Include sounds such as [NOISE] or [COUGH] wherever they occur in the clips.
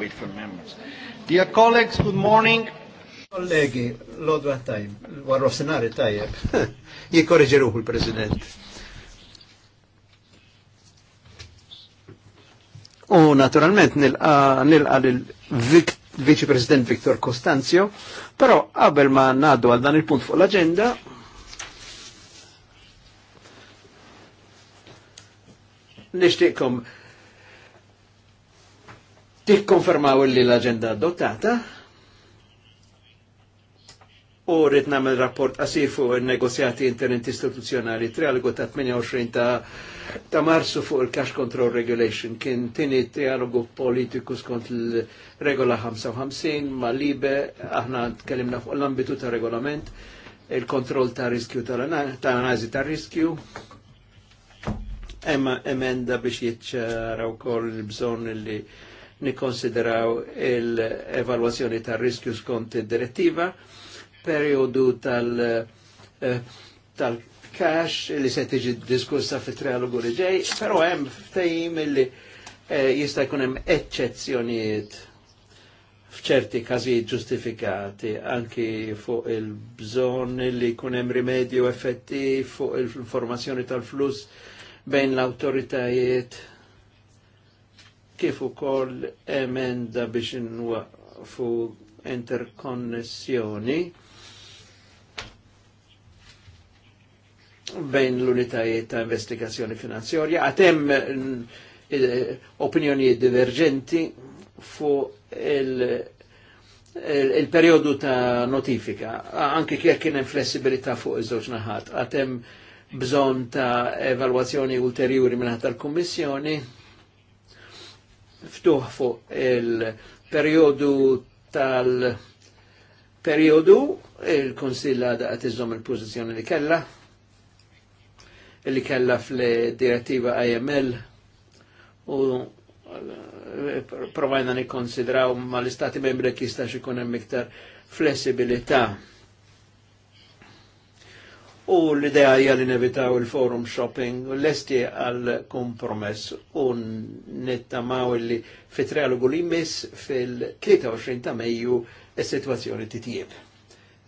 wait for members. Dear colleagues, good morning. Kollegi, l-odwa tajm, warro senari tajjeb, [LAUGHS] jikorreġi ruħu l-President. U naturalment nilqa l-Vice President Viktor Costanzio, però qabel ma naddu għal dan il-punt fuq l-agenda, nishtiqkom tikkonfermaw li l-agenda adottata u rrit namel rapport qasif fuq il-negozjati interinstituzjonali trialogu ta' 28 ta' ta' marsu fuq il-cash control regulation kien tini trialogu politiku skont il-regola 55 ma' libe aħna tkellimna fuq l-ambitu ta' regolament il-kontroll ta' riskju ta' analizi ta' riskju emma emenda biex jitċara kol il-bżon li Nikonsideraw il evaluazzjoni tal riskju skont id-direttiva, periodu tal- eh, tal li se tiġi diskussa fit trialogu li ġej, però hemm ftehim illi eh, jista' jkun hemm eċċezzjonijiet f'ċerti każijiet ġustifikati anki fuq il-bżonn li jkun hemm rimedju effettiv fuq il-informazzjoni tal-flus bejn l-awtoritajiet kif ukoll emenda biex nwaqfu interkonnessjoni bejn l-unitajiet ta' investigazzjoni finanzjarja, għatem eh, opinjonijiet divergenti fu il-periodu il, ta' notifika, anki kjer kien hemm flessibilità fuq iż-żewġ naħat, għatem bżon ta' evalwazzjoni ulterjuri minn tal-Kummissjoni ftuħ fuq il-periodu tal-periodu il-Konsilla daqat iżom il-pozizjoni li kella li kella fl-direttiva IML u provajna nikonsidraw ma l-istati membri kistax ikun hemm iktar flessibilità U l-idea hija li nevitaw il-forum shopping u l-esti għal kompromess u nittamaw li fit trialogu li jmiss fil-23 ta' Mejju il sitwazzjoni titjib.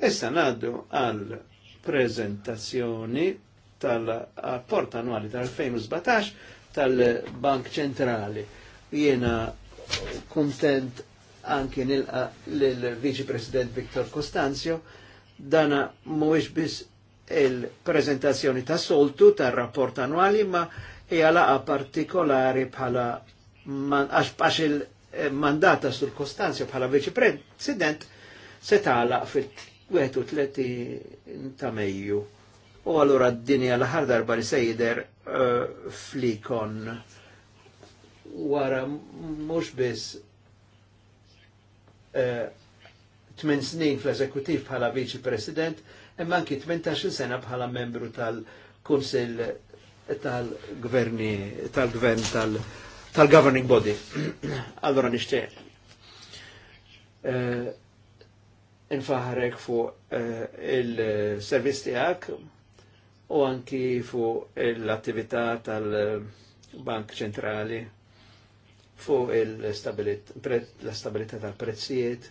Issa naddu għal prezentazzjoni tal-apport annuali tal-2017 tal-Bank Ċentrali. Jiena kontent anki nilqa l-Viċi President Viktor Kostanzio dana mhuwiex biss il-prezentazzjoni ta' soltu tar rapport annwali ma hija partikolari bħala għax il-mandata eh, sur Kostanzja bħala viċi president se tagħlaq fil-31 ta' Mejju. U allura d-dinja l-ħar darba li sejder uh, eh, flikon wara mhux biss uh, eh, 8 snin fl-eżekutiv bħala viċi president, imma anki 18 sena bħala membru tal-Kunsil tal-Gverni, tal-Gvern, tal-Governing Body. [CLEARS THROAT] allora nixtieq. Eh, infaħrek fuq eh, il-servizz tiegħek u anki fuq l-attività tal-Bank Ċentrali fuq l-stabilità tal-prezzijiet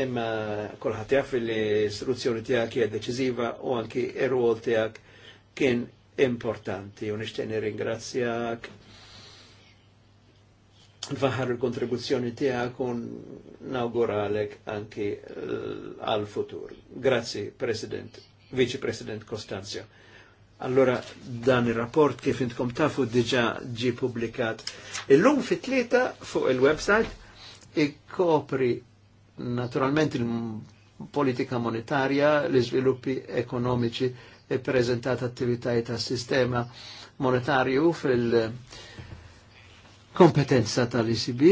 imma kolħat jaff li soluzzjoni tijak hija deċiziva u anki il rol tijak kien importanti u nishtieni ringrazzjak nfaħar il-kontribuzzjoni tijak u nawguralek anki għal-futur. Grazzi, President, Vice President Costanzio. Allora, dan il-rapport kif intkom tafu diġa ġi publikat. Illum fit-tlieta fuq il-website ikkopri Naturalment il-politika monetarja, l sviluppi ekonomiċi e prezentat attivitajiet tas sistema monetarju fil-kompetenza tal-ECB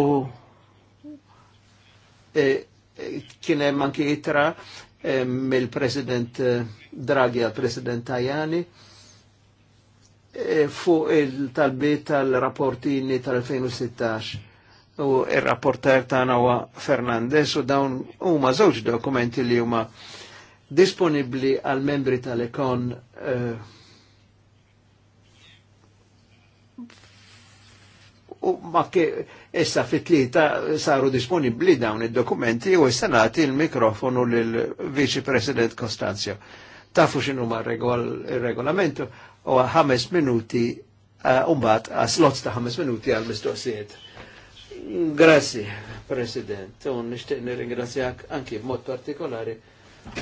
u e, e, kien hemm anki itra e, mill-President Draghi għal President Tajani e, fuq il-talbiet tal-rapportini tal-2016 u il-rapporter tana huwa Fernandez u dawn huma żewġ dokumenti li huma disponibbli għal membri tal-ekon uh, u ma ke issa fit saru disponibbli dawn id-dokumenti u issa nagħti l-mikrofonu l-Vice President Kostanzja. Tafu x'inhu ma regolamentu u ħames minuti uh, eh, umbat għas slots ta' ħames minuti għal mistoqsijiet. Grazie, President, un nishtiq nirringrazzjak anki b'mod partikolari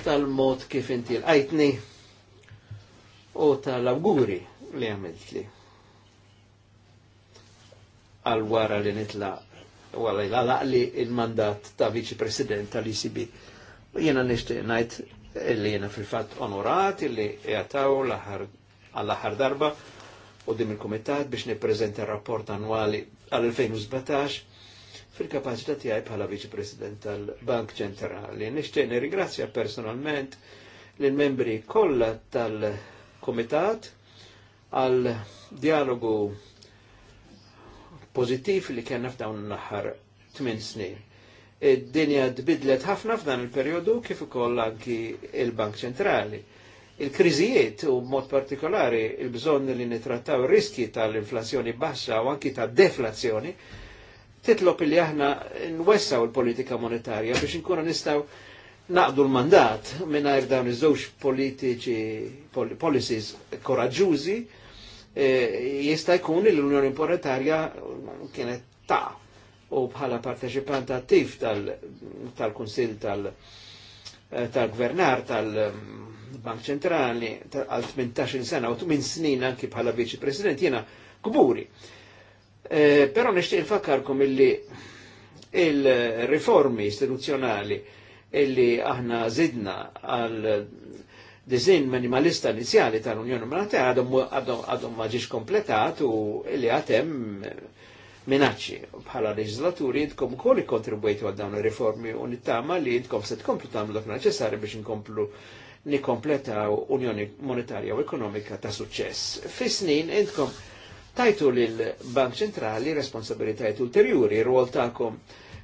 tal-mod kif inti l-għajtni u tal-awguri li għamiltli. Għal wara li nitla wara li il-mandat ta' viċi president tal-ICB. Jena nishtiq najt li jena fil-fat onorat li jgħataw għall-ħar darba u dim il-komitat biex niprezenta rapport annuali għal-2017 fil-kapacità tiegħi bħala Viċi President tal-Bank Ċentrali. Nixtieq nirringrazzja personalment lill-membri kollha tal-Komitat għal dialogu pozittiv li kien f'dawn l-aħħar 8 snin. Id-dinja tbidlet ħafna f'dan il-perjodu kif ukoll anki il-Bank Ċentrali il-kriżijiet u mod partikolari il-bżonn li nitrattaw riski tal-inflazzjoni baxxa u anki ta' deflazzjoni titlob li aħna nwessaw il-politika monetarja biex nkunu nistaw naqdu l-mandat minnajr dawn iż-żewġ politiċi pol policies koraġġużi e, jista' jkun l-Unjoni Monetarja kienet ta' u bħala parteċipant attiv tal-Kunsill eh, tal-Gvernar tal, tal, tal, tal bank ċentrali għal 18 sena u 8 snin anki bħala viċi president jena kburi. E, Però nishtiq nfakkarkom illi il-riformi istituzzjonali illi aħna zidna għal dizin minimalista inizjali tal-Unjoni Monetarja għadhom għadhom ma ġiex kompletat u illi għatem minacċi bħala leġislaturi jidkom ukoll ikkontribwejtu għal dawn ir-riformi u nittama li jidkom se tkomplu tagħmlu dak neċessarju biex inkomplu nikompletaw Unjoni Monetarja u Ekonomika ta' suċċess. Fis-snin intkom tajtu lill-Bank Ċentrali responsabilitajt ulterjuri, rwol ta'kom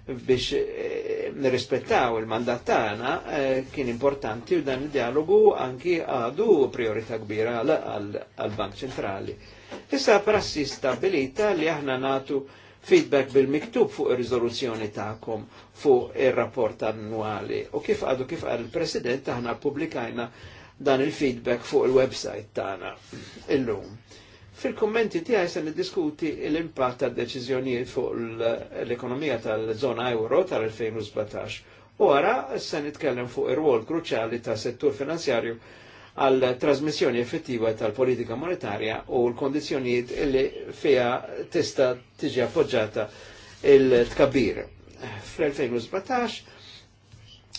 biex eh, nirrispettaw il-mandat tagħna eh, kien importanti u dan id-dialogu anki għadu priorità kbira għal-Bank Ċentrali. Issa prassi stabilita li aħna natu feedback bil-miktub fuq ir-riżoluzzjoni tagħkom fuq ir-rapport annwali. U kif għadu kif għal il-President aħna pubblikajna dan il-feedback fuq il-website tagħna illum. Fil-kommenti tiegħi se niddiskuti l-impatt tad-deċiżjonijiet fuq l-ekonomija tal-żona euro tal-2017 u għara se nitkellem fuq ir-rwol kruċjali tas settur finanzjarju għal trasmissjoni effettiva tal-politika monetarja u l-kondizjonijiet li feja tista tiġi appoġġata il-tkabbir. Fl-2017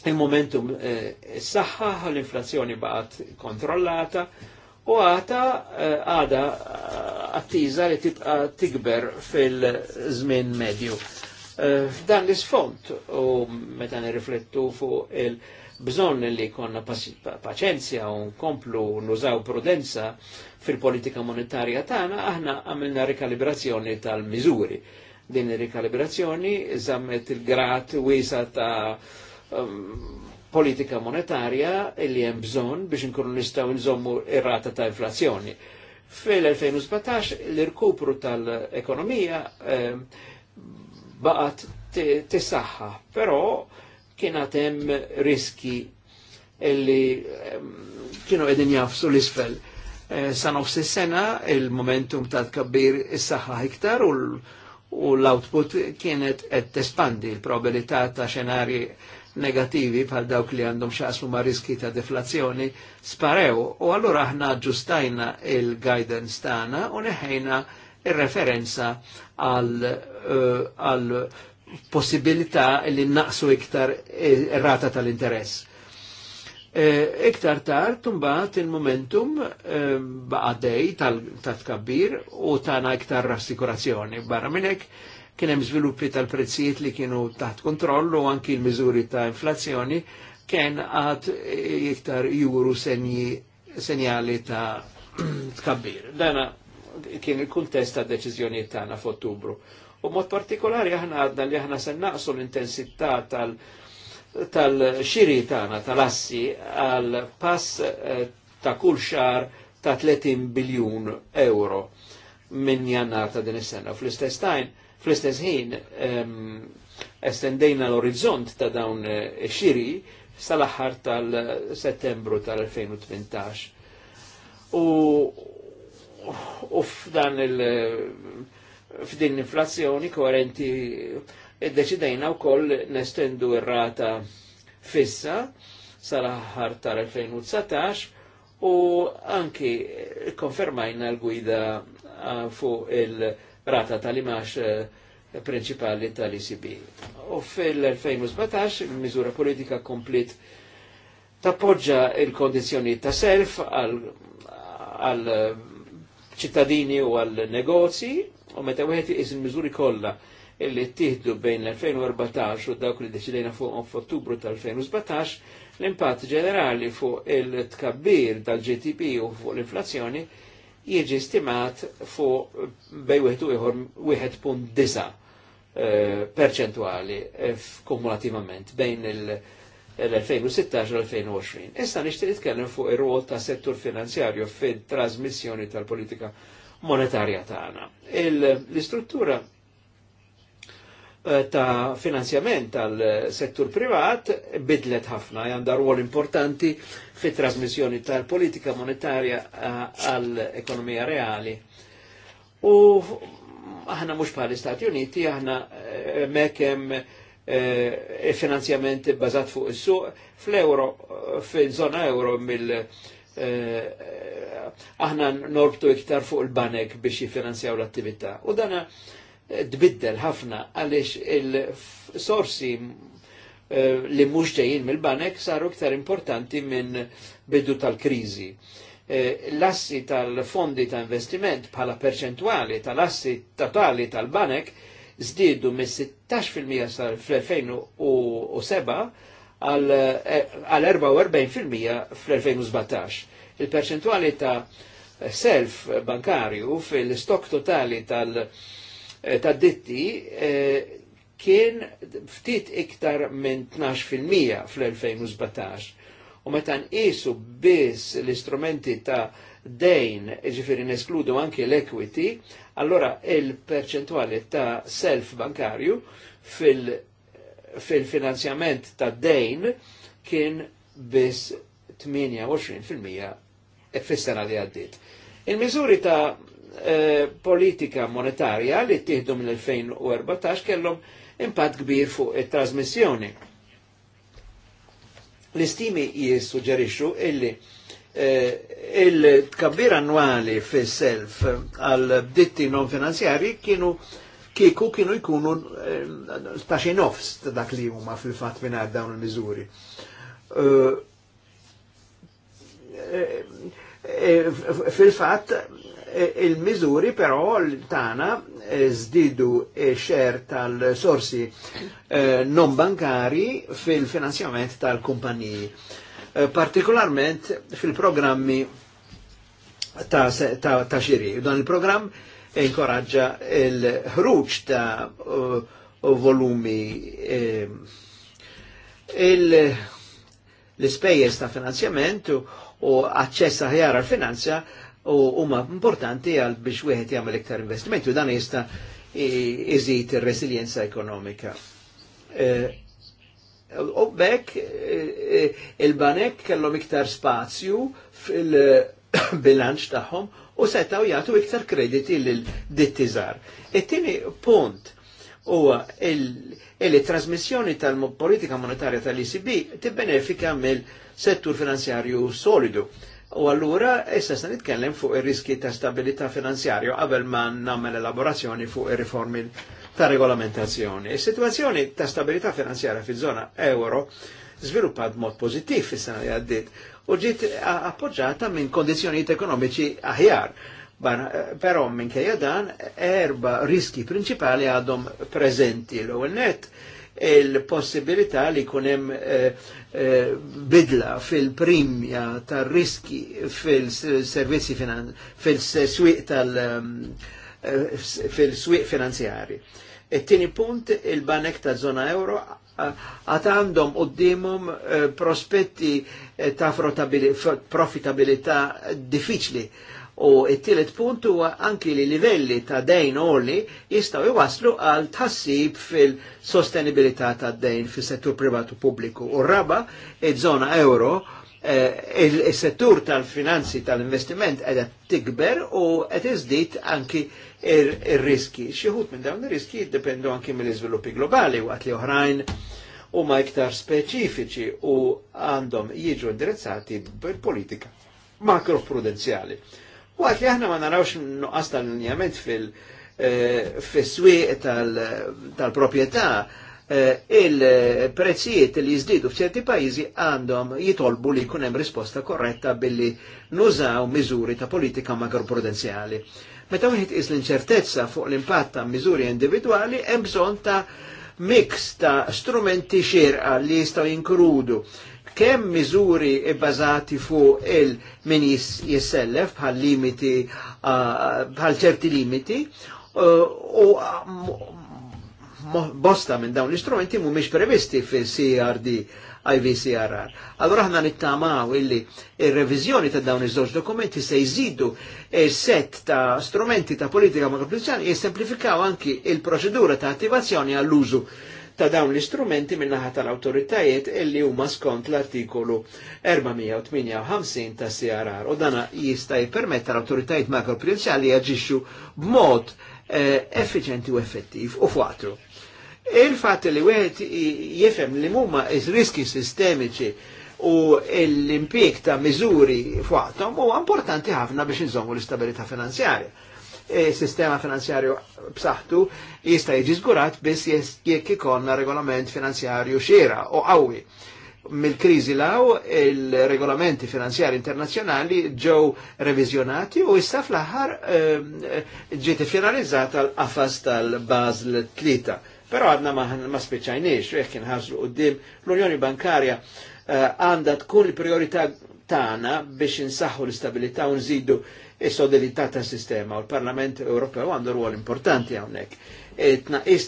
il-momentum eh, s-saxħa eh, l-inflazzjoni baqat kontrollata u għata eh, għada eh, attiza li tibqa tikber fil-żmien medju. Dan l-isfont u meta nirriflettu fuq il- bżonn li konna paċenzja u nkomplu nużaw prudenza fil-politika monetarja tagħna, aħna għamilna rikalibrazzjoni tal-miżuri. Din rikalibrazzjoni żammet il-grat wiesa ta' um, politika monetarja li hemm bżonn biex inkunu nistgħu nżommu ir-rata ta' inflazzjoni. Fil-2017 l-irkupru tal-ekonomija eh, baqat tisaħħa, però kienet hemm riski illi kienu edin jafsu l-isfel. Eh, sa San sena il-momentum ta' tkabbir is-saħħa iktar u l-output kienet qed tespandi l-probabilità ta' xenarji negativi bħal dawk li għandhom xaqsmu ma' riski ta' deflazzjoni sparew u allura aħna ġustajna il-guidance tagħna u neħejna il referenza għal eh, possibilità li naqsu iktar eh, rata tal-interess. Eh, iktar tard tumbat il-momentum eh, baqadej tal-tkabbir u tana iktar rassikurazzjoni. Barra minnek kien hemm żviluppi tal-prezzijiet li kienu taħt kontrollu u anki l-miżuri ta' inflazzjoni kien għad iktar juru senji senjali ta' [CLEARS THROAT] tkabbir. Dana kien il-kuntest ta' deċiżjonijiet tagħna f'Ottubru. U mod partikolari aħna għadna li aħna se naqsu l-intensità tal- xiri tagħna tal-assi għal pass eh, ta' kull xar ta' 30 biljun euro minn jannar ta' din is-sena. Fl-istess tajn, fl-istess ħin, ehm, estendejna l-orizzont ta' dawn eh, xiri sal-aħħar tal-settembru tal-2018. U u f'dan il f'din l-inflazzjoni koerenti id-deċidejna u koll nestendu ir-rata fissa sal-ħar tal-2019 u anki konfermajna l-gwida fu il-rata tal-imax eh, principali tal-ICB. U fil-2017 il-mizura politika komplit tappoġġa il-kondizjoni ta' self għal eh, ċittadini u għal negozji U meta wieħed iqis il-miżuri kollha illi ttieħdu bejn l-2014 u dawk li deċidejna fuq f'Ottubru tal-2017, l-impatt ġenerali fuq il-tkabbir tal-GTP u fuq l-inflazzjoni jiġi stimat fuq bej wieħed u ieħor 1.9 eh, perċentwali eh, kumulativament bejn il- l-2016 l-2020. Issa nixtieq nitkellem fuq ir ruol ta' settur finanzjarju fid-trasmissjoni tal-politika monetarja tagħna. L-istruttura eh, ta' finanzjament tal-settur privat bidlet ħafna għandha ruol importanti fit trasmissjoni tal-politika monetarja eh, għall-ekonomija reali. U aħna mhux bħal Stati Uniti, aħna eh, mekem e finanzjament bazat fuq is-suq fl-euro, fil zona euro mill- e aħna norbtu iktar fuq il-banek biex jifinanzjaw l-attività. U dana eh, tbiddel ħafna għaliex il-sorsi eh, li mhux ġejjin mill-banek saru iktar importanti minn bidu tal-kriżi. Eh, l-assi tal-fondi ta' investiment bħala perċentwali tal-assi totali tal-banek zdidu mis 16% sal fl-2007 għal 44% fl-2017. Il-perċentwali ta' self bankarju fil-stok totali tal- eh, ta' ditti eh, kien ftit iktar minn 12% fl-2017. U meta nqisu biss l-istrumenti ta' dejn, ġifiri neskludu anki l-equity, allora il-perċentuali ta' self bankarju fil-finanzjament fil ta' dejn kien biss 28% E fis li għaddit. il mizuri ta' eh, politika monetarja li tieħdu mill-2014 kellhom impatt kbir fuq it-trasmissjoni. L-istimi jissuġġerixxu illi eh, il-tkabbir annwali fis-self għal bditti non finanzjari kienu kieku kienu jkunu e, ta' xi dak li huma fil-fatt mingħajr dawn il-miżuri. E, E, fil-fat, e, il-mizuri però tana e, zdidu xer tal-sorsi non bankari fil-finanzjament tal-kumpaniji, partikolarment fil-programmi ta', xiri. Dan il-programm inkoraġġa il-ħruġ ta' volumi il l ta' finanzjament u aċċess aħjar għal finanzja u huma importanti għal biex wieħed jagħmel iktar investimenti u dan jista' iżid ir-resiljenza ekonomika. E, u bekk e, e, il-banek kellhom iktar spazju fil-bilanċ [COUGHS] tagħhom u setgħu jagħtu iktar krediti lil dittiżar. It-tieni punt huwa li trasmissjoni tal-politika monetarja tal-ECB tibbenefika mill-settur finanzjarju solidu. U allura issa se nitkellem fuq ir-riski ta' stabilità finanzjarju qabel ma nagħmel elaborazzjoni fuq ir-riformi ta' regolamentazzjoni. Is-sitwazzjoni ta' stabilità finanzjarja fiż-żona euro żviluppat mod pożittiv fis-sena li għaddiet u ġiet appoġġata minn kondizzjonijiet ekonomiċi aħjar Eh, però minkejja dan erba riski principali għadhom prezenti l-ewwel net il-possibilità li kunem eh, eh, bidla fil-primja tar riski fil-servizzi fil-swiq tal- mm, eh, fil-swiq finanzjari. it e tini punt il-banek ta' zona euro eh, għat għandhom qoddimhom prospetti ta' profitabilità diffiċli U it-tielet punt huwa anki li livelli ta' dejn orli jistgħu jwaslu għal tassib fil-sostenibilità ta' dejn fis-settur privatu pubbliku. U raba, iż-żona euro, eh, il-settur tal-finanzi tal-investiment qiegħda tikber u qed iżdid anki ir-riski. Xi wħud minn dawn ir-riski jiddependu anki mill-iżviluppi globali waqt li oħrajn huma iktar speċifiċi u għandhom jiġu indirizzati bil-politika makroprudenzjali. U għat li aħna ma narawx nuqqas tal-linjament fil-swieq eh, tal-propieta, eh, il-prezzijiet li jizdidu f'ċerti pajizi għandhom jitolbu li jkun hemm risposta korretta billi nużaw miżuri ta' politika makroprudenzjali. Meta wieħed is l-inċertezza fuq l-impatt ta' miżuri individwali hemm bżonn ta' mix ta' strumenti xirqa li jistgħu jinkrudu kemm miżuri bazati fuq il min jissellef bħal limiti bħal ċerti limiti u bosta minn dawn l-istrumenti mhumiex previsti fil-CRD IVCRR. Allora ħna nittamaw illi il-revizjoni ta' dawn iż-żewġ dokumenti se jżidu set ta' strumenti ta' politika makrofinanzjarja jissemplifikaw e anki il-proċedura ta' attivazzjoni għall-użu ta' dawn l-istrumenti minnaħa tal-autoritajiet illi huma skont l-artikolu 458 ta' CRR u dana jista' jippermetta l-autoritajiet makroprudenzjali jaġixxu b'mod eh, effiċenti u effettiv u fwatru. Il-fat li wieħed jifhem li huma riski sistemiċi u l-impjeg ta' miżuri fuqhom huwa importanti ħafna biex inżommu l-istabilità finanzjarja e sistema finanzjarju b'saħħtu jista' jiġi żgurat biss jekk ikollna regolament finanzjarju xiera u qawwi. Mill-kriżi law il-regolamenti finanzjari internazzjonali ġew revizjonati u issa fl-aħħar ehm, ġiet finalizzata l-qafas tal-Basel tlieta. Però għadna ma, spiċċajniex, jekk inħarsu qudiem l-Unjoni Bankarja eh, għandha tkun il-priorità tagħna biex insaħħu l-istabilità u nżidu is-solidità e tas-sistema u l-Parlament Ewropew għandu rwol importanti hawnhekk. E Tnaqqis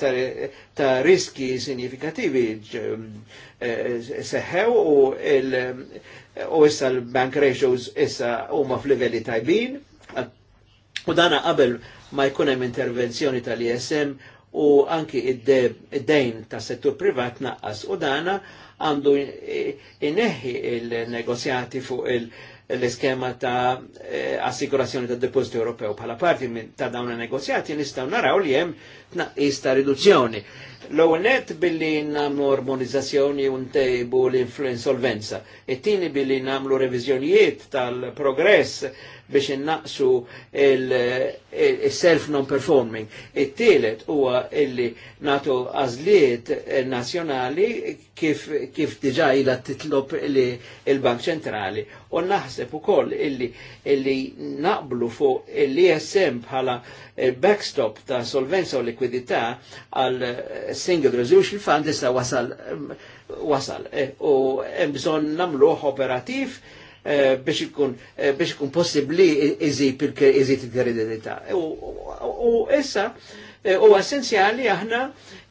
ta' riski sinifikattivi e, seħħew u u issa l-bank ratios issa huma f'livelli tajbin u dana qabel ma jkun hemm intervenzjoni tal-ISM u anki id-dejn tas settur privat naqqas u dana għandu inneħi il-negozjati fuq il-, -negozjati fuq il l-iskema ta' eh, assikurazzjoni ta' deposito Ewropew bħala parti ta' dawn negozjati nistaw naraw li hemm tnaqqis ta' riduzzjoni L-għonet billi namlu armonizzazzjoni un tejbu l-insolvenza. It-tini billi namlu revizjonijiet tal-progress biex innaqsu il-self non-performing. It-tielet huwa illi natu għazliet nazjonali kif, kif diġa ila titlop il-Bank Ċentrali. U naħseb u koll illi, illi naqblu fuq l-ISM bħala backstop ta' solvenza u likwidità għal single resolution fund issa wasal wasal e, u hemm bżonn nagħmluh operativ e, biex ikun e, biex ikun possibbli iżid il-kredibilità. U issa u essenzjali aħna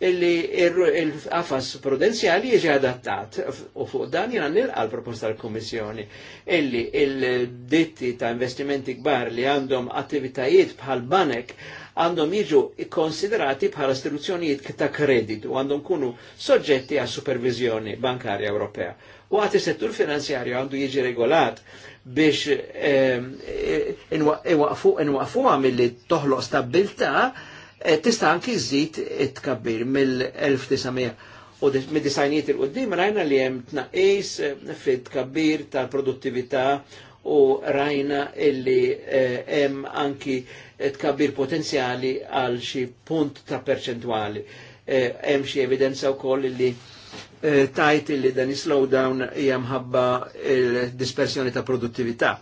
li l qafas prudenzjali jiġi adattat u fuq dan jena nilqal l-proposta tal-Kommissjoni illi il-ditti ta' investimenti kbar li għandhom attivitajiet bħal banek għandhom jiġu konsiderati bħala istituzzjonijiet ta' kreditu għandhom kunu soġġetti għas supervizjoni bankarja Ewropea. U għati settur finanzjarju għandu jiġi regolat biex ehm, e- inwaqfu għam illi toħloq stabilta e, tista' anki żid kabbir mill-1900 u mid disajniet il-qoddim rajna li hemm tnaqqis e, fit kabbir tal-produttività u rajna illi hemm eh, anki tkabbir potenzjali għal xi punt ta' perċentwali. Eh, hemm xi evidenza wkoll li eh, tajt li dan is-slowdown hija mħabba l-dispersjoni ta' produttività.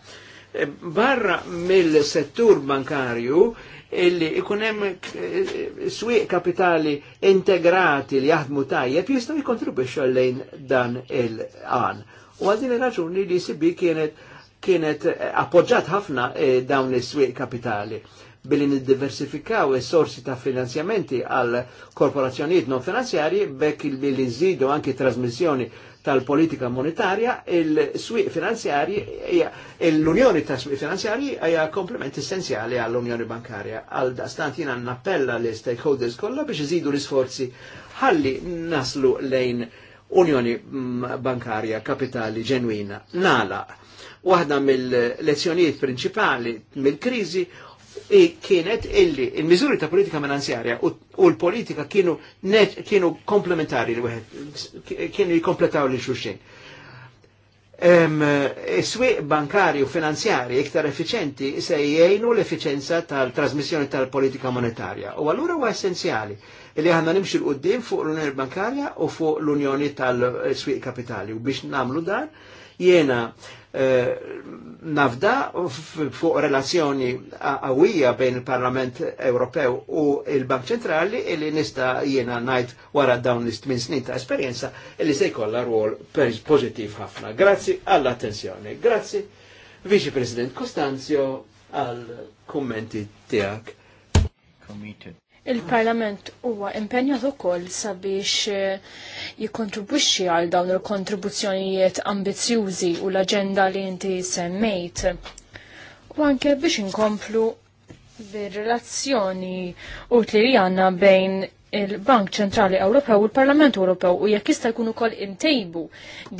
Eh, barra mill-settur bankarju illi ikun hemm swieq kapitali integrati li jaħdmu tajjeb jistgħu jikkontribwixxu lejn dan il-qan. U għal din ir-raġuni li sibi e kienet kienet appoġġat ħafna eh, dawn is-swieq kapitali billi niddiversifikaw is-sorsi ta' finanzjamenti għal korporazzjonijiet non finanzjarji bekk billi nżidu anki trasmissjoni tal-politika monetarja, il-swieq finanzjarji, l-unjoni ta' swieq finanzjarji hija komplement essenzjali għall-unjoni bankarja. Għal dastant jiena nappella l stakeholders kollha biex iżidu l-isforzi ħalli naslu lejn unjoni mm, bankarja kapitali ġenwina. Nala, Waħda mill-lezzjonijiet prinċipali mill-kriżi kienet illi il-miżuri ta' politika finanzjarja u l-politika kienu, kienu komplementari li wieħed kienu jikkompletaw li xuxin. Is-swieq bankari u finanzjari iktar effiċenti se jgħinu l-effiċenza tal-trasmissjoni tal-politika monetarja. U allura huwa essenzjali li aħna nimxu l-qoddim fuq l-Unjoni Bankarja u fuq l-Unjoni tal-Swieq Kapitali. U biex namlu dan, jena Eh, nafda fuq relazzjoni għawija bejn il-Parlament Ewropew u il-Bank Ċentrali illi nista jiena najt wara dawn l-istmin snin ta' esperienza illi se jkollha rwol pożittiv ħafna. Grazzi għall-attenzjoni. Grazzi Viċi President Costanzio għal kummenti tiegħek. Committed. Il-Parlament huwa impenjat ukoll sabiex eh, jikkontribwixxi għal dawn il-kontribuzzjonijiet ambizzjużi u l-aġenda li inti semmejt. U anke biex inkomplu bir-relazzjoni u li għandna bejn il-Bank Ċentrali Ewropew u l-Parlament Ewropew u jekk jista' jkun ukoll intejbu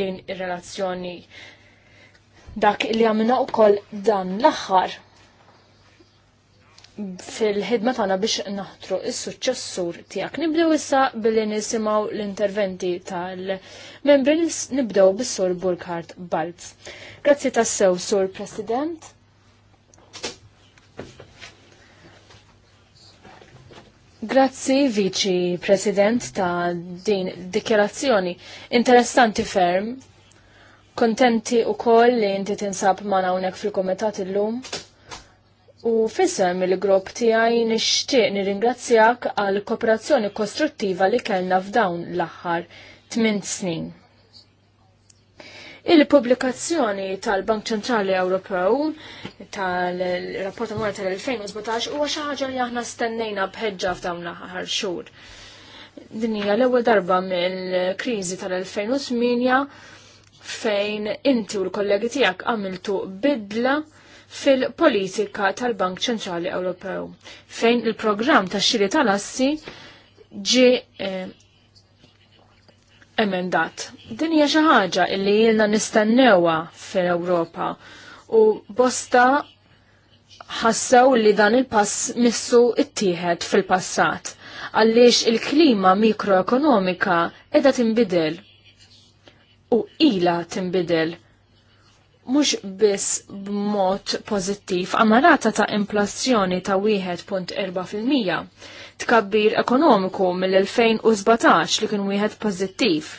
din ir-relazzjoni dak li għamilna ukoll dan l-aħħar fil-ħidma tagħna biex naħtru is-suċċessur tiegħek. Nibdew issa billi nisimgħu l-interventi tal-membri nibdew bis-Sur Burkhard Balz. Grazzi tassew, Sur President. Grazzi Viċi President ta' din dikjerazzjoni interessanti ferm. Kontenti u koll li inti tinsab ma' hawnhekk fil-komitat illum. lum U fissem il-grupp tiegħi nixtieq nirringrazzjak għal kooperazzjoni kostruttiva li kellna f'dawn l-aħħar 8 snin. Il-pubblikazzjoni tal-Bank Ċentrali Ewropew tal-rapport annwali tal-2017 huwa xi ħaġa li aħna stennejna bħeġġa f'dawn l-aħħar xhur. Din hija l-ewwel darba mill-kriżi tal-2008 fejn inti u l-kollegi tiegħek għamiltu bidla fil-politika tal-Bank Ċentrali Ewropew, fejn il-programm ta' xiri tal-assi ġi eh, emendat. Din hija xi ħaġa li jilna nistennewha fil-Ewropa u bosta ħassew li dan il-pass missu ittieħed fil-passat għaliex il-klima mikroekonomika edha timbidel u ila timbidel mhux biss b'mod pożittiv għandna rata ta' inflazzjoni ta' 1.4%. Tkabbir ekonomiku mill-2017 li kien wieħed pożittiv.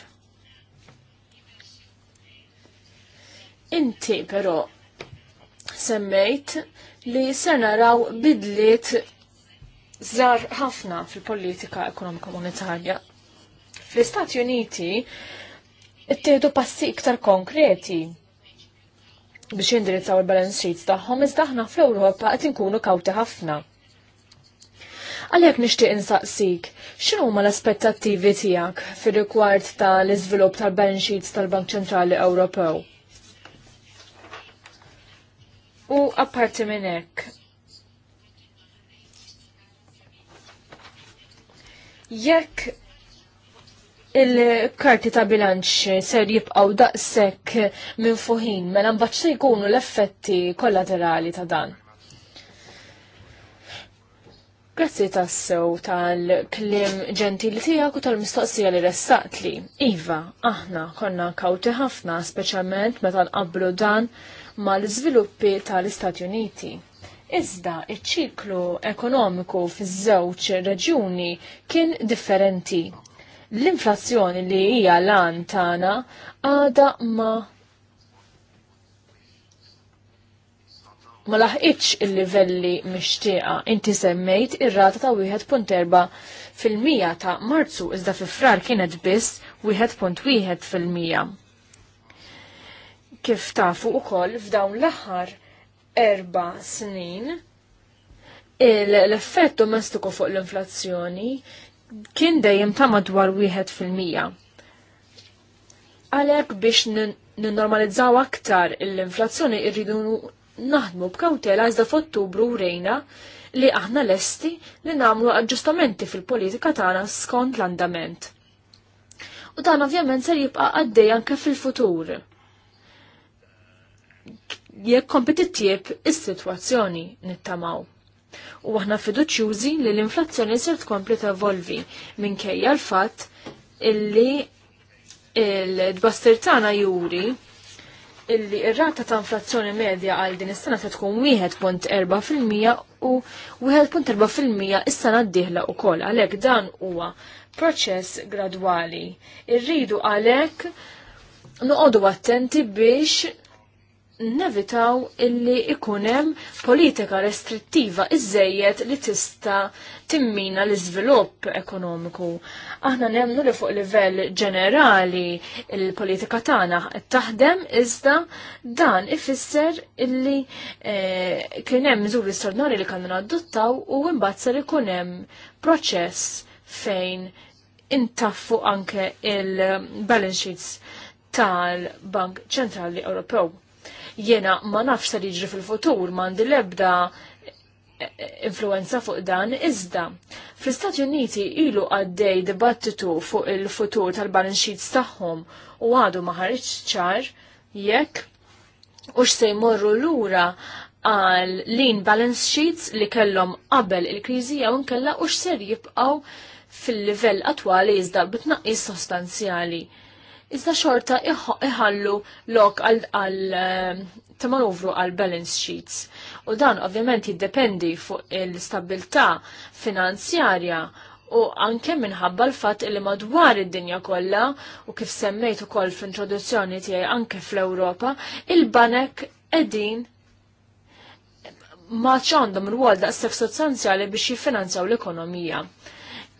Inti però semmejt li se naraw bidliet żar ħafna fil-politika ekonomika monetarja. Fl-Istati Uniti ttieħdu passi iktar konkreti biex jindirizzaw il-balance sheets tagħhom iżda aħna fl-Ewropa qed inkunu kawti ħafna. Għalhekk nixtieq insaqsik, x'inhu huma l-aspettattivi tiegħek fir-rigward tal-iżvilupp tal-balance sheets tal-Bank Ċentrali Ewropew? U apparti minn hekk, jekk il-karti ta' bilanċ ser jibqaw daqsek minn fuħin, mela mbagħad se jkunu l-effetti kollaterali ta' dan. Grazzi tassew tal-klim ġentili tiegħek u tal-mistoqsija li ressaqtli. Iva, aħna konna kawti ħafna speċjalment meta nqabblu dan mal-iżviluppi tal-Istati Uniti. Iżda iċ-ċiklu ekonomiku fiż-żewġ reġjuni kien differenti. L-inflazzjoni li hija lan tagħna għada ma ma laħqitx il-livelli mixtieqa. Inti semmejt ir-rata ta' 1.4 fil-mija ta' Marzu iżda fi frar kienet biss 1.1 fil-mija. Kif tafu ukoll f'dawn l-aħħar erba snin l-effett domestiku fuq l-inflazzjoni kien dejjem ta' madwar wieħed fil-mija. Għalhekk biex ninnormalizzaw aktar l-inflazzjoni irridu naħdmu b'kawtela iżda f'Ottubru rejna li aħna lesti li nagħmlu aġġustamenti fil-politika tagħna skont l-andament. U dan ovvjament ser jibqa' għaddej anke fil-futur. Jekk kompetittieb is-sitwazzjoni nittamaw. U aħna fiduċjużi li l-inflazzjoni ser tkompli tevolvi minkejja l-fatt illi il-dbastir juri illi ir-rata ta' inflazzjoni medja għal din is-sena se tkun 1.4% u 1.4% is-sena d-dieħla wkoll għalhekk dan huwa proċess gradwali. Irridu għalhekk noqogħdu attenti biex nevitaw illi ikunem politika restrittiva iżejjed li tista timmina l-iżvilupp ekonomiku. Aħna nemnu li fuq livell ġenerali il-politika tagħna taħdem iżda dan ifisser illi eh, kien hemm miżuri li kellna adottaw u mbagħad ser ikun hemm proċess fejn intaffu anke il-balance sheets tal-Bank Ċentrali Ewropew Jena ma nafx se jiġri fil-futur, m'għandi l-ebda influenza fuq dan iżda. Fl-Istati Uniti ilu għaddej dibattitu fuq il-futur tal-balance sheets tagħhom u għadu ma ċar jekk u se jmorru lura għal lean balance sheets li kellhom qabel il-kriżi jew nkella u ser jibqgħu fil-livell attwali iżda bitnaqqis sostanzjali iżda xorta iħallu lok għal ehm, ta' għal balance sheets. U dan ovvjament jiddependi fuq il stabilta finanzjarja u anke minħabba l-fatt li madwar id-dinja kollha u kif semmejt ukoll fl-introduzzjoni tiegħi anke fl-Ewropa, il-banek qegħdin ma għandhom rwol daqshekk sostanzjali biex jiffinanzjaw l-ekonomija.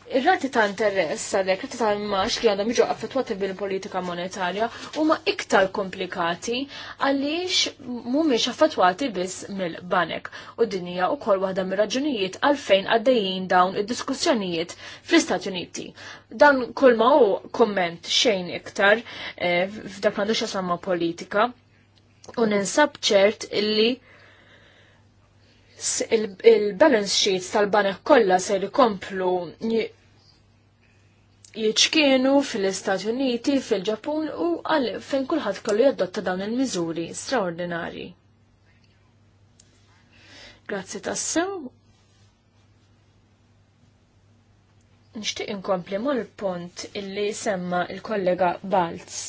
Ir-rati ta' interess għalhekk rati ta' immax li għandhom jiġu affettwati bil-politika monetarja huma iktar komplikati għaliex mhumiex affettwati biss mill-banek. U din hija wkoll waħda mir-raġunijiet għalfejn għaddejjin dawn id-diskussjonijiet fl-Istati Uniti. Dan kol ma hu komment xejn iktar eh, f'dak għandu xasamma politika u ninsab ċert illi il-balance sheets tal-banek kollha se jkomplu jiċkienu fil-Istati Uniti, fil-Ġapun u għal fejn kulħadd kollu jadotta dawn il-miżuri straordinari. Grazzi tassew. Nixtieq inkompli mal-pont illi semma il-kollega Balz.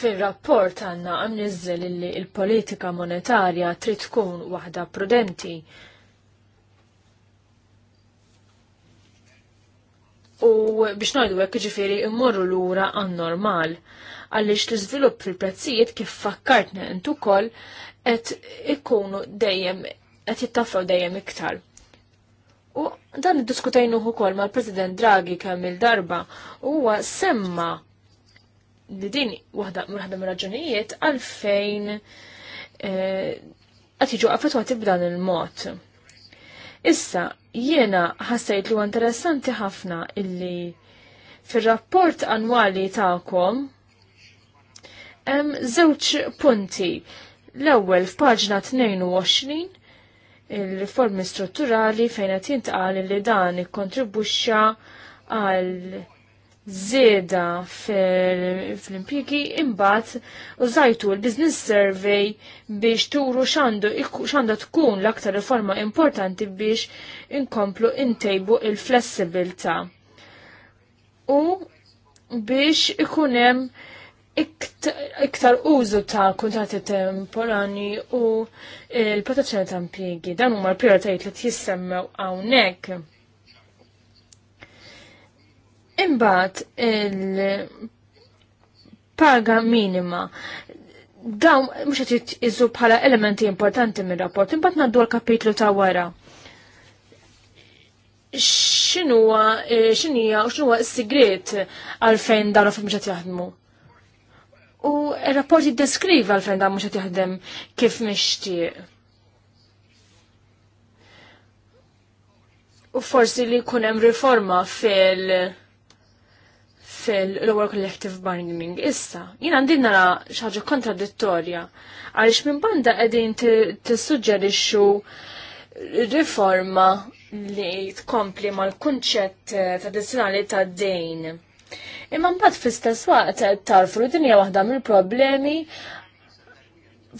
Fil-rapport għanna għamnizzel illi il-politika monetarja trid tkun waħda prudenti u biex ngħidu hekk ġifiri immorru lura għal normal għaliex l-iżvilupp fil-prezzijiet kif fakkartna intu ukoll qed ikunu dejjem qed jittafraw dejjem iktar. U dan iddiskutejnu ma mal-President Draghi kemm il-darba huwa semma li din wahda mraħda raġunijiet għalfejn eh, qed jiġu qaffet b'dan il-mod. Issa, Jiena ħassejt li interessanti ħafna illi fir-rapport annwali tagħkom hemm żewġ punti. L-ewwel f'paġna 22 il-riformi strutturali fejn qed jintqal li dan ikkontribwixxa għal zieda fil-impjegi imbagħad użajtu l-business survey biex turu x'għandha tkun l-aktar riforma importanti biex inkomplu intejbu il-flessibilità. U biex ikun hemm iktar użu ta' kontrati temporani u l protezzjoni ta' impjiegi. Dan huma l prioritajiet li tissemmew hawnhekk Imbagħad il-paga minima dawn mhux qed jitqisu bħala elementi importanti mir-rapport, imbagħad ngħaddu l-kapitlu ta' wara. X'inhuwa e, x'inhija u x'inhuwa s-sigriet għalfejn dawn l mhux qed jaħdmu? U r-rapport jiddeskriva għalfejn dawn mhux qed jaħdem kif mixtieq. U forsi li jkun hemm riforma fil- fil-lower collective bargaining. Issa, jina għandin nara xaġa kontradittorja, għalix minn banda għedin t-sugġerixu riforma li tkompli mal-kunċett eh, tradizjonali ta' dejn. Imma mbagħad fl-istess waqt tarfu li dinja waħda mill-problemi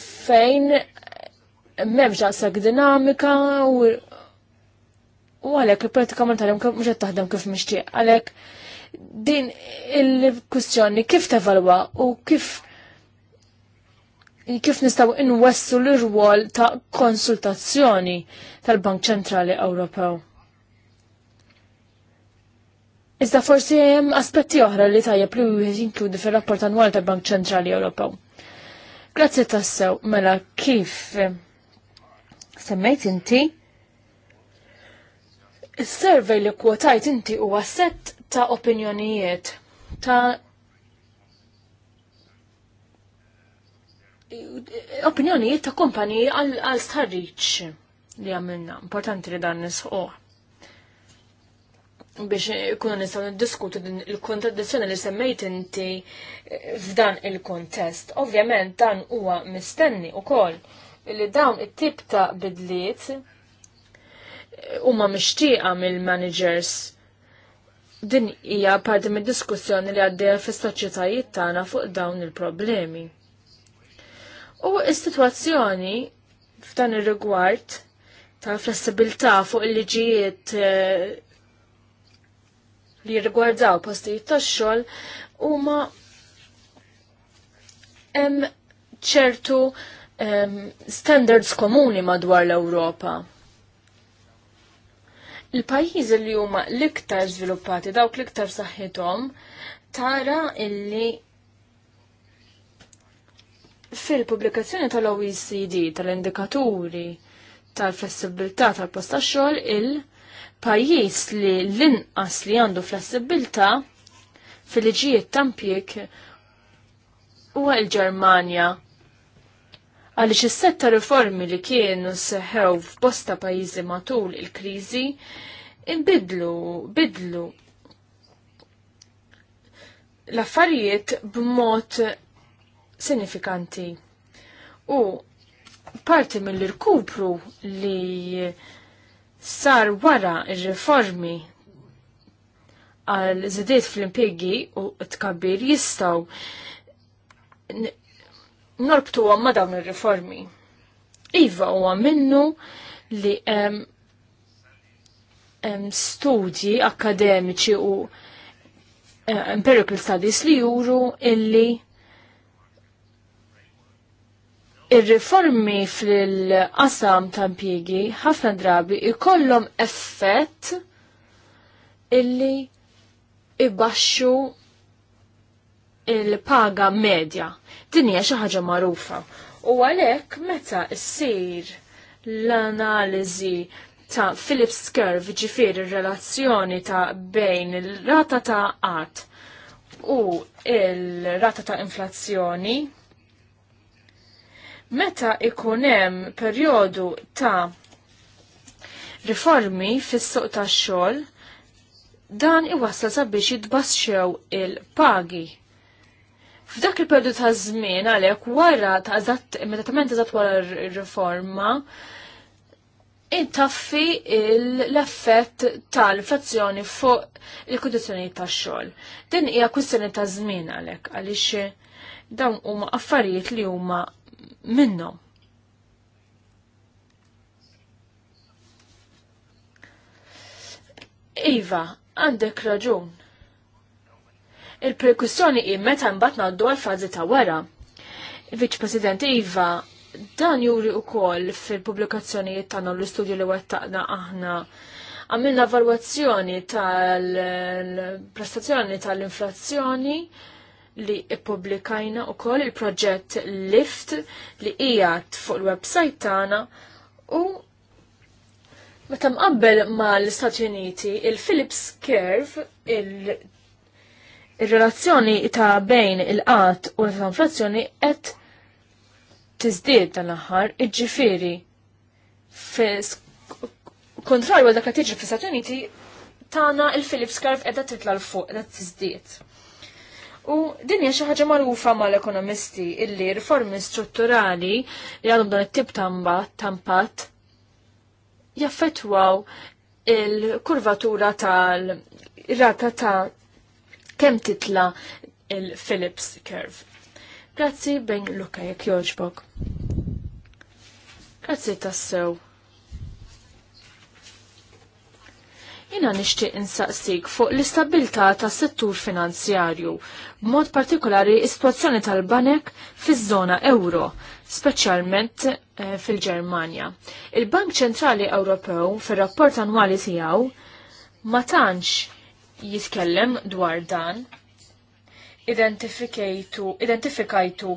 fejn m'hemmx daqshekk dinamika u għalhekk il-pratika monetarja mhux qed taħdem kif mixtieq. Għalhekk din il-kustjoni kif tevalwa u kif kif nistaw inwessu l-rwol ta' konsultazzjoni tal-Bank Ċentrali Ewropew. Iżda forsi hemm aspetti oħra li tajjeb li jinkludi fir-rapport annwali tal-Bank Ċentrali Ewropew. Grazzi tassew, mela kif eh, semmejt inti is-survey li kwotajt inti huwa set ta' opinjonijiet, ta' opinjonijiet ta' kompani għal starriċ li għamilna. Importanti li dan nisħuħ. Biex kuna nistaw diskutu din il kontradizjoni li semmejt inti f'dan il-kontest. Ovvjament dan huwa mistenni u koll li dawn it-tip ta' bidliet huma mixtieqa mill-managers din hija parti mid-diskussjoni li għaddejja fis-soċjetajiet tagħna fuq dawn il-problemi. U s sitwazzjoni f'dan ir-rigward ta' flessibilità fuq il-liġijiet eh, li jirrigwardaw postijiet tax-xogħol huma hemm ċertu ehm, standards komuni madwar l-Ewropa il-pajjiżi li huma l-iktar żviluppati dawk l-iktar saħħithom tara illi fil-pubblikazzjoni tal-OECD tal-indikaturi tal-flessibilità tal-posta xogħol il-pajjiż li l-inqas li għandu flessibilità fil-liġijiet tampjek huwa l-Ġermanja għaliex is-setta riformi li kienu seħew f'bosta pajjiżi matul il-kriżi inbidlu bidlu l-affarijiet b'mod sinifikanti. U parti mill-irkupru li sar wara ir-riformi għal zidiet fl-impiegi u tkabbir jistaw norbtu ma dawn ir-riformi. Iva huwa minnu li hemm studji akademiċi u eh, empirical studies li juru illi ir-riformi fil-qasam ta' impjiegi ħafna drabi ikollhom effett illi ibaxxu il-paga medja. Din hija xi ħaġa magħrufa. U għalhekk meta ssir l-analiżi ta' Philips Curve ġifir ir-relazzjoni ta' bejn il-rata ta' qatt u il-rata ta' inflazzjoni meta ikun hemm perjodu ta' riformi fis-suq tax-xogħol dan iwassal sabiex jitbaxxew il-pagi. F'dak il-perdu ta' żmien għalhekk wara ta' eżatt immediatament eżatt wara r-riforma intaffi l-effett tal-inflazzjoni fuq il-kondizzjoni tax-xogħol. Din hija kwistjoni ta' żmien għalhekk għaliex dawn huma affarijiet li huma minnhom. Iva, għandek raġun Il-perkussjoni hi meta mbagħad ngħaddu għal fazi ta' wara. Viċ President Iva, dan juri wkoll fil-pubblikazzjonijiet tagħna l-istudju li wettaqna aħna għamilna valwazzjoni tal-prestazzjoni tal-inflazzjoni li ippubblikajna u koll il-proġett Lift li ijat fuq il-websajt tagħna u meta mqabbel mal istati Uniti il philips Curve, il Ir-relazzjoni ta' bejn il-qat u l-inflazzjoni qed tiżdied dan aħħar iġġifieri kontrarju għal dak li tiġi fis-Stati Uniti tagħna il philips Curve qiegħda titla' l fuq qiegħda tiżdied. U din hija xi ħaġa magħrufa mal-ekonomisti illi riformi strutturali li għandhom dan it-tip ta' impatt jaffettwaw il-kurvatura tal-rata ta' kemm titla il-Phillips Curve. Grazzi bejn Luka jek joġbok. Grazzi tassew. Jina nixtieq insaqsik fuq l istabilta tas-settur finanzjarju, b'mod partikolari is tal-banek fiż-żona euro, speċjalment eh, fil-Ġermanja. Il-Bank Ċentrali Ewropew fir-rapport annwali tiegħu ma tantx jitkellem dwar dan. Identifikajtu, identifikajtu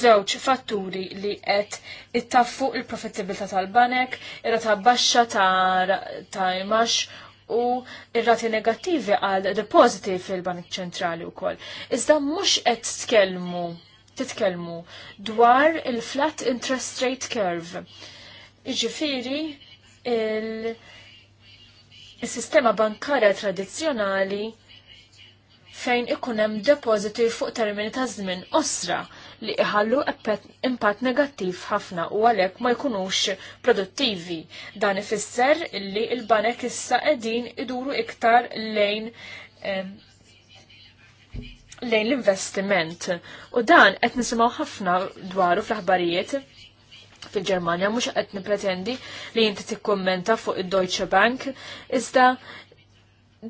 żewġ fatturi li qed ittaffu il-profittibilità tal-banek, ir-rata baxxa ta' ta' imax u ir-rati negattivi għal depositi fil banik Ċentrali wkoll. Iżda mhux qed tkellmu titkellmu dwar il-flat interest rate curve. Iġifieri il- is-sistema bankarja tradizzjonali fejn ikun hemm depożiti fuq termini ta' żmien osra li iħallu impatt negattiv ħafna u għalhekk ma jkunux produttivi. Dan ifisser li l-banek issa qegħdin iduru iktar lejn lejn l-investiment. U dan qed nisimgħu ħafna dwaru fl-aħbarijiet fil-Ġermanja, mhux qed nipretendi li inti tikkummenta fuq id-Deutsche Bank, iżda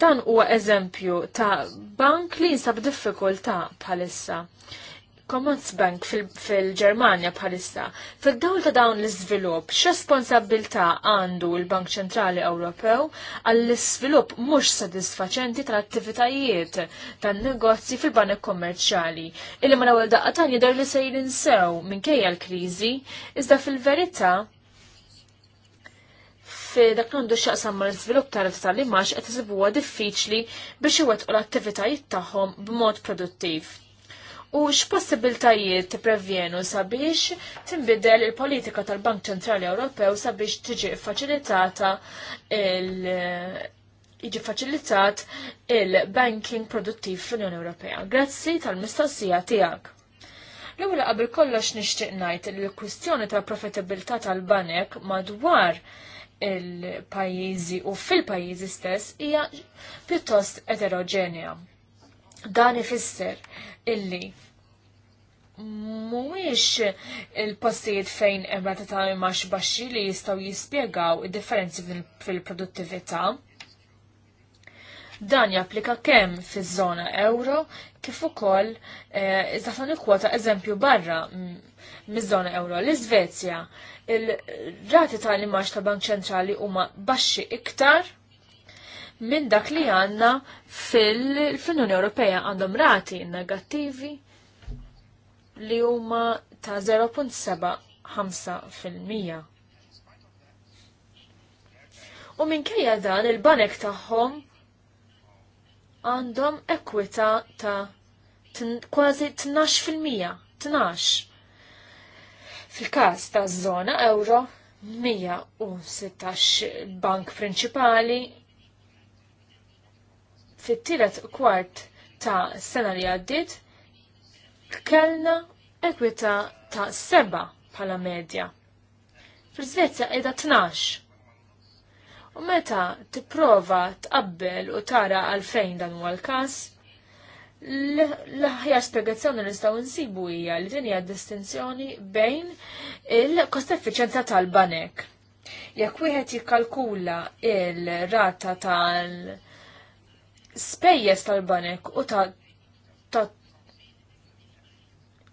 dan huwa eżempju ta' bank li jinsab diffikulta bħalissa. Bank fil-Germania fil bħalissa. Fil-dawl ta' dawn l-izvilup, x-responsabilta għandu l-Bank Ċentrali Ewropew għall-izvilup mux sadisfaċenti tal-attivitajiet tan-negozji fil-banek kommerċali. Illi ma l-ewwel daqqa tan jidher li insew minn minkejja l-kriżi, iżda fil-verità fi dak għandu xaqsam mal l ta' tarif tal-imax qed isibuha diffiċli biex iwettqu l-attivitajiet tagħhom b'mod produttiv u x'possibiltajiet prevjenu sabiex tinbidel il-politika tal-Bank Ċentrali Ewropew sabiex tiġi faċilitata il- iġi faċilitat il-banking produttiv fl-Unjoni Ewropea. Grazzi tal-mistoqsija tiegħek. L-ewwel qabel kollox nixtieq ngħid li l-kwistjoni tal-profitabilità tal-banek madwar il-pajjiżi u fil-pajjiżi stess hija pjuttost eterogenja. Dan ifisser illi mhuwiex il-postijiet fejn hemm ta' imax baxxi li jistgħu jispjegaw id-differenzi fil-produttività. Dan japplika kemm fiż-żona euro kif ukoll eh, iżda kwota eżempju barra miż-żona euro l-Iżvezja. Il-rati tal-imax ta' Bank Ċentrali huma baxxi iktar minn dak li għanna fil-Unjoni Ewropea għandhom rati negattivi li huma ta' 0.75%. U minkejja dan il-banek tagħhom għandhom ekwita ta' kważi 12%, 12. Fil-każ ta' żona euro 116 bank prinċipali fit-tielet kwart ta' sena li għaddit kellna ekwita ta' seba bħala medja. Fil-Svezja edha 12. U meta tipprova tqabbel u tara għalfejn dan huwa l-każ, l-ħja spiegazzjoni li nistgħu nsibu hija li din hija distinzjoni bejn il-kost effiċenza tal-banek. Jekk wieħed jikkalkula il-rata tal- spejjes tal-banek u ta'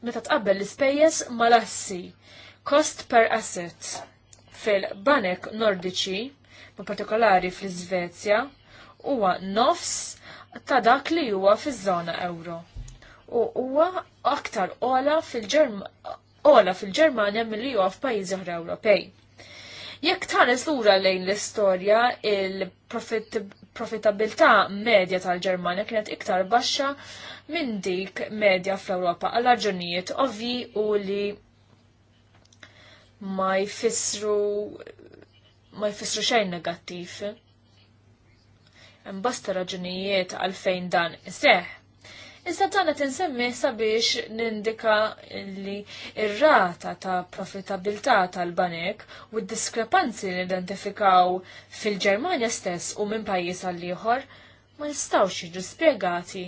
meta tqabbel l-ispejjeż mal-assi. Cost per asset fil-banek nordiċi, ma partikolari fl-Svezja, huwa nofs ta' dak li huwa fiż-żona euro. U huwa aktar ola fil-Ġermanja fil-Ġermanja milli huwa f'pajjiżi oħra Ewropej. Jekk tħares lura lejn l-istorja, il-profitabilità medja tal ġermania kienet iktar baxxa minn dik medja fl-Ewropa għal raġunijiet ovvi u li ma jfissru ma jfissru xejn negattiv. Imbasta raġunijiet għalfejn dan seħ Issa tagħna tinsemmi sabiex nindika li ir-rata ta' profitabilità tal-banek u d-diskrepanzi li identifikaw fil-Ġermanja stess u minn pajjiż għal ieħor ma jistgħux jiġu spjegati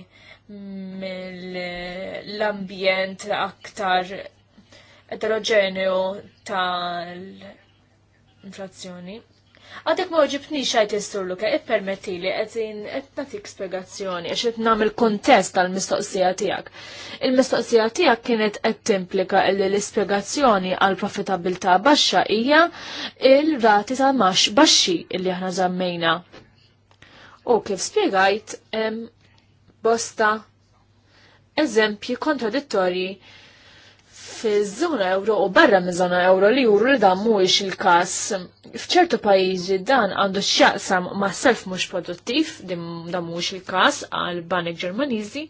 mill-ambjent aktar eterogeneo tal-inflazzjoni. Għadek ma uġibni xajt istrulluka, ippermetti li għedin etnatik spiegazzjoni, għax qed nagħmel kontest tal mistoqsija tiegħek. Il-mistoqsija tiegħek kienet qed timplika li l-ispjegazzjoni għal profitabilità baxxa hija il-rati ta' max baxxi li aħna zammejna. U kif spjegajt bosta eżempji kontradittorji fiż-żona euro u barra minn żona euro li juru li dan mhuwiex il-każ. F'ċertu pajjiżi dan għandu x'jaqsam ma' self mhux produttiv, dan mhuwiex il-każ għal banek Ġermaniżi,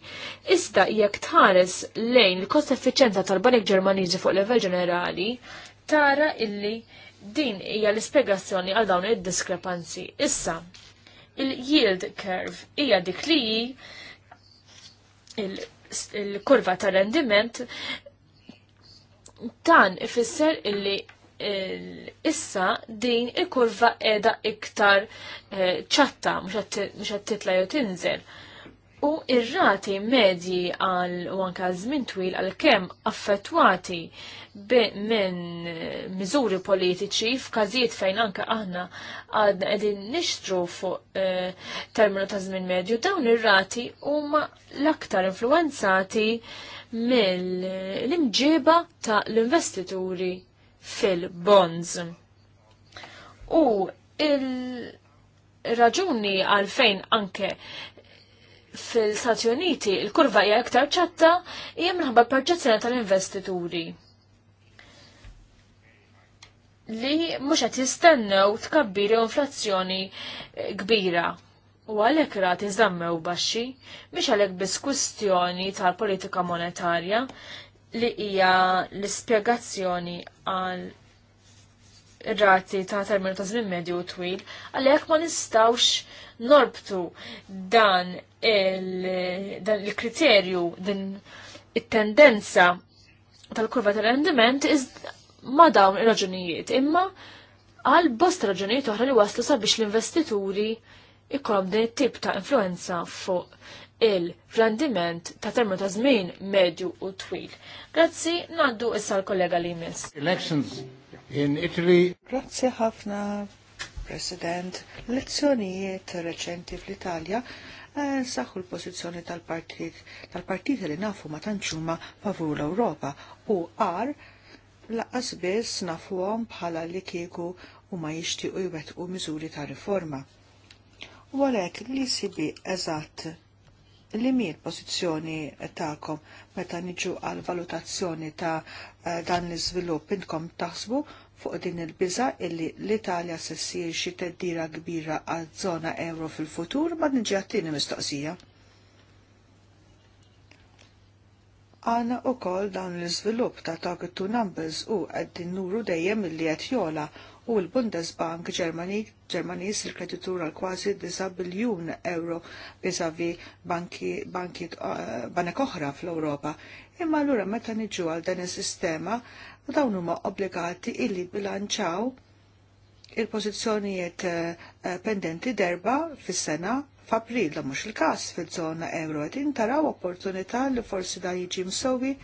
iżda jekk tħares lejn il-kost effiċjenza tal-banek Ġermaniżi fuq level ġenerali, tara illi din hija l-ispjegazzjoni għal dawn id-diskrepanzi. Issa, il-yield curve hija dik li il-kurva tal rendiment dan ifisser illi issa din il-kurva edha iktar eh, ċatta, mux għat titla jew tinżel. U ir-rati medji għal u anka żmien twil għal kemm affettwati minn miżuri politiċi f'każijiet fejn anka aħna għadna qegħdin nixtru fuq eh, terminu ta' żmien medju dawn ir-rati huma l-aktar influenzati mill-imġiba ta' l-investituri fil-bonds. U il-raġuni għalfejn anke fil-Stati Uniti il-kurva hija iktar ċatta hija minħabba perċezzjoni tal-investituri li mhux qed jistennew tkabbir inflazzjoni kbira u għalhekk rati żammew baxxi biex għalek biss tal-politika monetarja li hija l-ispjegazzjoni għal rati ta' terminu ta' żmien medju u twil, għalhekk ma nistawx norbtu dan il-kriterju din it-tendenza tal-kurva tal-rendiment ma' dawn ir-raġunijiet, imma għal bost raġunijiet oħra li waslu sabiex l-investituri ikolom din tip ta' influenza fuq il frandiment ta' termu ta' żmien medju u twil. Grazzi, naddu issa l-kollega li mis. Elections in Italy. Grazzi ħafna, President. Lezzjonijiet reċenti fl-Italja eh, saħħu l-pozizjoni tal-partit tal-partit li nafu ma tanċuma favur l-Europa u għar laqqas biss nafuhom bħala li kieku u ma jixtiequ jwettqu miżuri ta' riforma. U li sibi eżatt li mi l-pozizjoni ta'kom meta niġu għal valutazzjoni ta' eh, dan l-izvilupp intkom taħsbu fuq din il-biża illi l-Italja se ssir xi teddira kbira għal żona euro fil-futur ma niġi għattini mistoqsija. Għana u kol dan l-izvilupp ta' target to numbers u għeddin nuru dejjem illi għet jola u l-Bundesbank Ġermaniż il-kreditur għal kważi 9 biljun euro vizavi banki, banki eh, banek oħra fl-Ewropa. Imma allura meta niġu għal dan is-sistema dawn huma obbligati illi bilanċaw il-pożizzjonijiet eh, pendenti derba fis-sena f'April, mhux il-każ fil-żona euro qed intaraw opportunità li forsi da jiġi msowi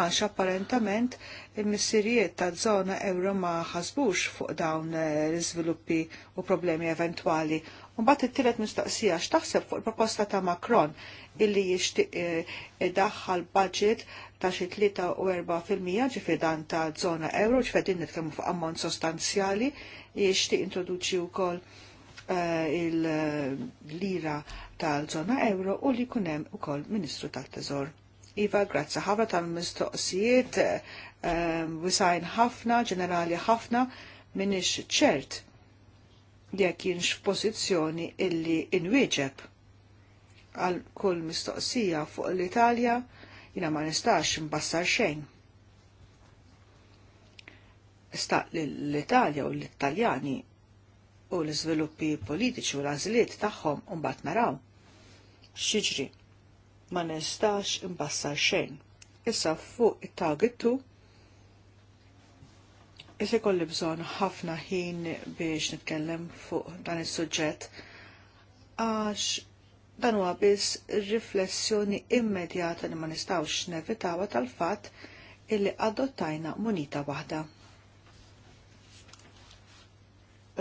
għax apparentament il-missirijiet ta' zona euro ma ħasbux fuq dawn eh, l-iżviluppi u problemi eventwali. Mbagħad it-tielet mistaqsija x'taħseb fuq il-proposta ta' Macron illi jixtieq eh, idaħħal budget ta' xi 3.4% 4 dan ta' zona euro ġifi din nitkellmu fuq ammont sostanzjali jixtieq introduċi wkoll eh, il-lira tal-zona euro u li kunem u kol ministru tal-teżor. Iva, grazzi ħafna tal-mistoqsijiet, eh, wisajn ħafna, ġenerali ħafna, minix ċert jekk jinx f'pożizzjoni illi inwieġeb għal kull mistoqsija fuq l-Italja jina ma nistax mbassar xejn. Staq l-Italja u l-Italjani u l-izviluppi politiċi u l azliet tagħhom u mbagħad naraw. Xiġri ma nistax imbassar xejn. Issa fuq it-targetu Issa kolli bżon ħafna ħin biex nitkellem fuq dan is-suġġett għax dan huwa biss riflessjoni immedjata li ma nistax nevitawa tal-fatt illi adottajna munita waħda.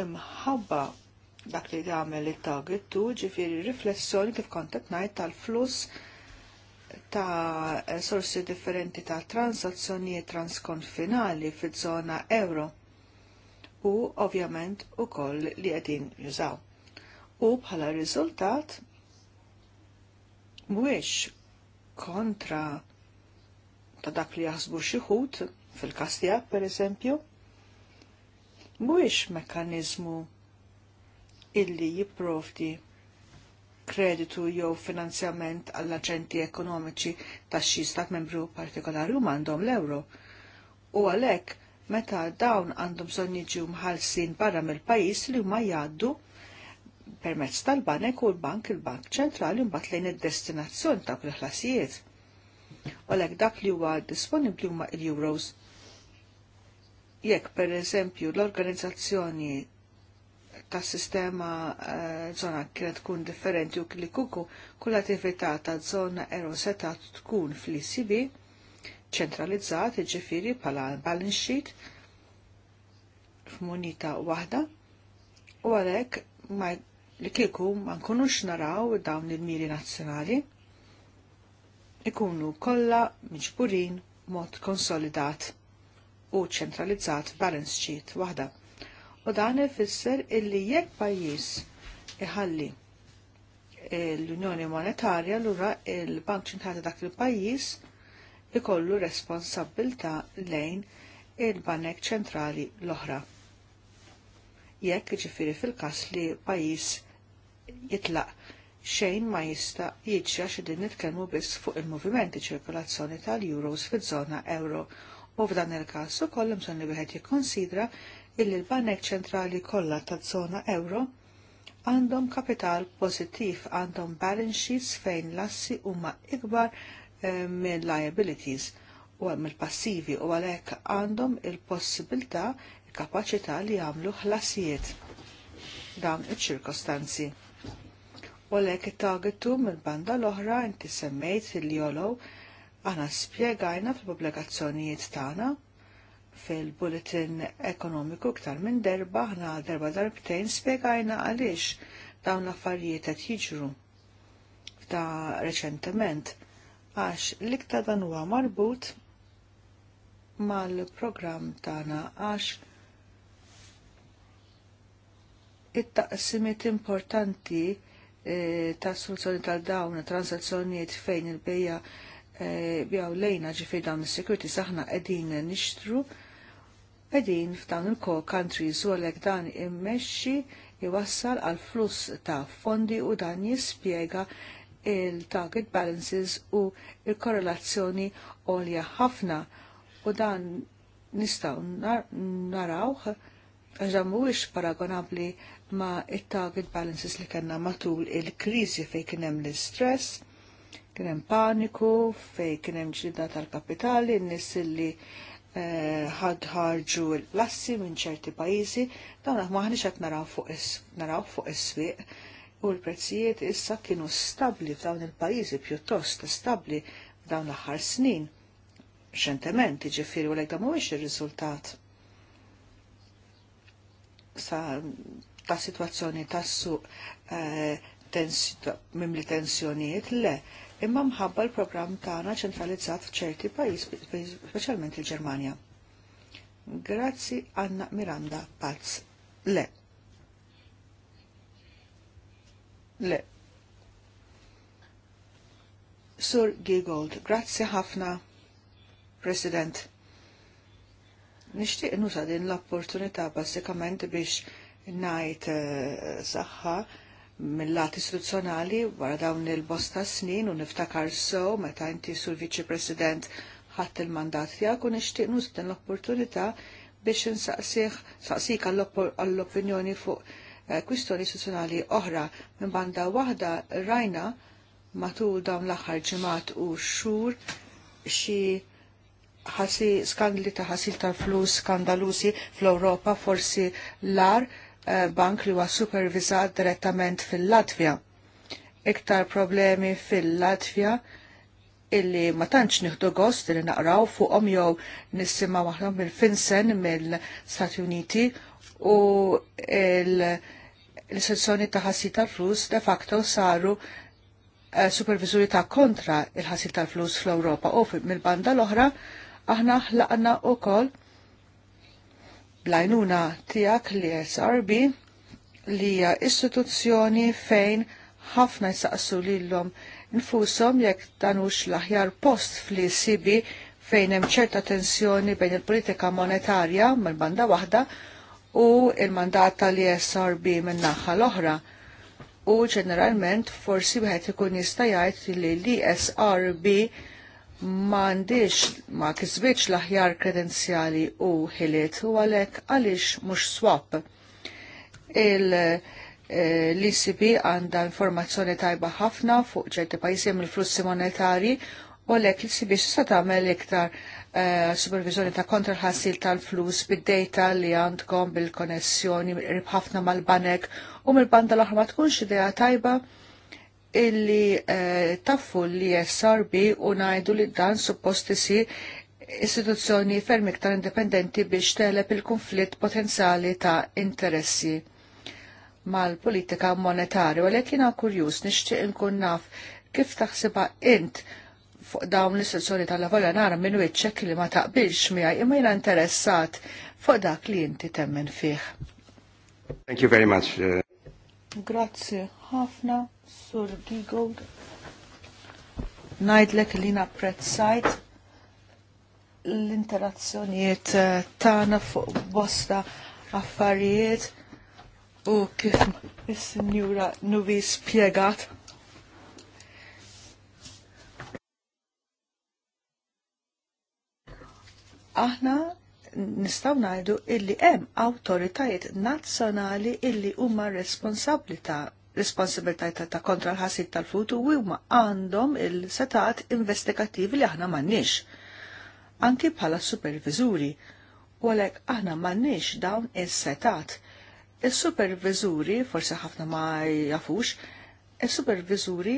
Imħabba dak li għamel it-target ġifieri riflessjoni kif kontet ngħid tal-fluss ta' sorsi differenti ta' transazzjonijiet transkonfinali fil-zona euro u ovvjament ukoll li qegħdin jużaw. U bħala riżultat mhuwiex kontra ta' dak li jasbu xi fil fil per pereżempju, mwix mekkaniżmu illi jipprovdi kreditu jew finanzjament għall aġenti ekonomiċi ta' xi stat membru partikolari u għandhom l-euro. U għalhekk meta dawn għandhom bżonn jiġu mħallsin barra mill-pajjiż li huma jgħaddu permezz tal-banek u l-bank il-bank ċentrali mbagħad lejn id-destinazzjoni ta' il-ħlasijiet. U lek dak li huwa disponibbli huma il-euros. Jekk per eżempju l-organizzazzjoni ta' sistema eh, zona kienet tkun differenti u kli kuku kull attività ta' zona ero setat tkun fl-ICB ċentralizzat ġifiri pala balance sheet f'munita wahda u għalek ma li kiku ma nkunux naraw dawn il-miri nazzjonali ikunu kolla miġburin mod konsolidat u ċentralizzat balance sheet wahda u dan ifisser illi jekk pajjiż iħalli l-Unjoni Monetarja lura il-Bank Ċentrali dak il-pajjiż ikollu responsabilta lejn il-Banek Ċentrali l-oħra. Jekk ġifiri fil-kas li pajjiż jitlaq xejn ma jista jiġra xi din nitkellmu biss fuq il-movimenti ċirkolazzjoni tal-euros fiż-żona euro u f'dan il-każ ukoll bżonn li wieħed jikkonsidra illi l-Banek ċentrali kollha taż-żona euro għandhom kapital pożittiv għandhom balance sheets fejn lassi huma ikbar eh, minn liabilities u mill passivi u għalhekk għandhom il-possibilità il-kapaċità li jagħmlu ħlasijiet dan iċ-ċirkostanzi. U għalhekk it-targetu mill-banda l-oħra inti semmejt il-jolow għana spjegajna fil-publikazzjonijiet tagħna fil-bulletin ekonomiku ktar minn derba ħna darba darbtejn spiegajna għaliex dawn l-affarijiet qed jiġru ta' reċentement għax l-iktar dan huwa marbut mal-programm tagħna għax it-taqsimiet importanti tas eh, ta' soluzzjoni tal-dawn transazzjonijiet fejn il-bejja Eh, bjaw lejna ġifir dawn is-security saħna qegħdin nixtru qegħdin f'dawn il-core country su għalek dan immexxi jwassal għal fluss ta' fondi u dan jispjega il-target balances u il-korrelazzjoni għolja ħafna u dan nistaw nar narawħ għaxan mhuwiex paragonabli ma' il target balances li kellna matul il-kriżi fejn kien hemm l-istress kien hemm paniku fej kien hemm ġlida tal-kapitali, n-nies li eh, ħad ħarġu l-assi minn ċerti pajjiżi, dawn maħniex qed naraw fuq naraw fuq is-swieq u l-prezzijiet issa kienu stabli f'dawn il-pajjiżi pjuttost stabli f'dawn l-aħħar snin. Xentement, ġifiri u l mhuwiex ir-riżultat ta' situazzjoni tassu eh, mimli tensjoniet, le, imma mħabba l-programm tagħna ċentralizzat f'ċerti pajjiż, speċjalment il-Ġermanja. Grazzi Anna Miranda Paz. Le. Le. Sur Giegold, grazzi ħafna, President. Nishtiq nusa din l-opportunità basikament biex najt eh, saħħa mill-lat istituzzjonali wara dawn il-bosta snin u niftakar so meta inti sur viċi president ħadd il-mandat tiegħek u nixtieq nużt l-opportunità biex insaqsih saqsik għall-opinjoni fuq eh, kwistjoni istituzzjonali oħra minn banda waħda rajna matul dawn l-aħħar ġimgħat u xhur xi ħasi skandli ta' ħasil tal-flus skandalusi fl-Ewropa forsi l-ar bank li huwa supervisat direttament fil-Latvja. Iktar problemi fil-Latvja illi ma tantx nieħdu gost li naqraw fuqhom jew nissimgħu aħjar mill-Finsen mill-Stati Uniti u l-istituzzjoni ta' ħassib tal-flus de facto saru eh, supervizuri ta' kontra il ħassib tal-flus fl-Ewropa u mill-banda l-oħra aħna ħlaqna wkoll blajnuna tijak li SRB li hija istituzzjoni fejn ħafna jisaqsu lilhom infushom jekk tanux l-aħjar post fl-ECB fejn hemm ċerta tensjoni bejn il-politika monetarja mill-banda waħda u il-mandat tal isrb min naħa l-oħra. U ġeneralment forsi wieħed ikun jista' jgħid li l-ESRB m'għandix ma kisbitx l-aħjar kredenzjali u ħiliet u għalhekk għaliex mhux swap. Il eh, l-ECB għandha informazzjoni tajba ħafna fuq ċerti pajjiżi mill-flussi monetari u għalhekk l-ECB s'issa tagħmel iktar eh, supervizjoni ta' kontraħassil tal-flus bid-data li għandkom bil-konnessjoni ħafna mal-banek u mill-banda l-oħra ma tkunx idea tajba illi eh, taffu li SRB u najdu li dan supposti si istituzzjoni ferm iktar indipendenti biex teleb il-konflitt potenzjali ta' interessi mal-politika monetarju. Għalek jina kurjus nishtiq nkun naf kif taħsiba int fuq dawn l-istituzzjoni tal-lavorja nara minn wiċċek li ma taqbilx miegħi imma jiena interessat fuq dak li inti temmen fih. Thank you very much. Eh. Grazzi ħafna. Sur Gigog, najdlek li napprezzajt l-interazzjonijiet eh, tana fuq bosta affarijiet u kif il sinjura nuvi spiegat. Aħna nistaw najdu illi hemm awtoritajiet nazzjonali illi huma responsabli ta' responsibilità ta' kontra l ħasib tal-flutu u huma għandhom il-setat investigativi li aħna m'għandniex. Anki bħala supervizuri, u għalhekk aħna m'għandniex dawn is-setat. Is-supervizuri, forsi ħafna ma jafux, is-supervizuri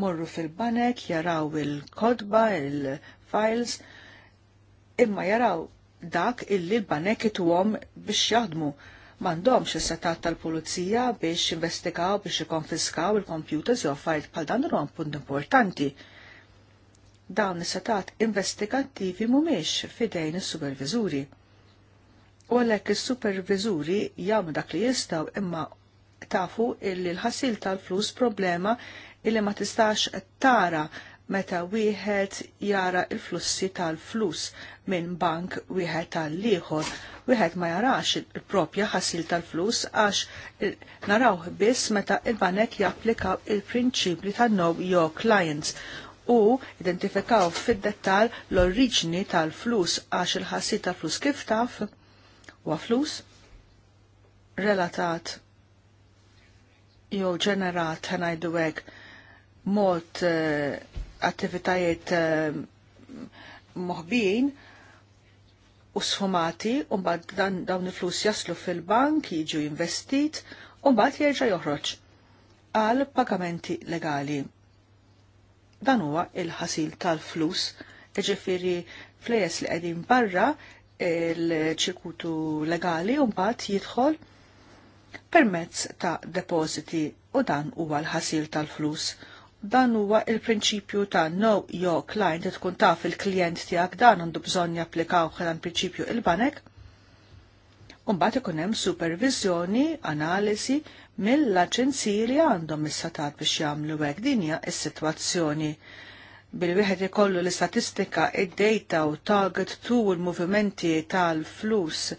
morru fil-banek, jaraw il-kodba, il-files, imma jaraw dak illi l-banek it biex jaħdmu mandomx is-setat tal-pulizija biex investigaw biex ikonfiskaw il kompjuters jew fajt bħal dan huwa punt importanti. Dawn is-setat investigattivi mhumiex fidejn is-superviżuri. U għalhekk is-superviżuri jagħmlu dak li jistgħu imma tafu illi l-ħasil tal-flus problema illi ma tistax tara meta wieħed jara il-flussi tal-flus minn bank wieħed tal-liħor. Wieħed ma jarax il-propja ħasil tal-flus għax narawh biss meta il-banek japplikaw il-prinċipli tal know your clients u identifikaw fid-dettal l-oriġni tal-flus għax il-ħassil tal-flus kif taf u flus relatat jew ġenerat ħanajdu mod eh, attivitajiet eh, moħbin u sfumati u dan dawn il-flus jaslu fil-bank jiġu investit u mbagħad jerġa' joħroġ għal pagamenti legali. Dan huwa il-ħasil tal-flus, ġifiri flejes li qegħdin barra il-ċirkutu legali u mbagħad jidħol permezz ta' depositi u dan huwa l-ħasil tal-flus dan huwa il-prinċipju ta' no jo client li tkun taf il-klient tiegħek dan għandu bżonn japplikaw ħelan prinċipju il-banek. Umbagħad ikun hemm supervizjoni, analisi mill-aġenziji li għandhom is-satat biex jagħmlu hekk din hija s-sitwazzjoni. Bil-wieħed ikollu l-istatistika, id-data u target tu l-movimenti tal-flus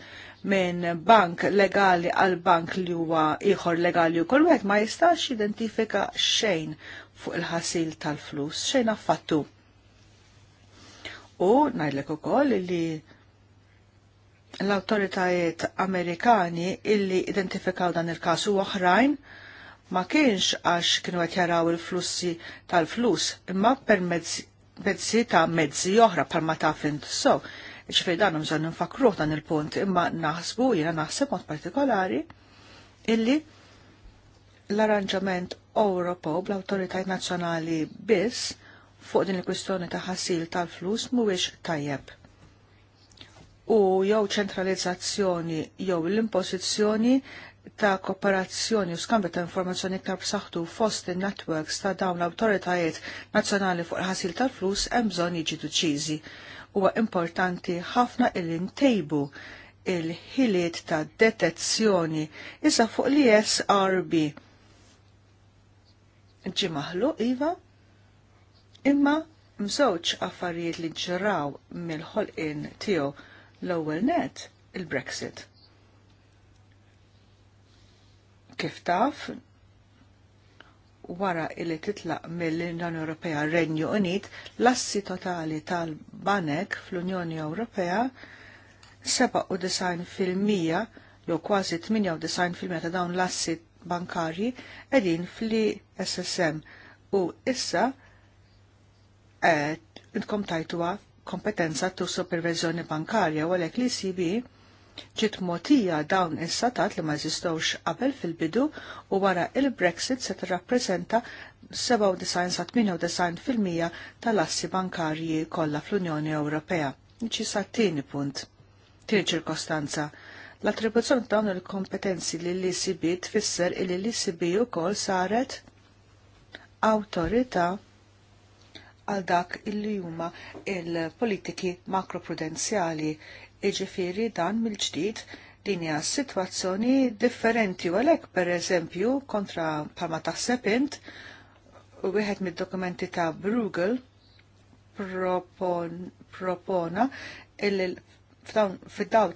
minn bank legali għal bank li huwa ieħor legali u kol wieħed ma jistax jidentifika xejn fuq il-ħasil tal-flus xejn affattu. U ngħidlek ukoll li l-autoritajiet Amerikani illi identifikaw dan il-każ u oħrajn ma kienx għax kienu qed jaraw il-flussi tal-flus imma mezzi ta' mezzi oħra ma ta' fint so. Ġifri dan mżon nfakruh dan il-punt imma naħsbu jiena naħseb mod partikolari illi l-arranġament Ewropew bl-awtoritajiet nazzjonali biss fuq din il-kwistjoni ta' ħasil tal-flus mhuwiex tajjeb. U jew ċentralizzazzjoni jew l-impożizzjoni ta' kooperazzjoni u skambju ta' informazzjoni iktar b'saħħtu fost in-networks ta' dawn l-awtoritajiet nazzjonali fuq il-ħasil tal-flus hemm bżonn jiġi deċiżi. Huwa importanti ħafna il ntejbu il-ħiliet ta' detezzjoni issa fuq l-ISRB ġi maħluq iva, imma mżewġ affarijiet li ġraw mill-ħolqin tiegħu l-ewwel net il-Brexit. Kif taf, wara li titlaq mill-Unjoni Ewropea Renju Unit, l-assi totali tal-banek fl-Unjoni Ewropea 97% jew kważi 98% ta' dawn l-assi bankari edin fli SSM u issa eh, intkom tajtuwa kompetenza tu supervizjoni bankarja u għalek li CB ġit motija dawn is-satat li ma jżistowx qabel fil-bidu u wara il-Brexit se tirrappreżenta 97-98% tal-assi bankarji kollha fl-Unjoni Ewropea. Niċi sa tieni punt, tieni ċirkostanza L-attribuzzjoni ta' dawn il-kompetenzi li l-ICB tfisser li l-ICB kol saret autorita għal dak illi huma il-politiki makroprudenzjali. Iġifiri dan mill-ġdid din hija sitwazzjoni differenti u għalhekk pereżempju kontra palma Sepint u wieħed mid-dokumenti ta' Bruegel propon, propona il fid-daw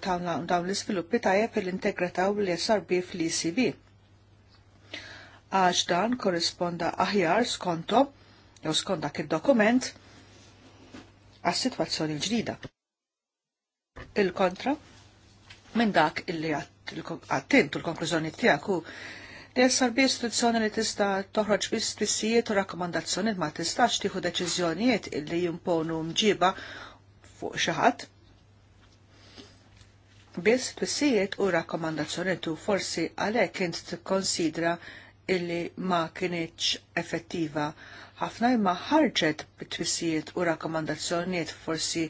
dawn l-iżviluppi tajjeb il-integrata u l-SRB fl-ECB. Għax dan korrisponda aħjar skonto, jew skont dak id-dokument, għas-sitwazzjoni ġdida. Il-kontra, minn dak illi għattint u l-konklużjoni tiegħek hu li SRB istituzzjoni li tista' toħroġ biss spissijiet u rakkomandazzjoni ma tistax tieħu deċiżjonijiet illi jimponu mġiba fuq xi ħadd biss twissijiet u rakkomandazzjoni tu forsi għalhekk kien konsidra illi ma kienieċ effettiva ħafna imma ħarġet bit-twissijiet u rakkomandazzjoniet forsi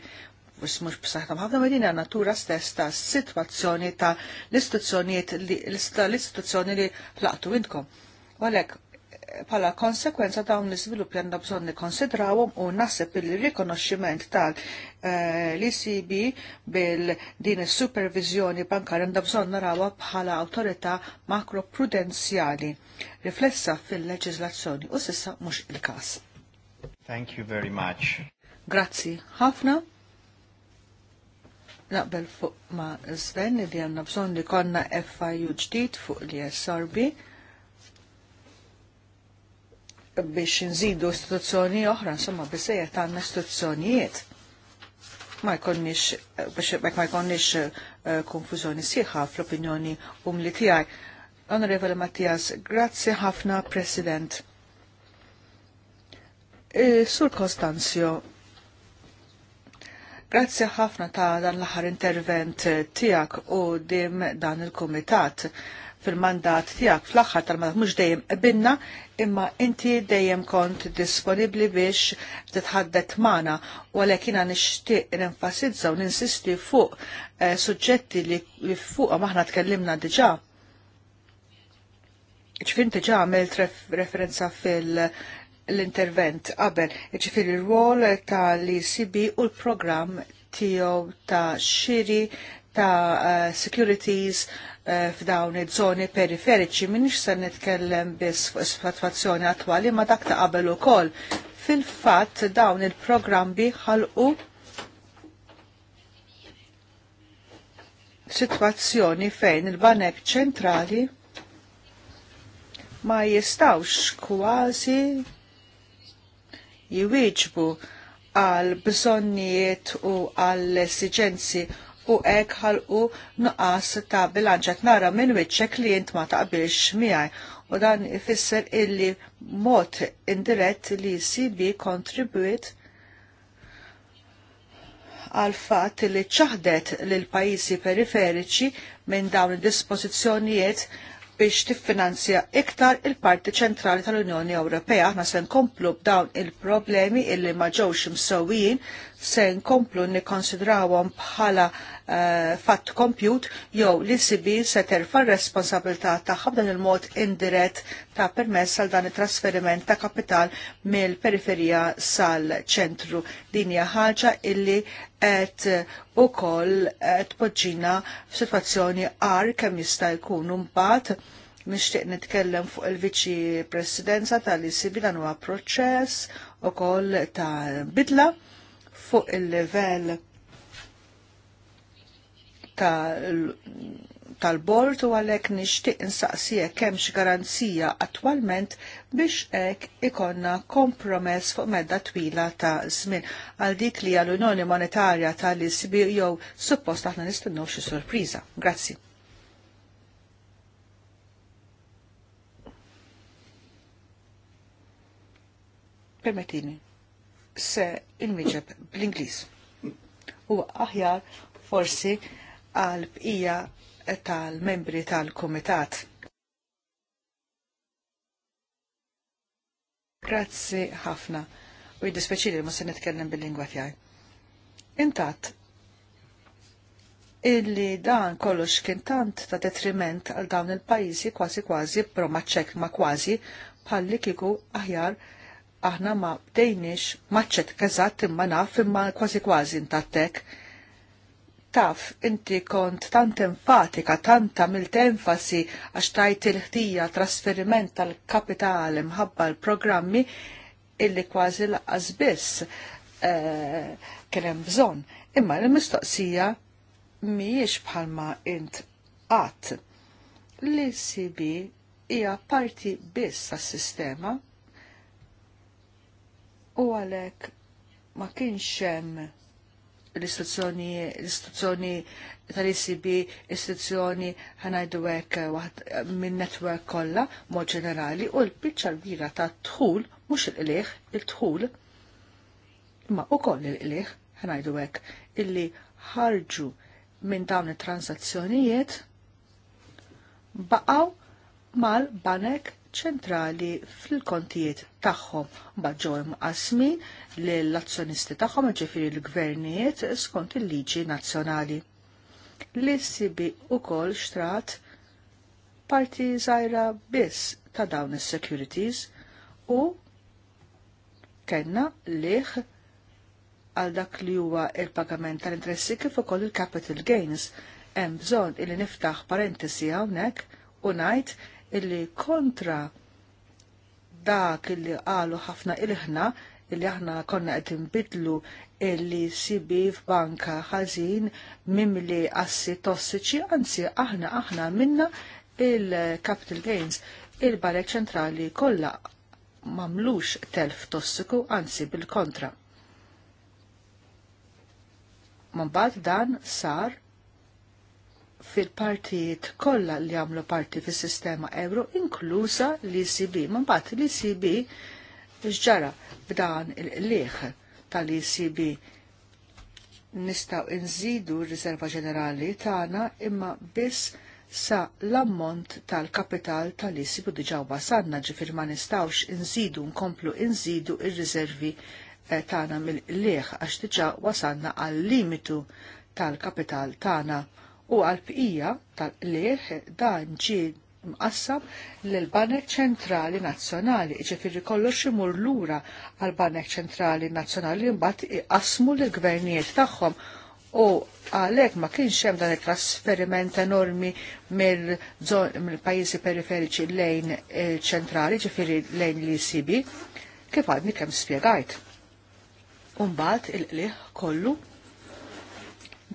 forsi mhux b'saħħithom ħafna medina natura stess ta' sitwazzjoni ta' l-istituzzjonijiet li l-istituzzjoni li ħlaqtu intkom. Għalhekk pala konsekwenza dawn l-izviluppi għandna bżonn nikkonsidrawhom u nasib il-rikonoxximent tal-ECB eh, bil-din is-supervizjoni bankarja għandna bżonn narawha bħala awtorità makroprudenzjali riflessa fil leġizlazzjoni u s'issa mhux il-każ. Thank you very much. Grazzi ħafna. Naqbel fuq ma' Sven li għanna bżon li konna FIU ġdid fuq li e SRB biex nżidu istituzzjoni oħra, insomma, bisejja għandna istituzzjonijiet. Ma jkonnix, biex ma jkonnix eh, konfużjoni sieħa fl-opinjoni umli tiegħi. Onorevole Mattias, grazzi ħafna, President. Eh, Sur Kostanzjo, Grazzi ħafna ta' dan l-aħħar intervent eh, tiegħek u dim dan il-Kumitat fil-mandat tiegħek fl-aħħar tal-mandat mhux dejjem binna imma inti dejjem kont disponibbli biex titħaddet magħna u għalhekk jiena nixtieq enfasizza u ninsisti fuq eh, suġġetti li fuqhom aħna tkellimna diġà. Ġifin diġa għamilt referenza fil- l-intervent qabel, ġifiri r-rol tal-ECB u l-program tiegħu ta' xiri ta' uh, securities Eh, f'dawn iż-żoni periferiċi minix se nitkellem biss fuq is attwali ma dak ta' qabel ukoll. Fil-fatt dawn il-programmi ħalqu situazzjoni fejn il-banek ċentrali ma jistawx kważi jwieġbu għal bżonnijiet u għal esigenzi u hekk ħalqu nuqas ta' bilanċet nara minn wiċċek li int ma taqbilx miħaj. u dan ifisser illi mot indirett li CB kontribwit għal fatt li ċaħdet l pajjiżi periferiċi minn dawn id-dispożizzjonijiet biex tiffinanzja iktar il-parti ċentrali tal-Unjoni Ewropea. Aħna se nkomplu b'dawn il-problemi illi ma ġewx msewwijin se nkomplu nikkonsidrawhom bħala uh, fatt kompjut jew li sibi se terfa' responsabilità tagħha b'dan il-mod indirett ta' permess għal dan it-trasferiment ta' kapital mill-periferija sal-ċentru. Din hija ħaġa illi qed ukoll tpoġġina f'sitwazzjoni għar kemm jista' jkun imbagħad nixtieq nitkellem fuq il-viċi presidenza tal-ICB dan huwa proċess ukoll ta' bidla fuq il-level tal-bord u għalek nishtiq kemm kemx garanzija attualment biex ek ikonna kompromess fuq medda twila ta' żmien għal dik li għal unjoni monetarja tal-ISB jew suppost aħna nistennu xi sorpriża. Grazzi. Permettini, se il-miġeb bl-Inglis. U aħjar forsi għal bqija tal-membri tal-Komitat. Grazzi ħafna u jiddispeċili ma se nitkellem bil-lingwa tiegħi. Intat, illi dan kollox kien tant ta' detriment għal dawn il-pajjiżi kważi kważi pro ma' ċek ma' kważi palli kiku aħjar aħna ma bdejniex maċċet kazat imma naf imma kważi kważi intattek. Taf, inti kont tant enfatika, tant għamilt enfasi għax tajt il-ħtija trasferiment tal-kapital imħabba l-programmi illi kważi laqqas biss eh, kien kienem bżon. Imma l-mistoqsija miex bħalma int għat. L-CB hija parti biss tas-sistema U għalek ma kienx hemm l-istituzzjoni l-istituzzjoni tal-ICB, istituzzjoni ħanajdu hekk eh, eh, minn netwerk kollha mod ġenerali u l-biċċa kbira ta' dħul mhux il-qliħ, il-dħul imma ukoll il-qliħ ħanajdu hekk illi ħarġu minn dawn it-transazzjonijiet baqgħu mal-banek ċentrali fil-kontijiet tagħhom ġew imqasmi l-azzjonisti tagħhom ġifiri l-gvernijiet skont il-liġi nazzjonali. l u kol xtrat parti zaħra biss ta' dawn is-securities u kellna liħ għal dak li huwa il-pagament tal-interessi kif ukoll il-capital gains hemm bżonn illi niftaħ parentesi hawnhekk u ngħid illi kontra dak illi qalu ħafna ilħna illi aħna konna qed bidlu illi sibi f'banka ħażin mimli assi tossiċi, anzi aħna aħna minna il-capital gains il-barek ċentrali kollha mamlux telf tossiku, anzi bil-kontra. Mbagħad dan sar fil-partijiet kollha li għamlu parti fis-sistema euro, inklusa l-ECB. Mbagħad l-ECB ġara b'dan il-liħ tal-ECB nistaw inżidu r-riserva ġenerali tagħna imma biss sa l-ammont tal-kapital tal-ECB diġa wasanna ġifier ma nistawx inżidu nkomplu inżidu ir-riservi eh, tagħna mill-liħ għax diġa wasanna għal limitu tal-kapital tagħna u għal-bqija tal-liħ dan ġie mqassam l-Banek Ċentrali Nazzjonali, ġifiri kollox imur lura għal-Banek Ċentrali Nazzjonali mbagħad iqasmu l-gvernijiet tagħhom u għalek ma kienx hemm dan it-trasferiment enormi mill-pajjiżi periferiċi lejn eh, ċentrali, ġifiri lejn l-ICB, kif għadni kemm spjegajt. Umbagħad il-qliħ kollu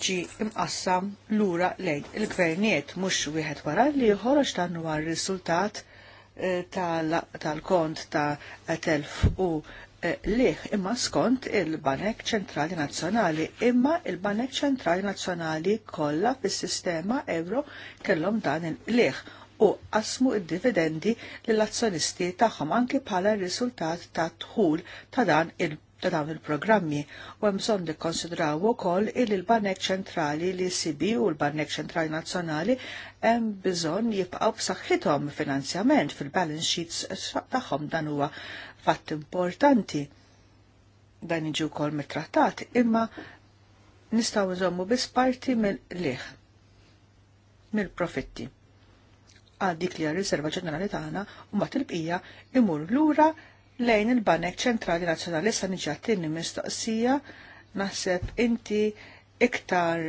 ġi imqassam lura lejn il-gvernijiet mhux wieħed wara li ħoroġ dan huwa r-riżultat eh, tal-kont ta' telf u eh, liħ imma skont il-Banek Ċentrali Nazzjonali imma il-Banek Ċentrali Nazzjonali kollha fis-sistema euro kellhom dan il-liħ u qasmu id-dividendi lill azzjonisti tagħhom anki bħala r-riżultat ta' dħul ta' dan il ta' dawn il-programmi u hemm bżonn nikkonsidraw ukoll il l-Banek Ċentrali li sibi u l-Banek Ċentrali Nazzjonali hemm bżonn jibqgħu b'saħħithom finanzjament fil-balance sheets tagħhom dan huwa fatt importanti. Dan iġi wkoll mit-trattat imma nistgħu nżommu biss parti mill-liħ mill-profitti għal dik li riserva ġenerali tagħna u mbagħad il-bqija imur lura lejn il-Banek Ċentrali Nazzjonali sa niġatini mistoqsija naħseb inti iktar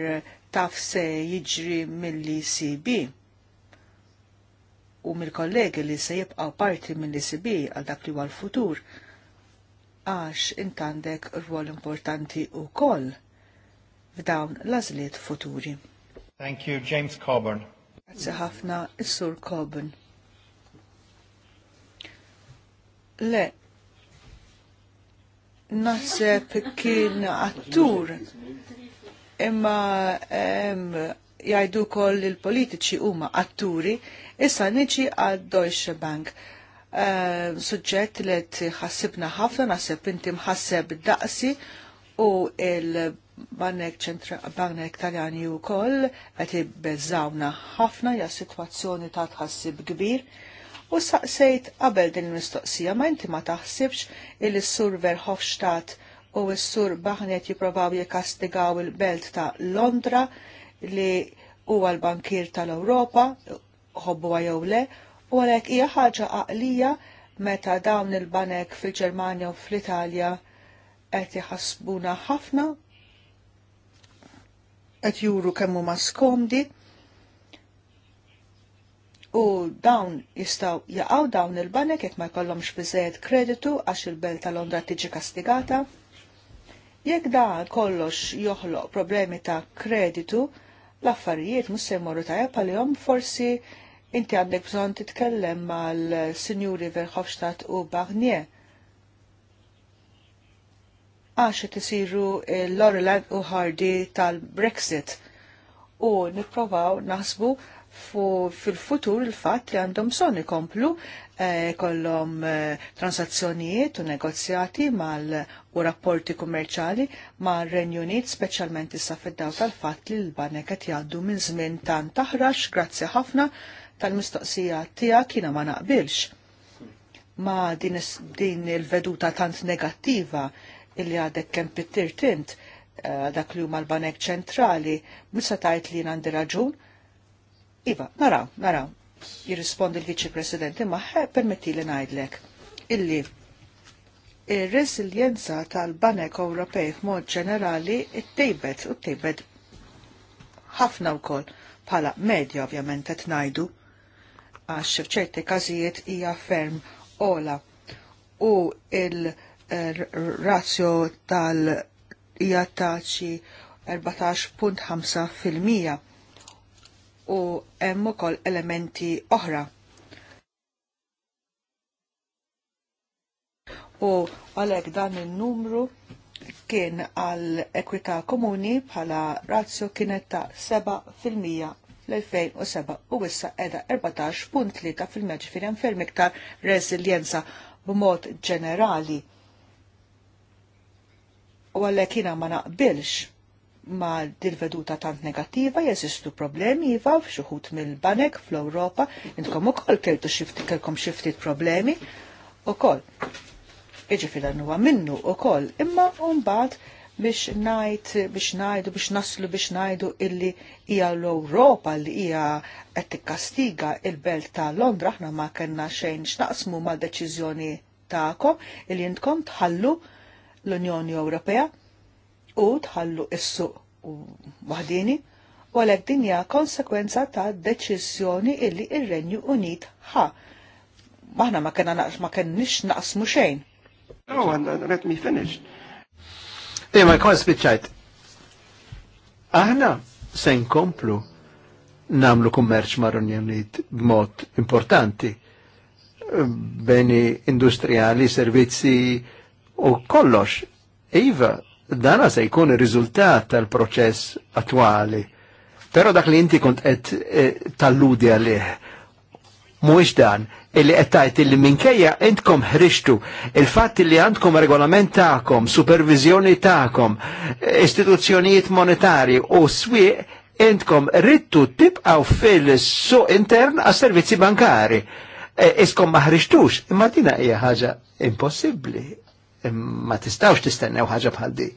taf se jiġri mill-ECB u mill-kollegi li se jibqaw parti mill-ECB għal dak li għal futur għax intandek rwol importanti u koll f'dawn l futuri. Thank you, James Coburn. Grazie ħafna, Is-Sur Coburn. Le, naħseb kien attur imma jgħidu koll il-politiċi huma atturi issa niġi għad Deutsche Bank. Suġġett li tħassibna ħafna, naħseb inti mħasseb daqsi u il-Banek ċentra Banek Taljani u koll għati bezzawna ħafna ja situazzjoni ta' tħassib kbir u saqsejt qabel din mistoqsija ma inti ma taħsibx il sur Verhofstadt u s-sur Baħnet jiprovaw jikastigaw il-belt ta' Londra li huwa l-bankir tal-Ewropa, hobbu jew le, u għalhekk hija ħaġa għaqlija meta dawn il-banek fil-Ġermanja u fl-Italja qed jħassbuna ħafna qed juru kemm huma u dawn jistaw jaqaw dawn il-banek jekk ma jkollhomx biżejjed kreditu għax il-belt tal Londra tiġi kastigata. Jekk dan kollox joħloq problemi ta' kreditu, l-affarijiet mhux se jmorru tajjeb jom forsi inti għandek bżonn titkellem mal-Sinjuri Verhofstadt u Barnier għax tisiru l-Loreland u Hardy tal-Brexit u nipprovaw naħsbu fil-futur il-fat li għandhom son ikomplu eh, kollom eh, transazzjonijiet u negozjati mal u rapporti kummerċali ma renju Unit speċjalment issa fid-daw tal-fatt li l-banek qed jgħaddu minn żmien tant taħrax grazzi ħafna tal-mistoqsija tiegħek jiena ma naqbilx ma din, din il-veduta tant negattiva illi għadek kemm pittir tint eh, dak li huma l-banek ċentrali, mhux se tgħid li għandi raġun, Iva, naraw, naraw, jirrispondi l-Viċi President, imma permetti li najdlek illi ir-resiljenza tal-Banek Ewropej f'mod ġenerali it-tejbet u t-tejbet ħafna wkoll bħala medja ovvjament qed ngħidu għax f'ċerti każijiet hija ferm ola u il- razzjo tal-ija taċi 14.5% u hemm ukoll elementi oħra. U għalhekk dan in-numru kien għal ekwità komuni bħala razzju kienet ta' 7% fl-2007 u issa edha 14.3% ġifieri hemm ferm iktar resiljenza b'mod ġenerali. U għalhekk jiena ma naqbilx ma dil-veduta tant negattiva jeżistu problemi jiva f'xuħut mill-banek fl-Europa, intkom u koll keltu xifti, kelkom xiftit problemi u koll. Iġifil huwa minnu u imma mbagħad biex najt, biex najdu, biex naslu, biex najdu illi hija l-Europa li hija qed tikkastiga il-belt ta' Londra, aħna ma kellna xejn x'naqsmu ma' deċiżjoni tagħkom illi intkom tħallu l-Unjoni Ewropea u tħallu is-suq maħdini u għalhekk din hija konsekwenza ta' deċiżjoni illi il renju Unit ħa. Maħna ma kena naqs ma kenniex naqsmu xejn. No, and let me finish. Ej, ma jkun spiċajt. Aħna se nkomplu namlu kummerċ Renju Unit b'mod importanti beni industriali, servizzi u kollox. Iva, dana se jkun ir-riżultat tal-proċess attwali. Però dak li inti kont qed eh, talludi għalih mhuwiex dan illi qed tgħid illi minkejja intkom ħrixtu il-fatt li għandkom regolament tagħkom, supervizjoni tagħkom, istituzzjonijiet monetarji u swieq intkom rittu tibqgħu fil-suq intern għas servizzi bankari. E, iskom ħrixtux, imma dina hija ħaġa impossibbli ma tistawx tistennew ħaġa bħal di.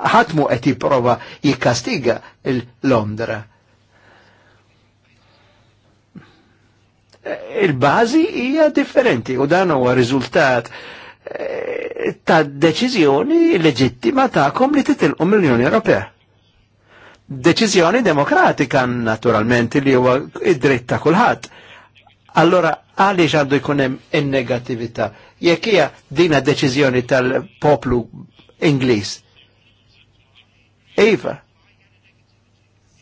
Ħatmu qed jipprova jikkastiga l-Londra. Il-bażi hija differenti u dan huwa riżultat eh, ta' deċiżjoni leġittima ta'kom li titilqu mill-Unjoni Ewropea. Deċiżjoni demokratika naturalment li huwa id-dritt ta' kulħadd allora għaliex għandu jkun hemm in-negattività? Jekk hija dina deċiżjoni tal-poplu Ingliż. Iva,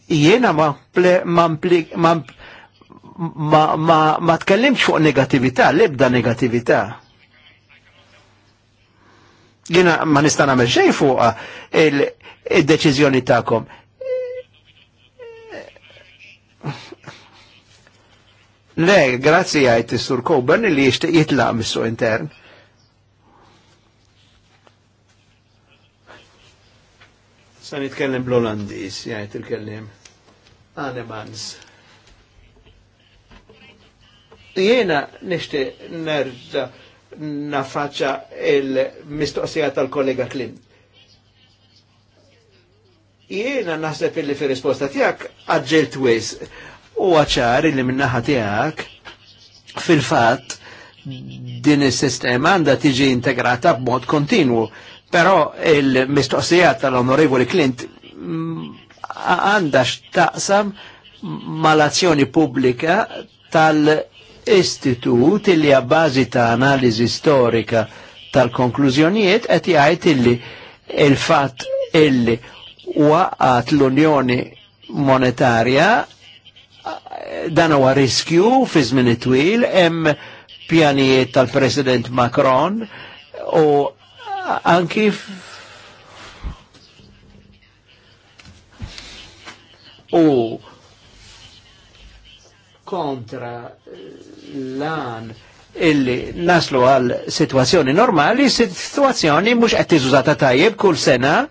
jiena ma ma ma ma ma tkellimx fuq negatività, l-ebda negatività. Jiena ma nista' nagħmel xejn fuq il-deċiżjoni tagħkom. Le, grazzi t sur Coburn li jishtiq jitla missu intern. Sa nitkellem bl-Olandis, jgħajt il-kellim. Anemans. Jena nishti nerġa nafaċa il-mistoqsija tal-kollega Klim. Jena naħseb il-li fi risposta tijak għadġil twiz u għacħar li minnaħa tijak fil-fat din il-sistema għanda tiġi integrata b'mod kontinwu. Però il-mistoqsija tal-onorevoli Clint mm, għanda xtaqsam mal-azzjoni pubblika tal-istitut li għabbażi ta' analizi storika tal-konklużjonijiet qed jgħid illi il-fatt illi waqgħet l-Unjoni Monetarja dan huwa riskju fi żmien twil hemm pjanijiet tal-President Macron u anki u kontra lan illi naslu għal situazzjoni normali, situazzjoni mux qed tiżużata tajjeb kull sena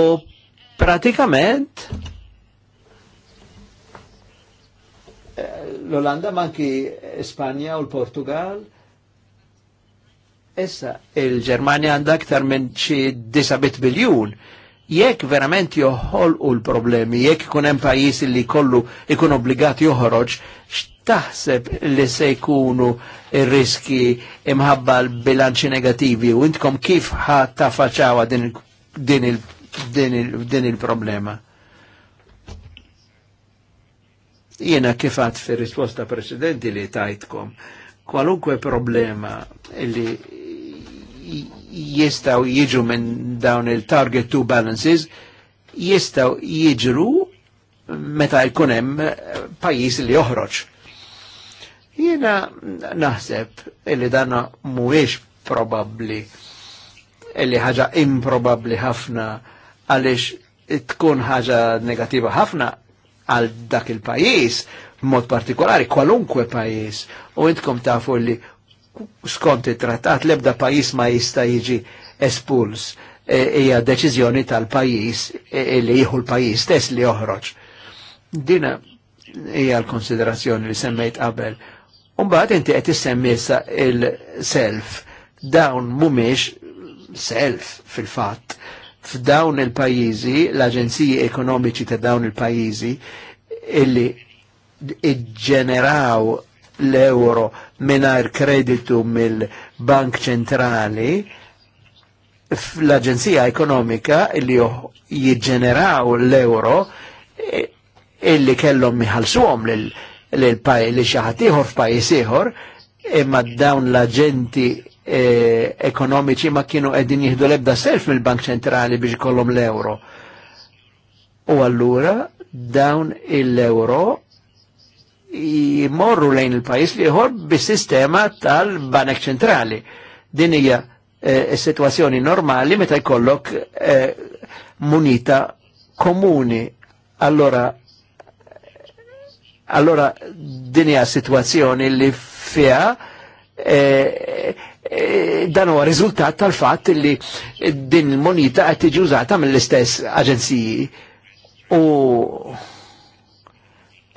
u pratikament l-Olanda ma anki Spanja u l-Portugal. Issa, il-Germania għandha aktar minn xi 9 biljun. Jekk verament joħol u l-problemi, jekk ikun hemm pajjiż li kollu ikun obbligat joħroġ, x'taħseb li se jkunu ir-riski imħabba l-bilanċi negativi u intkom kif ħadd tafaċawa din il-problema? Il, il il, il il Jena kifat fi risposta precedenti li tajtkom, kwalunkwe problema li jistaw jiġu minn dawn il-target two balances, jistaw jiġru meta jkunem eh, pajis li joħroġ. Jena naħseb illi dana muwiex probabli, illi ħaġa improbabli ħafna għalix tkun ħaġa negativa ħafna għal dak il-pajis, mod partikolari, kwalunkwe pajis, u intkom tafu li skont it-trattat lebda pajis ma jista jiġi espuls e, hija e, deċiżjoni tal-pajis e, e, li jieħu l-pajis stess li joħroġ. Dina hija l-konsiderazzjoni li semmejt qabel. Umbagħad inti qed issemmi il-self dawn mhumiex self fil-fatt f'dawn il-pajjiżi, l-aġenziji ekonomiċi ta' dawn il-pajjiżi illi iġġeneraw l-euro minar kreditu mill-Bank Ċentrali l aġenzija Ekonomika illi jiġġeneraw l-euro illi kellhom miħalsuhom lil pajjiż li xi ħadd f'pajjiż ieħor imma dawn l-aġenti Eh, ekonomiċi ma kienu għedin jihdu lebda ebda self mill-Bank centrali biex ikollhom l-euro. U allura dawn l euro jimorru lejn il-pajis li jħor bis-sistema tal-Banek centrali. Din hija eh, situazzjoni normali meta jkollok eh, munita komuni. Allora, allora din hija situazzjoni li fiha Eh, dan huwa riżultat tal-fatt li din il-monita qed tiġi użata mill-istess aġenziji u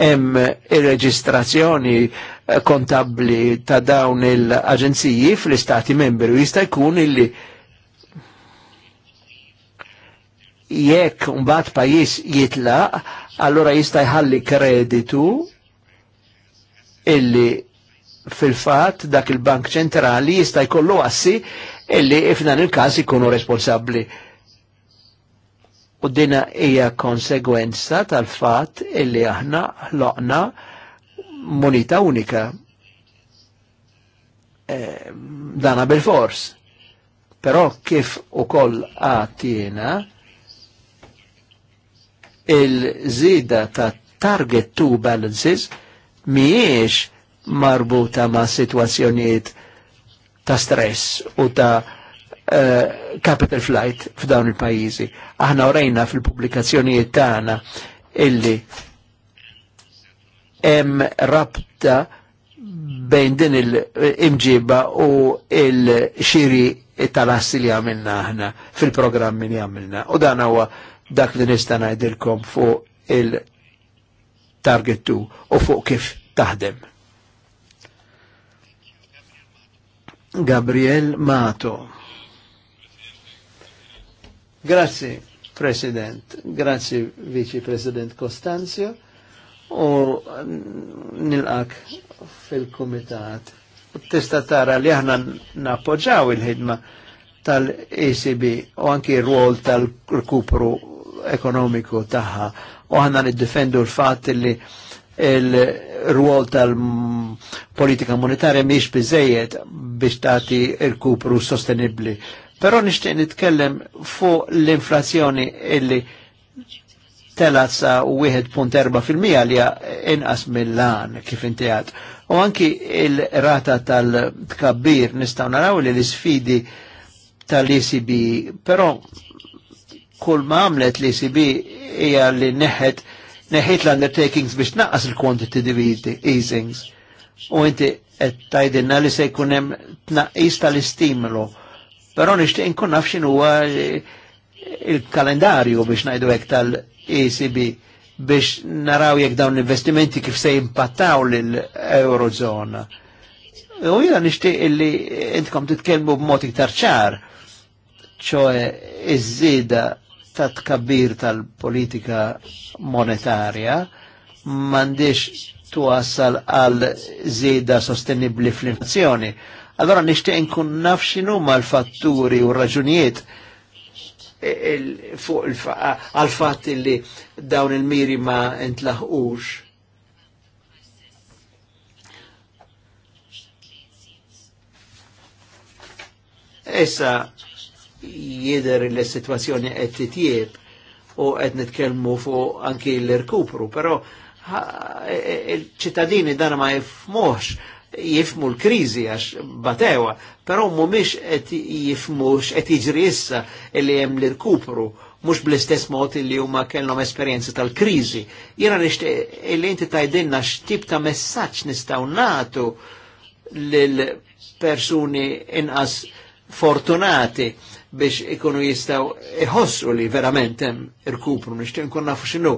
hemm ir-reġistrazzjoni eh, kontabbli ta' dawn il-aġenziji fl-istati membri u jista' jkun illi jekk mbagħad pajjiż jitlaq allura jista' jħalli kreditu illi fil-fat dak il-Bank ċentrali jista' jkollu assi illi f'dan il-każ ikunu responsabbli. U dina hija konsegwenza tal-fat illi aħna ħloqna moneta unika. E, dana bil-fors. Però kif ukoll għatjena il-żida ta' target two balances miex marbuta ma' situazzjonijiet ta' stress u ta' uh, capital flight f'dawn il-pajizi. Aħna orejna fil-pubblikazzjonijiet tagħna illi hemm rabta bejn din il-imġiba u il-xiri tal-assi li għamilna aħna fil-programmi li għamilna. U dan huwa dak li nista' ngħidilkom fuq il-target 2 u fuq kif taħdem. Gabriel Mato. Grazie, President. Grazie, Vice President Costanzio. U nilqak fil-Komitat. Testa tara li aħna nappoġġaw il-ħidma tal-ECB u anki r-rol tal-kupru ekonomiku taħħa u aħna niddefendu l-fat li il-ruol tal-politika monetarja miex bizzejiet biex tati il-kupru sostenibli. Pero nishtiq nitkellem fuq l-inflazzjoni illi tela sa 1.4% li inqas mill-lan kif intijat. U anki il-rata tal-tkabbir nistaw naraw li l-sfidi tal-ECB, pero kull ma għamlet l-ECB hija li neħet neħejt l-undertakings biex naqas il-quantitative easings. U inti qed tajdinna li se jkun hemm tnaqqis tal istimlu Però nixtieq inkun naf x'in huwa il-kalendarju biex ngħidu hekk tal-ECB biex naraw jekk dawn l-investimenti kif se jimpattaw l eurozona U jina nishtiq illi intkom titkelmu b'mod iktar ċar, ċoħe iż-żida ta' tkabbir tal-politika monetarja mandiċ tuassal għal zida sostenibli fl-inflazzjoni. Allora nishtiq nkun naf ma l-fatturi u raġunijiet e, għal fatt li dawn il-miri ma intlaħqux. Issa jider l situazzjoni qed titjieb u qed nitkellmu fuq anki l-irkupru, però e, e, il-ċittadini dan ma jifmux jifmu l-krizi għax batewa, però mumiex qed jifmux qed jiġri issa li hemm l-irkupru mhux bl-istess mod li huma kellhom esperjenzi tal-kriżi. Jiena nixtieq li inti tajdilna x'tip ta' messaġġ nistgħu nagħtu lil persuni inqas fortunati biex ikunu jistaw iħossu li verament hemm irkupru nixtieq nkun nafu x'inhu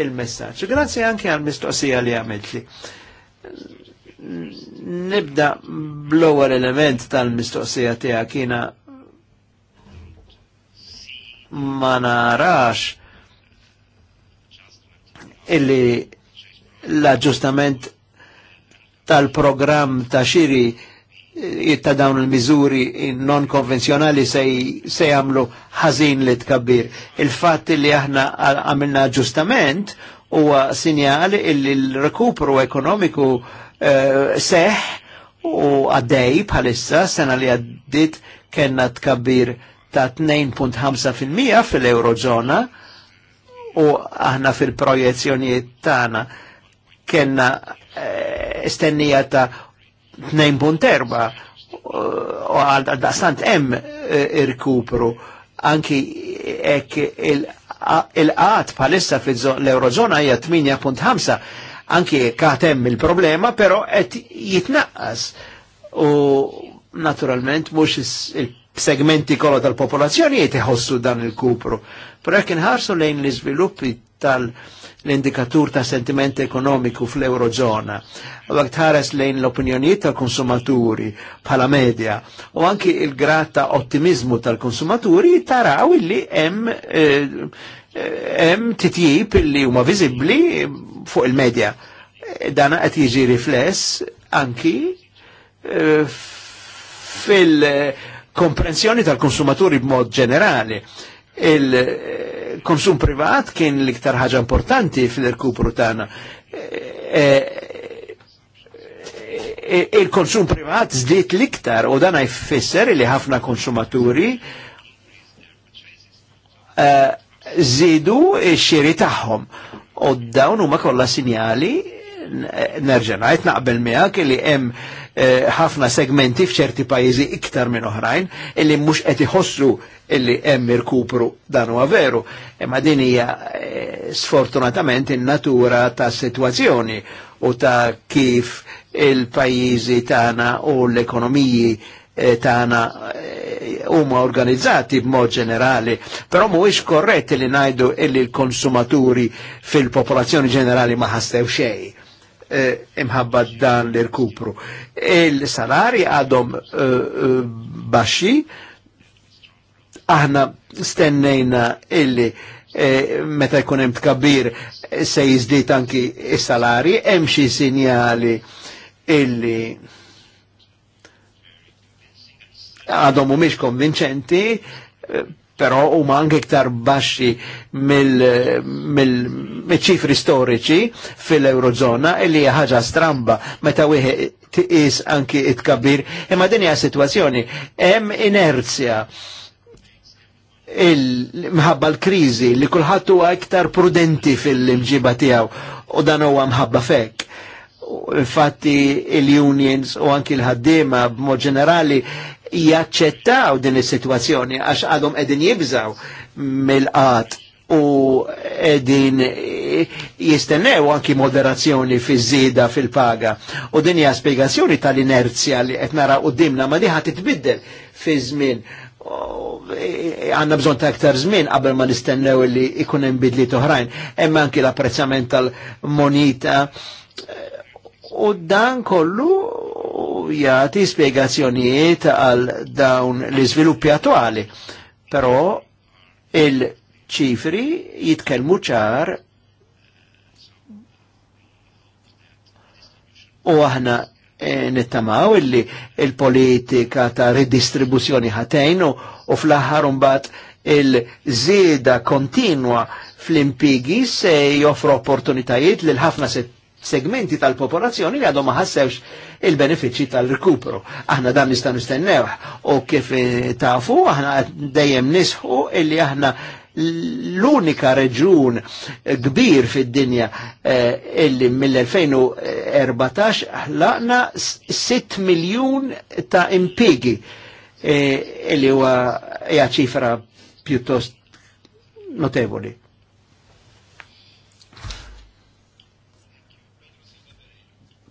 il-messaġġ. Grazzi anke għal mistoqsija li għamiltli. Nibda bl-ewwel element tal-mistoqsija tiegħek kiena ma narax illi l-aġġustament tal-programm ta' xiri ta' dawn il-miżuri non konvenzjonali se jagħmlu ħażin li tkabbir. il fat li aħna għamilna ġustament huwa sinjal li l-rekupru ekonomiku eh, seħ u għaddej bħalissa sena li għaddit kena tkabbir ta' 2.5% fil-Eurozona u aħna fil projezzjoni tagħna kena eh, estennija ta' 2.4 u għal-daqstant hemm eh, irkupru anki ek il għat palissa l eurozona hija 8.5 anki katem il-problema pero qed jitnaqqas u naturalment mhux segmenti kollha tal-popolazzjoni qed iħossu dan il-kupru. pero ek inħarsu lejn l-iżviluppi tal- -popolazzjoni, l-indikatur ta' sentiment ekonomiku fl-Eurozona. U għak tħares lejn l-opinjoniet tal-konsumaturi pala media, u anki il-grat ta' ottimizmu tal-konsumaturi taraw illi hemm eh, hemm titjib illi huma viżibbli fuq il-medja. Dana qed jiġi rifless anki eh, fil- eh, komprensjoni tal-konsumaturi b'mod ġenerali. Il-konsum privat kien l-iktar ħaġa importanti fil-rekupru tagħna. E, e, e, il-konsum privat żdiet l-iktar u dan jfisser li ħafna konsumaturi zidu xiri tagħhom. U dawn huma kollha sinjali nerġa' ngħid naqbel miegħek li hemm Eh, ħafna segmenti f'ċerti pajjiżi iktar minn oħrajn illi mhux qed iħossu illi hemm irkupru dan huwa veru. Imma din hija eh, sfortunatament in-natura ta' sitwazzjoni u ta' kif il-pajjiżi tagħna u l-ekonomiji eh, tagħna huma organizzati b'mod ġenerali, però mhuwiex korretti li ngħidu illi l-konsumaturi fil-popolazzjoni ġenerali ma ħastew xejn eh, imħabba dan l-irkupru. Il-salari għadhom eh, eh, baxi, aħna stennejna illi eh, meta jkun hemm tkabbir se jiżdied anki is-salari, hemm xi sinjali illi għadhom mhumiex konvinċenti, però huma anke iktar baxxi mill-ċifri storiċi fil-Eurozona illi e hija ħaġa stramba meta wieħed tiqis anki it-kabir, imma din hija sitwazzjoni hemm inerzja il-mħabba l-krizi li kullħat huwa iktar prudenti fil-imġiba tiegħu u dan huwa mħabba fek infatti il-unions u anki l-ħaddima b'mod ġenerali jaċċettaw din is-sitwazzjoni għax għadhom qegħdin jibżaw mill-qat u edin jistennew anki moderazzjoni fi żieda fil-paga. U din hija spjegazzjoni tal-inerzja li qed nara qudiemna ma diħa titbiddel fi żmien. Għanna bżon ta' aktar żmien qabel ma nistennew li ikun hemm bidliet oħrajn. Hemm anki l-apprezzament tal-monita U dan kollu jati spjegazzjonijiet għal dawn l-iżviluppi attuali. Però il-ċifri jitkellmu ċar u aħna E, nittamaw illi il-politika ta' redistribuzzjoni ħatejn u fl-aħħar mbagħad il-żieda kontinwa fl-impigi se joffru opportunitajiet lil ħafna set segmenti tal-popolazzjoni li għadhom ma ħassewx il-benefiċċji tal-rikupru. Aħna dan nista' nistennew u kif eh, tafu aħna dejjem nisħu illi aħna l-unika reġun kbir fid-dinja eh, illi mill-2014 ħlaqna 6 miljun ta' impigi eh, illi huwa hija ċifra pjuttost notevoli.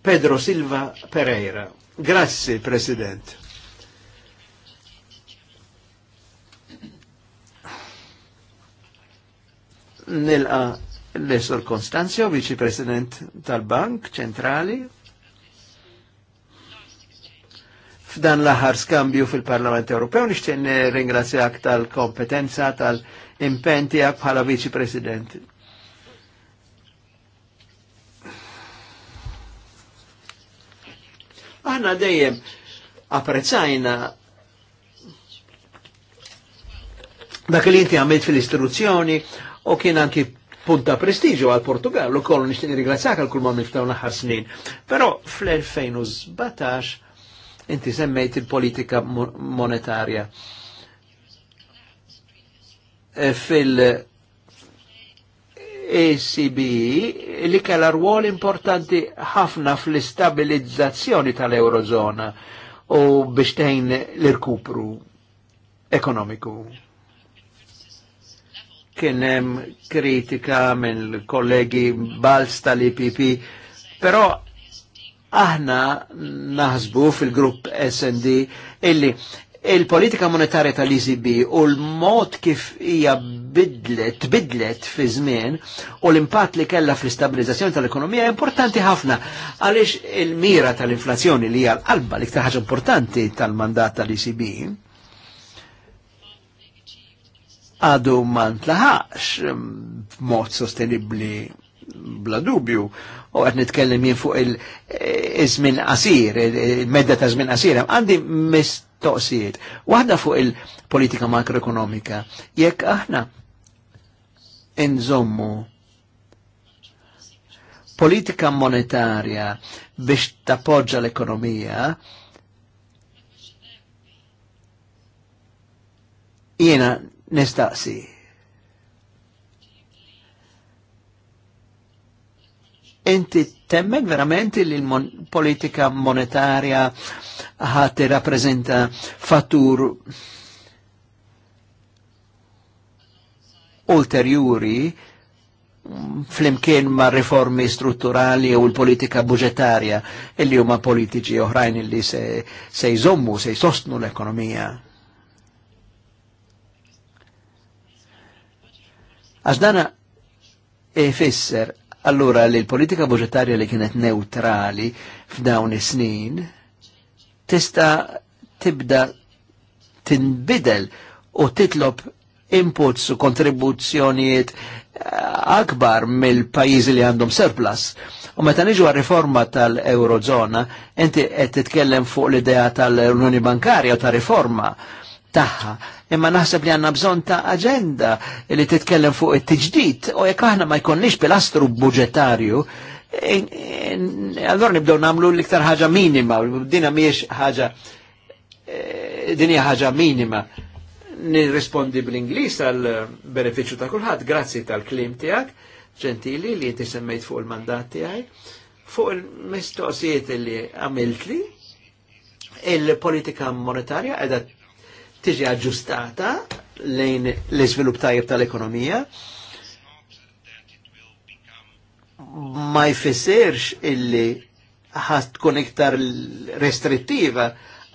Pedro Silva Pereira. Grazie President. Nilqa l-Esor Konstanzio, Viċi President tal-Bank Ċentrali. F'dan l-aħar skambju fil-Parlament Ewropew nixtieq ringrazzjak tal-kompetenza tal-impentija bħala Viċi President Aħna dejjem apprezzajna dak li inti għamilt fil-istruzzjoni u kien anki punta prestigio għal Portugallu kollu nishtini nirringrazzjak għal kull ma miftaw naħar snin. Pero fl-2017 inti semmejt il-politika monetarja e fil- ECB e li kella rwol importanti ħafna fl-istabilizzazzjoni tal-Eurozona u biex tejn l-irkupru ekonomiku. Kien hemm kritika minn kollegi Bals tal-IPP, però aħna naħsbu fil-grupp SND illi il-politika monetarja tal-ECB u l-mod kif hija bidlet, bidlet fi żmien u l-impatt li kella fl-istabilizzazzjoni tal-ekonomija importanti ħafna għaliex il-mira tal-inflazzjoni li hija l-qalba li ħaġa importanti tal-mandat tal-ECB għadu ma ntlaħax mm, mod sostenibbli bla dubju u għed nitkellem jien fuq il-żmien eh, qasir, il-medda ta' żmien qasir. Għandi mist toqsijiet. Waħda fuq il-politika makroekonomika, jekk aħna nżommu politika monetarja biex tappoġġa l-ekonomija, jiena nistaqsi. Inti temmek verament li l-politika monetarja ħati rappresenta fattur ulterjuri flimkien ma' riformi strutturali u l-politika budgetarja illi huma politiċi oħrajn illi se, se jżommu, se jsostnu l-ekonomija. Għax e fisser allura li l-politika budgetarja li kienet neutrali f'dawn is-snin tista tibda tinbidel u titlob inputs u kontribuzzjonijiet eh, akbar mill-pajjiżi li għandhom surplus. U meta niġu għal-riforma tal-Eurozona, inti qed titkellem fuq l-idea tal-Unjoni Bankarja u ta' riforma taħħa. Imma naħseb li għanna bżon ta' agenda li titkellem fuq it-tiġdid u jekk aħna ma jkollniex pilastru budġetarju allora nibdew namlu l-iktar ħaġa minima, dina miex ħaġa, eh, din hija ħaġa minima. Nirrispondi bl-Inglis għal beneficju ta' kulħadd, grazzi tal-klim tiegħek, ġentili li inti semmejt fuq il-mandat tiegħi, fuq il-mistoqsijiet li għamiltli, il-politika monetarja qiegħda tiġi aġġustata lejn l-iżvilupp tajjeb tal-ekonomija, tal ekonomija ma jfissirx illi ħast tkun iktar restrittiva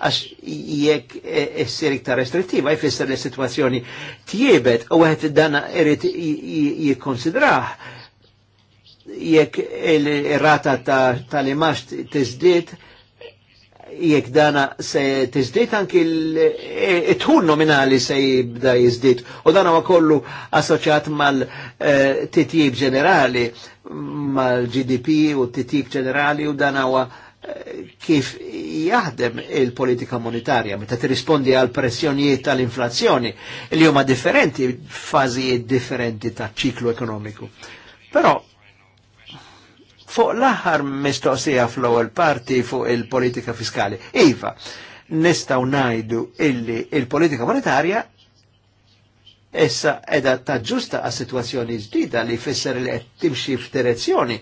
għax jekk issir iktar restrittiva jfisser li situazzjoni tjibet u għet dana irrit jikonsidraħ. jekk il-rata tal-imax tizdit jek dana se tizdit anki e- it-tħun nominali se jibda jizdit u dana ma kollu asoċat mal-titjib eh, ġenerali mal-GDP u titjib ġenerali u dana wa eh, kif jaħdem il-politika monetarja meta tirrispondi għal pressjonijiet tal-inflazzjoni li huma differenti fażijiet differenti ta' ċiklu ekonomiku. Però Fuq l-aħħar mistoqsija fl-ewwel parti fuq il-politika fiskali. Iva, nistgħu ngħidu illi il-politika monetarja essa edha taġġusta għas situazzjoni ġdida li fisser li qed timxi f'direzzjoni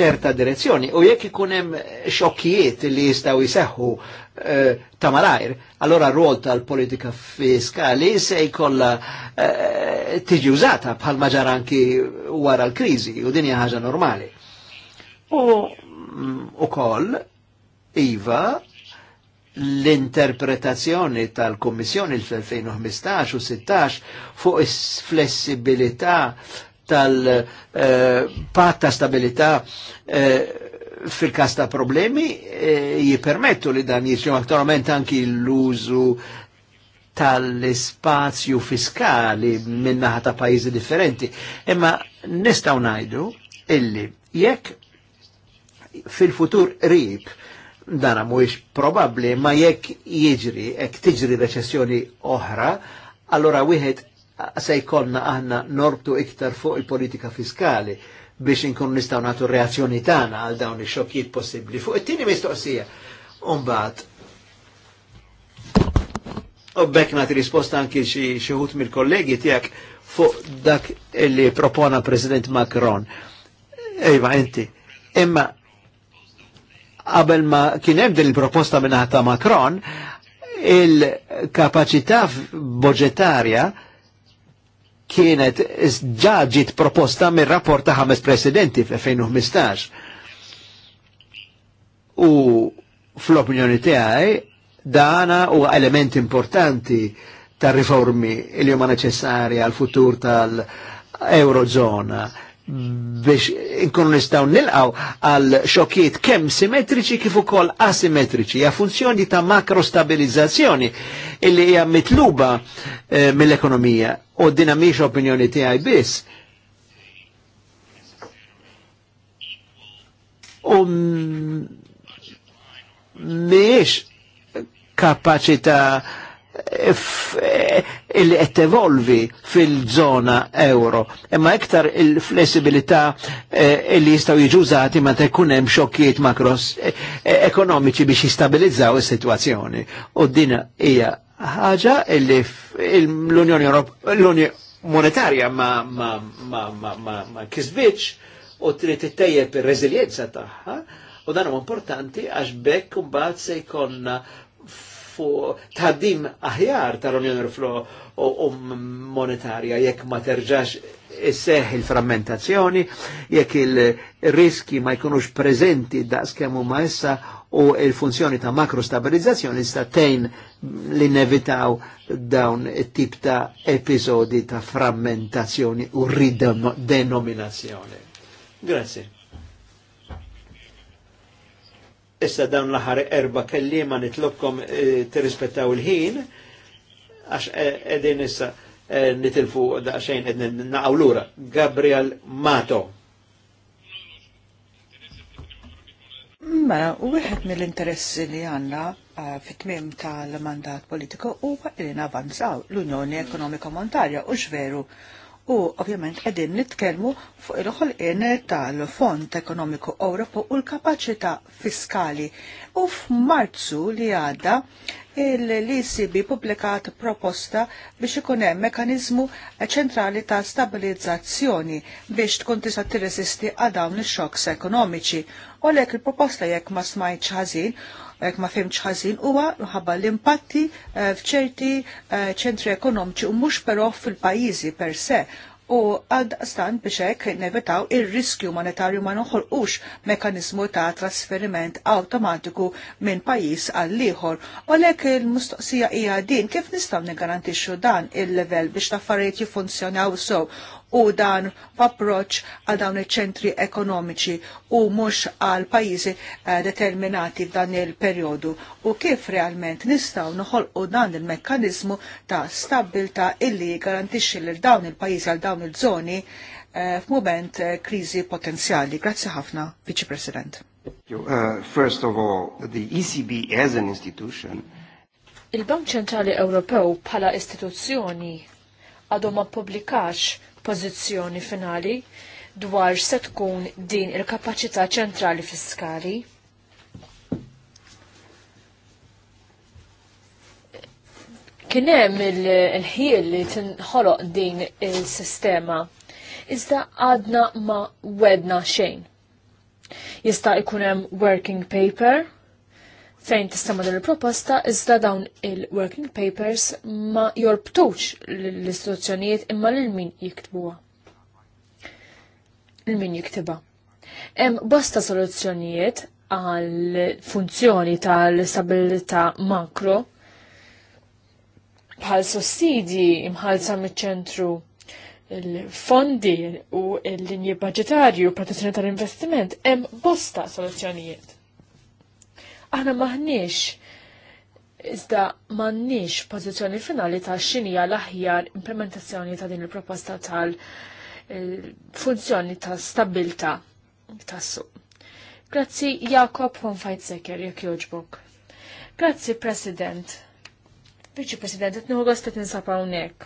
ċerta direzzjoni u jekk ikun hemm xokkijiet li jistgħu jseħħu eh, ta' malajr, allora r-rol tal-politika fiskali se jkollha eh, tiġi użata bħal maġar anki wara l-kriżi u din hija ħaġa normali. U koll iva l-interpretazzjoni tal-Kommissjoni l-2015 u 16 fuq is-flessibilità tal eh, patta ta' stabilità eh, fil-kas ta' problemi eh, jipermettu li dan jisju aktualment anki l-użu tal-spazju fiskali minnaħa ta' pajizi differenti. Imma nistaw najdu illi jekk fil-futur rib dana mhuwiex probabbli ma jekk jiġri jekk tiġri reċessjoni oħra, allora wieħed se jkollna aħna norbtu iktar fuq il-politika fiskali biex inkun nistgħu nagħtu reazzjoni tagħna għal dawn ix-xokkijiet possibbli. Fuq it-tieni mistoqsija mbagħad u bekk nagħti risposta anki xi mill-kollegi tiegħek fuq dak li propona President Macron. Ejma, iva, inti. Imma Qabel ma kien hemm din il-proposta ta' Macron, il-kapacità budgetarja kienet ġaġit proposta mir rapport ta' ħames presidenti 2015. U fl-opinjoni tiegħi dana u element importanti ta' riformi li huma neċessarja għal futur tal-Eurozona biex inkunu nistaw nilqaw għal xokiet kemm simmetriċi kif ukoll asimetriċi, hija funzjoni ta' makrostabilizzazzjoni illi hija mitluba eh, mill-ekonomija u dinamix mhix opinjoni tiegħi biss. U mhijiex kapaċi ta' Eh, illi qed evolvi fil-żona euro. Imma iktar il-flessibilità eh, illi jistgħu jiġu użati ma tkun hemm xokkijiet makros eh, biex jistabilizzaw is-sitwazzjoni. U din hija ħaġa illi l-Unjoni l-Unjoni Monetarja ma, ma, ma, ma, ma, ma kisbitx u trid ir-reżiljenza tagħha. U dan huwa importanti għax bekk imbagħad se jkollna fu taħdim aħjar tal-Unjoni um monetarja jekk ma terġax isseħ il-frammentazzjoni, jekk il-riski ma jkunux prezenti da skemu ma issa u il-funzjoni ta' makrostabilizzazzjoni sta tejn li nevitaw dawn it-tip ta' episodi ta' frammentazzjoni u ridenominazzjoni. Grazie. Issa dawn l-ħar erba kellima nitlobkom eh, tirrispettaw il-ħin, għax eh, edin issa eh, nitilfu daqxajn edin naqawlura. Gabriel Mato. Mela, u wieħed mill-interessi li għanna fit-tmim tal-mandat politiku huwa li navanzaw l-Unjoni Ekonomika Montarja u xveru u ovvjament qegħdin nitkellmu fuq il-ħolqien tal-Fond Ekonomiku Ewropu u l-kapaċità fiskali. U f'Marzu li għadda l-ECB publikat proposta biex ikun hemm mekanizmu ċentrali ta' stabilizzazzjoni biex tkun tista' tirresisti għal dawn ix-xokks ekonomiċi. U l-ek il-proposta jekk ma smajt ħażin ek ma fimx ħażin huwa minħabba l-impatti eh, f'ċerti eh, ċentri ekonomiċi u mhux però fil-pajjiżi per se u għad stan biex hekk nevitaw ir-riskju monetarju ma noħolqux mekanizmu ta' trasferiment awtomatiku minn pajjiż għal ieħor. U lek il-mistoqsija hija din kif nistgħu nigarantixxu dan il-level biex l-affarijiet jiffunzjonaw sew u dan f'approċċ għal dawn iċ-ċentri ekonomiċi u mhux għal pajjiżi eh, determinati f'dan il-perjodu u kif realment nistgħu noħolqu dan il-mekkaniżmu ta' stabilta illi jgarantixxi lil dawn il-pajjiżi għal dawn il-żoni eh, f'mument eh, kriżi potenzjali. Grazzi ħafna, Viċi President. Uh, first of all, the ECB as an institution Il-Bank Ċentrali Ewropew bħala istituzzjoni għadhom ma publikax pożizzjoni finali dwar se tkun din il-kapaċità ċentrali fiskali. Kien hemm il-ħiel li tinħoloq din il-sistema, iżda għadna ma wedna xejn. Jista' jkun hemm working paper, fejn tista' madwar il-proposta iżda dawn il-working papers ma jorbtux l-istituzzjonijiet imma lil min jiktbuha. L min jiktiba. Hemm bosta soluzzjonijiet għal funzjoni tal-stabilità makro bħal sussidi imħalsa miċ-ċentru il-fondi u l-linji budgetarju protezzjoni tal-investiment hemm bosta soluzzjonijiet. Aħna maħniex iżda m'għandniex pożizzjoni finali ta' xinija l-aħjar implementazzjoni ta' din il-proposta tal-funzjoni ta' stabilta tas-suq. Grazzi Jakob von Feitzeker, jekk joġbok. Grazzi President. Vici President, etniħu għastet qed ninsab hawnhekk.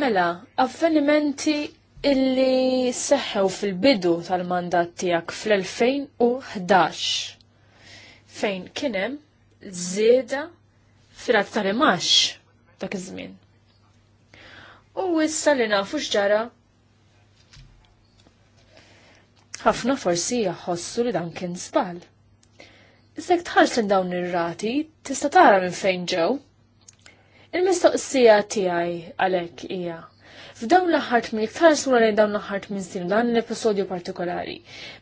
Mela, avvenimenti illi seħħew fil-bidu tal-mandat tiegħek fl-2011 fejn kien hemm żieda firat tal-imax dak iż-żmien. U issa li nafu x'ġara ħafna forsi jaħossu li dan kien żball. Iżek tħarsin dawn ir-rati tista' tara minn fejn ġew. Il-mistoqsija tiegħi għalhekk hija F'dawn l-aħħar tmien iktar sura lejn dawn l-aħħar tmien snin dan l-episodju partikolari.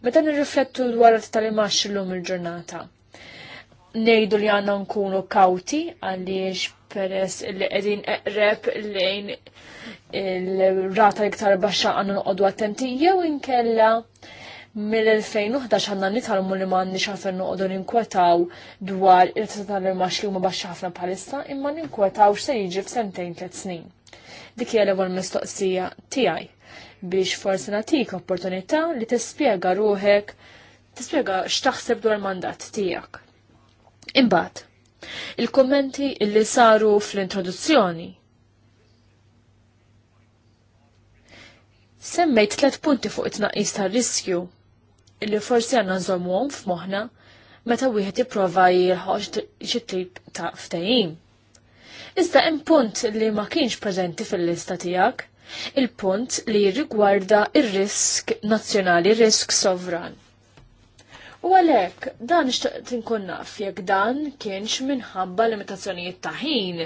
Meta nirriflettu dwar tal-imax illum il-ġurnata. Nejdu li għanna nkunu kawti għaliex peress li qegħdin eqreb lejn il-rata iktar baxxa għanna noqogħdu attenti jew inkella mill-2011 għanna nitalmu li ma għandix għafen noqogħdu ninkwetaw dwar il-tata tal-imax li huma baxxa ħafna bħalissa imma ninkwetaw x'se jiġi f'sentejn tliet snin Dik hija l-ewwel mistoqsija tiegħi biex forsi nagħtik opportunità li tispjega ruħek tispjega x'taħseb dwar mandat tiegħek. Imbagħad, il kummenti li saru fl-introduzzjoni semmejt tlet punti fuq it-tnaqqis tar-riskju illi forsi għanna nżommuhom f'moħħna meta wieħed jipprova jilħoq xi tip ta' ftehim. Iżda hemm punt li ma kienx preżenti fil-lista tiegħek, il-punt li jirrigwarda ir-risk nazzjonali, risk sovran. U għalek, dan ixtaqt nkun naf jekk dan kienx minħabba limitazzjonijiet ta' ħin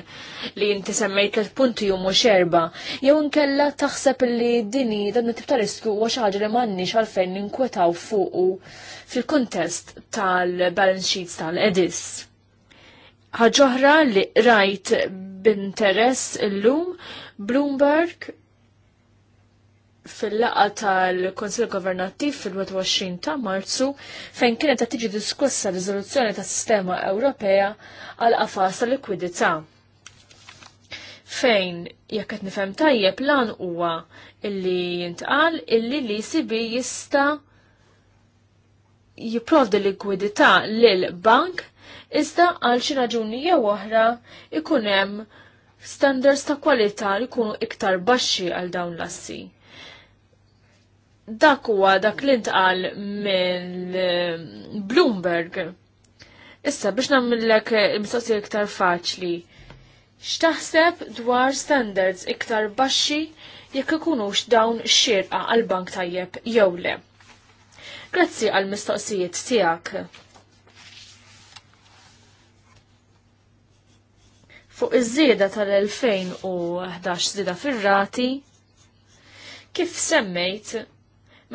li inti semmejt l punti u mhux erba, jew nkella taħseb li dini dan it-tip ta' riskju huwa xi ħaġa li m'għandniex għalfejn ninkwetaw fuqu fil-kuntest tal-balance sheets tal-edis ħaġoħra li rajt b'interess illum Bloomberg fil-laqa tal-Konsil Governattiv fil-21 ta' Marzu fejn kienet qed tiġi diskussa riżoluzzjoni tas sistema Ewropea għal qafas tal-likwidità. Fejn jekk qed nifhem tajjeb lan huwa illi jintqal illi li sibi jista' jipprovdi likwidità lil bank iżda għal xi raġuni jew oħra ikun hemm standards ta' kwalità li jkunu iktar baxxi għal dawn l-assi. Dak huwa dak li ntqal minn eh, Bloomberg. Issa biex nagħmellek eh, mistoqsija iktar faċli. X'taħseb dwar standards iktar baxxi jekk ikunux dawn xirqa għal bank tajjeb jew le. Grazzi għal mistoqsijiet tiegħek. fuq iż-żieda tal-2011 żieda fir-rati, kif semmejt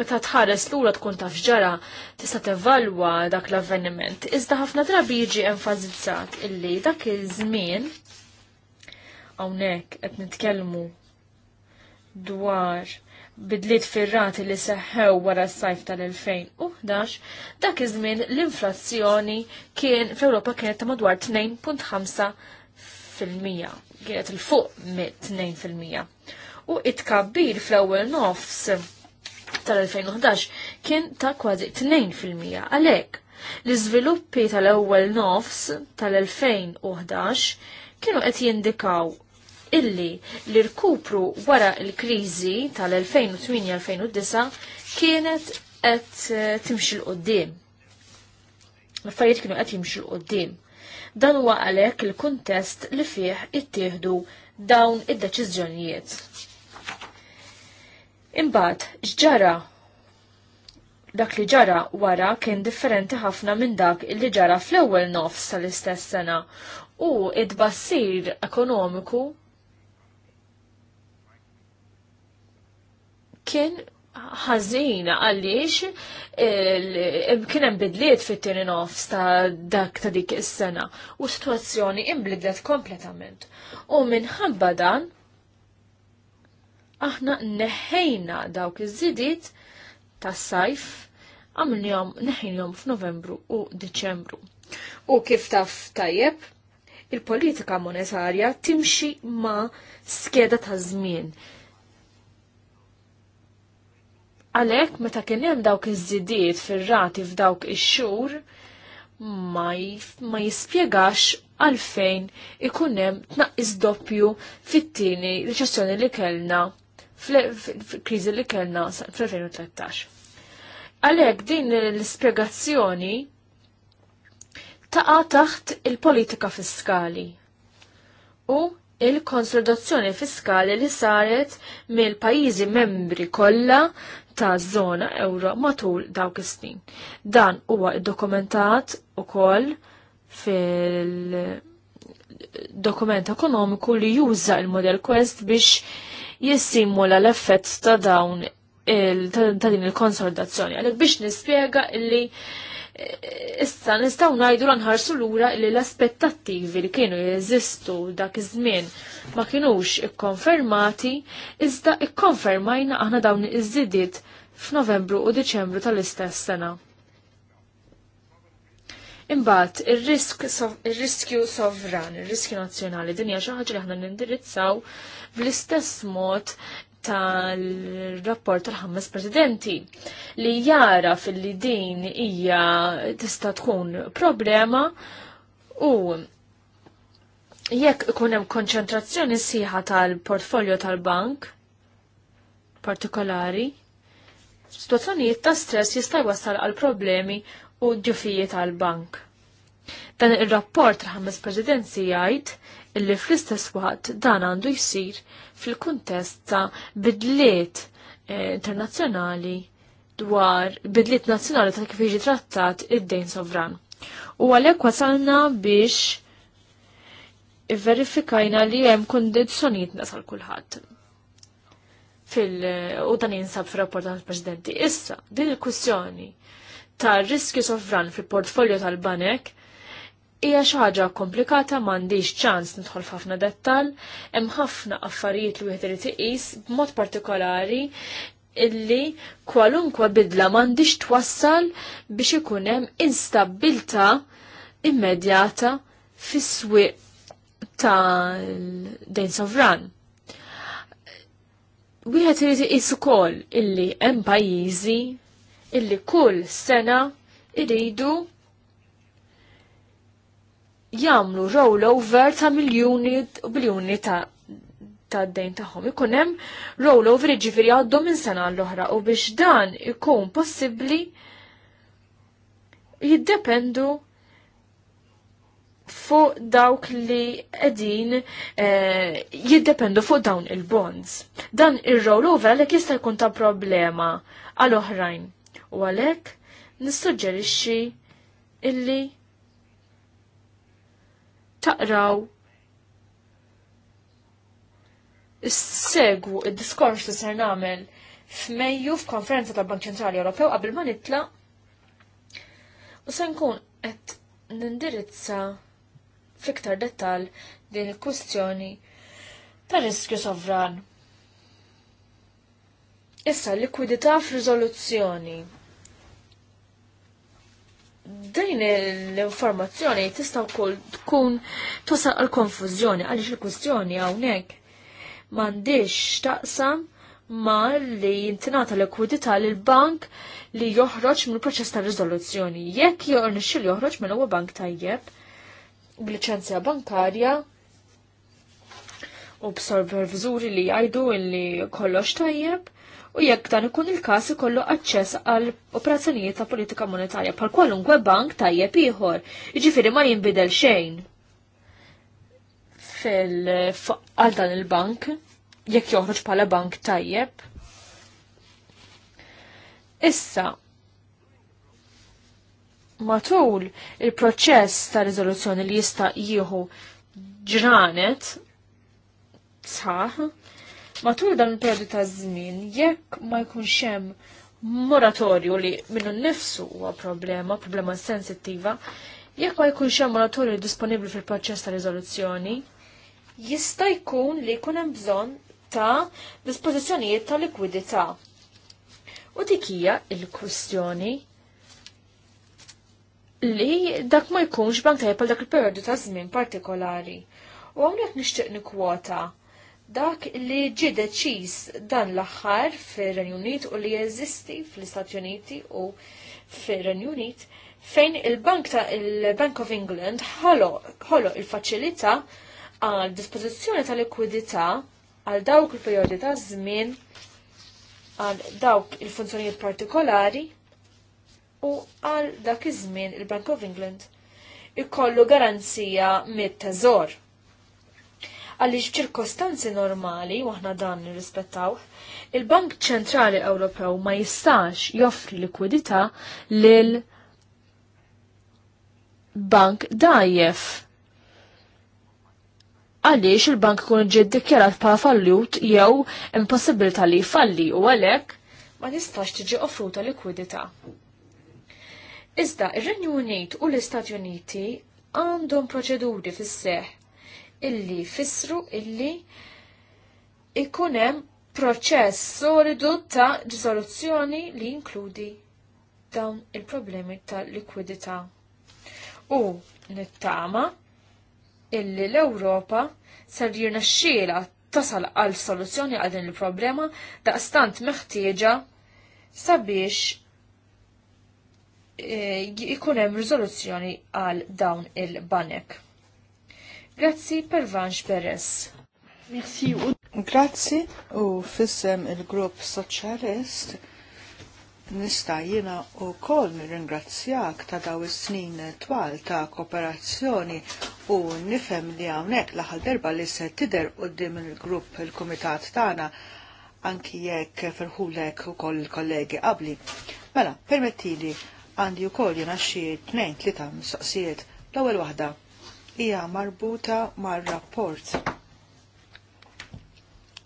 meta tħares lura tkun taf ġara tista' tevalwa dak l-avveniment. Iżda ħafna drabi jiġi enfasizzat illi dak iż-żmien hawnhekk qed nitkellmu dwar bidliet fir-rati li seħħew wara s-sajf tal-2011, dak iż-żmien l-inflazzjoni kien fl-Ewropa kienet ta' madwar 2.5 fil-mija, kienet il-fuq mit 2 fil-mija. U it-kabbir fl-ewwel nofs tal-2011 kien ta' kważi 2 fil-mija. Għalhekk, l-iżviluppi tal-ewwel nofs tal-2011 kienu qed jindikaw illi li rkupru wara l-kriżi tal-2008-2009 kienet qed timxi l-qoddim. Affarijiet kienu qed jimxi l-qoddim. Dan huwa għalhekk il-kuntest li fih ittieħdu dawn id-deċiżjonijiet. Imbagħad x'ġara dak li ġara wara kien differenti ħafna minn dak li ġara fl-ewwel nofs tal-istess sena u id-bassir ekonomiku kien ħażin għaliex eh, kien hemm bidliet fit-tieni nofs ta' dak ta' dik is-sena u situazzjoni inbidlet kompletament. U minħabba dan aħna neħejna dawk iż-żidiet tas-sajf għamilnihom neħinhom f'Novembru u Diċembru. U kif taf tajjeb, il-politika monetarja timxi ma' skeda ta' żmien Għalhekk meta kien hemm dawk iż-żidiet fir-rati f'dawk ix-xhur ma, ma jispjegax għalfejn ikun hemm tnaqqis doppju fit-tieni riċessjoni li kellna fil-kriżi li kellna fl-2013. Għalhekk din l-ispjegazzjoni taqa' taħt il-politika fiskali u il-konsolidazzjoni fiskali li saret mill-pajjiżi membri kollha ta' zona euro matul dawk is-snin. Dan huwa dokumentat ukoll fil-dokument ekonomiku li juża il-model Quest biex jissimula l-effett ta' dawn il ta' din il-konsolidazzjoni. Għalhekk biex nispjega illi issa nistgħu ngħidu lanħarsu lura li l-aspettattivi li kienu jeżistu dak iż-żmien ma kinux ikkonfermati, iżda ikkonfermajna aħna dawn iż-żidiet f'Novembru u Diċembru tal-istess sena. Imbagħad ir ir-riskju sovran, ir-riskju nazzjonali din hija xi ħaġa li aħna nindirizzaw bl-istess mod tal-rapport tal-ħammas presidenti li jara fil-li din hija tista' tkun problema u jekk ikun hemm konċentrazzjoni sieħa tal-portfolio tal-bank partikolari, situazzjonijiet ta' stress jista' jwassal għal problemi u ġufijiet tal bank. Dan ir-rapport tal-ħammas presidenti jgħid illi fl-istess waqt dan għandu jsir fil-kuntest ta' bidliet eh, internazzjonali dwar bidliet nazzjonali ta' kif jiġi trattat id-dejn sovran. U għalhekk wasalna biex verifikajna li hemm kondizzjonijiet nasal kulħadd fil u dan jinsab fir-rapport tal-Presidenti. Issa, din il-kwistjoni tar riskju sovran fil-portfolio tal-banek hija xi ħaġa komplikata m'għandix ċans nidħol ħafna dettall, hemm ħafna affarijiet li wieħed irid iqis b'mod partikolari illi kwalunkwa bidla m'għandix twassal biex ikun hemm instabilità immedjata fis-swieq tal-dejn sovran. Wieħed irid iqis ukoll illi hemm pajjiżi illi kull sena iridu jamlu rollover ta' miljoni u biljoni ta' ta' d-dejn taħħom. Ikun hemm rollover iġifiri għaddu minn sena l-oħra u biex dan ikun possibbli jiddependu fuq dawk li edin eh, jiddependu fuq dawn il-bonds. Dan ir-rollover għalek jista' jkun ta' problema għal oħrajn u għalek nissuġġerixxi illi taqraw segwu id-diskors li ser nagħmel f'Mejju f'Konferenza tal-Bank Ċentrali Ewropew qabel ma nitla. u se nkun qed nindirizza fiktar dettal din il-kwistjoni ta' riskju sovran. Issa likwidità f'riżoluzzjoni din l-informazzjoni tista' wkoll tkun tosaq għal konfużjoni għaliex il-kwistjoni hawnhekk m'għandix taqsam ma li jintinata l-ekwidità lil bank li joħroġ mill proċess ta' riżoluzzjoni. Jekk li joħroġ minn huwa bank tajjeb b'liċenzja bankarja u b'sorvervżuri li jgħidu li kollox tajjeb, u jekk dan ikun il-każ ikollu aċċess għal operazzjonijiet ta' politika monetarja bħal kwalunkwe bank tajjeb ieħor, jiġifieri ma jinbidel xejn għal dan il-bank jekk joħroġ bħala bank tajjeb. Issa, matul il-proċess ta' riżoluzzjoni li jista' jieħu ġranet sħaħ, matul dan il-periodu ta' żmien jekk ma jkunx hemm moratorju li minnu nnifsu huwa problema, problema sensittiva, jekk ma jkunx hemm moratorju disponibbli fil-proċess ta' riżoluzzjoni, jista' jkun li jkun hemm bżonn ta' dispożizzjonijiet ta' likwidità. U dik hija l-kwistjoni li dak ma jkunx bank tajjeb għal dak il-perjodu ta' żmien partikolari. U hawnhekk nixtieq nikkwota dak li ġi deċiż dan l-aħħar fir-Renju Unit u li jeżisti fl-Istati Uniti u fir-Renju Unit fejn il-Bank ta' il-Bank of England ħolo il-faċilità għal dispożizzjoni ta' likwidità għal dawk il-periodi ta' żmien għal dawk il-funzjonijiet partikolari u għal dak iż-żmien il-Bank of England ikollu garanzija mit-teżor għaliex ċirkostanzi normali, waħna aħna dan nirrispettaw, il-Bank Ċentrali Ewropew ma jistax joffri likwidità lil bank dajjef. Għaliex il-bank kun ġed dikjarat bħala fallut jew impossibilità li jfalli u għalhekk ma jistax tiġi offruta likwidità. Iżda ir-Renju Unit u l-Istati Uniti għandhom proċeduri fis-seħ illi fissru illi ikunem proċess solidu ta' risoluzzjoni li jinkludi dawn il-problemi ta' likwidità. U nittama illi l-Ewropa ser xxila tasal għal soluzzjoni għal din il-problema daqstant meħtieġa sabiex eh, ikun hemm għal dawn il-banek. Grazzi per Vanx Perez. Merci. Grazzi u fissem il-grupp soċjalist nista jina u kol nir-ingrazzjak ta' daw is-snin twal ta' kooperazzjoni u nifem li għawnek laħal derba li se tider u dim il-grupp il-komitat tana anki jekk ferħulek u koll il-kollegi qabli. Mela, permettili għandi u kol jina xie 2-3 mistoqsijiet l-ewwel waħda hija marbuta mar-rapport.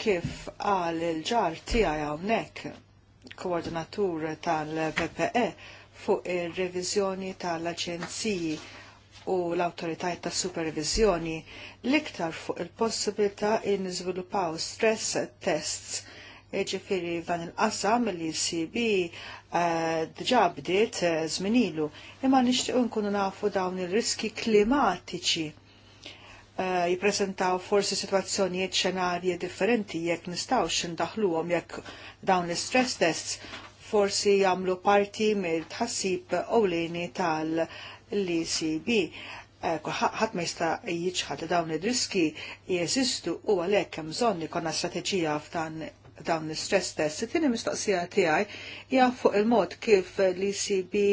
Kif għal il-ġar tiegħi hawnhekk, koordinatur tal-PPE, fuq ir-reviżjoni tal-aġenziji u l-autoritajiet ta' supervizjoni l-iktar fuq il-possibilità in niżviluppaw stress tests ġifiri dan il-qasam li CB uh, eh, dġa bdiet zminilu, eh, imma nishtiq nkunu nafu dawn il-riski klimatiċi eh, jipresentaw forsi situazzjonijiet xenarji differenti jekk nistawx ndaħluhom jekk dawn l-stress tests forsi jagħmlu parti mill-tħassib ewleni tal-LCB ħadd ma jista' jiġħad dawn id-riski jeżistu u għalhekk hemm bżonn ikolna strateġija f'dan dawn l-stress test. Tieni mistoqsija tiegħi hija fuq il-mod kif l-ECB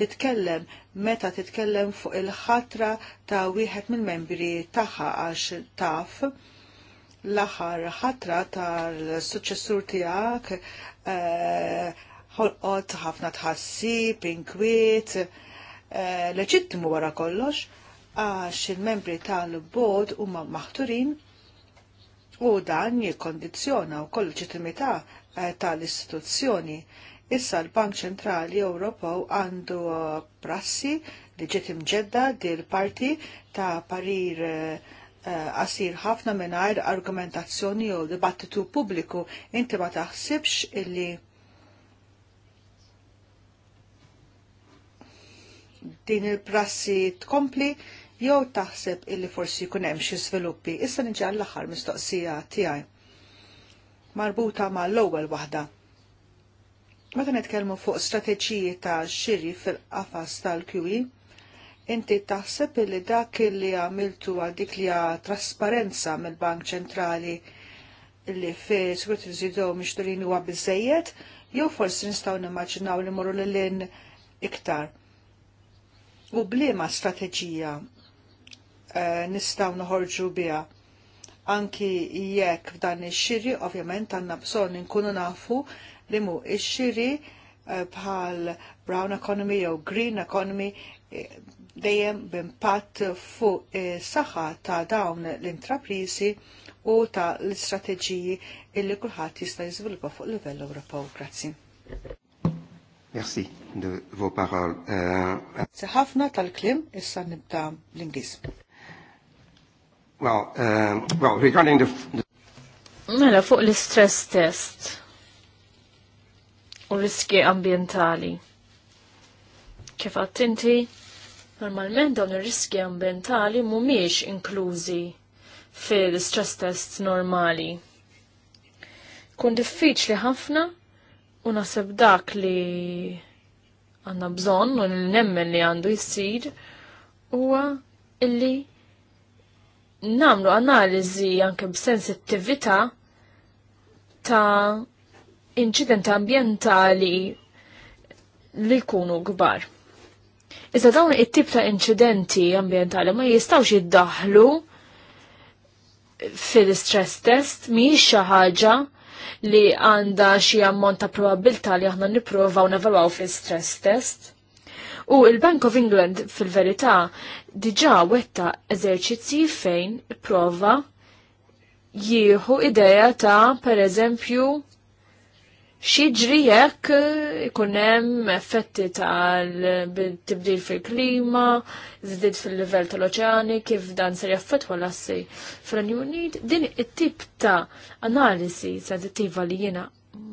titkellem meta titkellem fuq il-ħatra ta' wieħed mill-membri tagħha għax taf l-aħħar ħatra tal-suċessur tiegħek eh, ħolqot ħafna tħassib, inkwiet, eh, leġittimu wara kollox għax il-membri tal-bod huma maħturin u dan jikkondizzjona wkoll leġitimità eh, tal-istituzzjoni. Issa l-Bank Ċentrali Ewropew għandu eh, prassi li ġiet ġedda dil parti ta' parir għasir eh, ħafna mingħajr argumentazzjoni jew dibattitu pubbliku inti ma taħsibx illi din il-prassi tkompli jew taħseb illi forsi jkun hemm xi sviluppi. Issa niġi għall-aħħar mistoqsija tiegħi. Marbuta mal-ewwel waħda. Meta nitkellmu fuq strateġiji ta' xiri fil-qafas tal-QE, inti taħseb illi dak li għamiltu għal dik li trasparenza mill-Bank Ċentrali li fi sekuritiz jiddew mixturin huwa biżejjed, jew forsi nistgħu nimmaġinaw li morru lil iktar. U blima strateġija Eh, nistaw noħorġu biha. Anki jekk f'dan ix-xiri ovvjament għandna bżonn inkunu nafu li mu ix-xiri eh, bħal brown economy jew green economy eh, dejjem b'impatt fuq is-saħħa ta' dawn l-intrapriżi u ta' l-istrateġiji illi kulħadd jista' jiżviluppa fuq livell Ewropew. Grazzi. Merci de vos paroles. Euh, ħafna tal-klim issa nibda l-Ingliż. Well, um, well, regarding the... Mela, fuq l-stress test u riski ambientali. Kif għattinti, normalment dawn ir-riski ambientali mhumiex inklużi fil-stress test normali. Kun diffiċli ħafna u naseb dak li għanna bżon u nemmen li għandu jissir huwa illi namlu analizi anke b'sensittività ta' inċident ambientali li jkunu kbar. Iżda dawn it-tip ta' inċidenti ambientali ma jistawx jiddaħlu fil-stress test mhijiex xi ħaġa li għandha xi ammont ta' probabilità li aħna nipprovaw nevalwaw fil-stress test. U il-Bank of England fil-verità diġa wetta eżerċizzi fejn prova jieħu ideja ta' per eżempju xieġri jekk ikunem effetti tal-tibdil fil-klima, zidid fil-level tal-oċeani, kif dan ser jaffet għal assi fil-Unit, din it-tip ta' analisi sensittiva li jena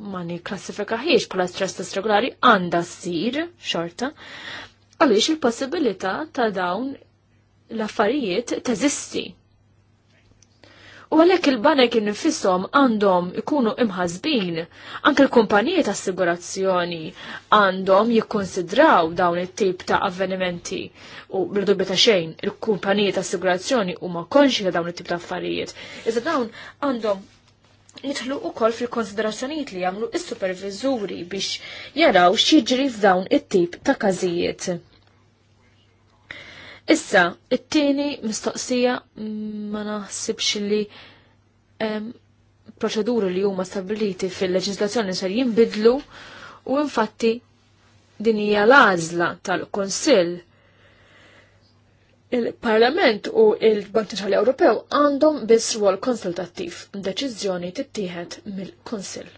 ma klassifika ħiex pala stress test regolari għanda s-sir, xorta, għaliex il-possibilità ta' dawn l-affarijiet teżisti. U għalhekk il-banek il-nifissom għandhom ikunu imħazbin, anke l-kumpaniji ta' assigurazzjoni għandhom jikkonsidraw dawn it-tip ta' avvenimenti u bl-dubbi ta' xejn, il-kumpaniji ta' assigurazzjoni huma konxi ta' dawn it-tip ta' affarijiet. Iżda dawn għandhom nitħlu u kol fil-konsiderazzjonijiet li jamlu il supervizuri biex jaraw xieġri f'dawn it-tip ta' kazijiet. Issa, it-tieni mistoqsija mm, ma naħsibx li proċeduri li huma stabiliti fil-leġislazzjoni se jinbidlu u infatti din hija l-għażla tal-Konsill Il-Parlament u il-Bank Ċentrali Ewropew għandhom biss rwol konsultattiv deċiżjoni tittieħed mill-Kunsill.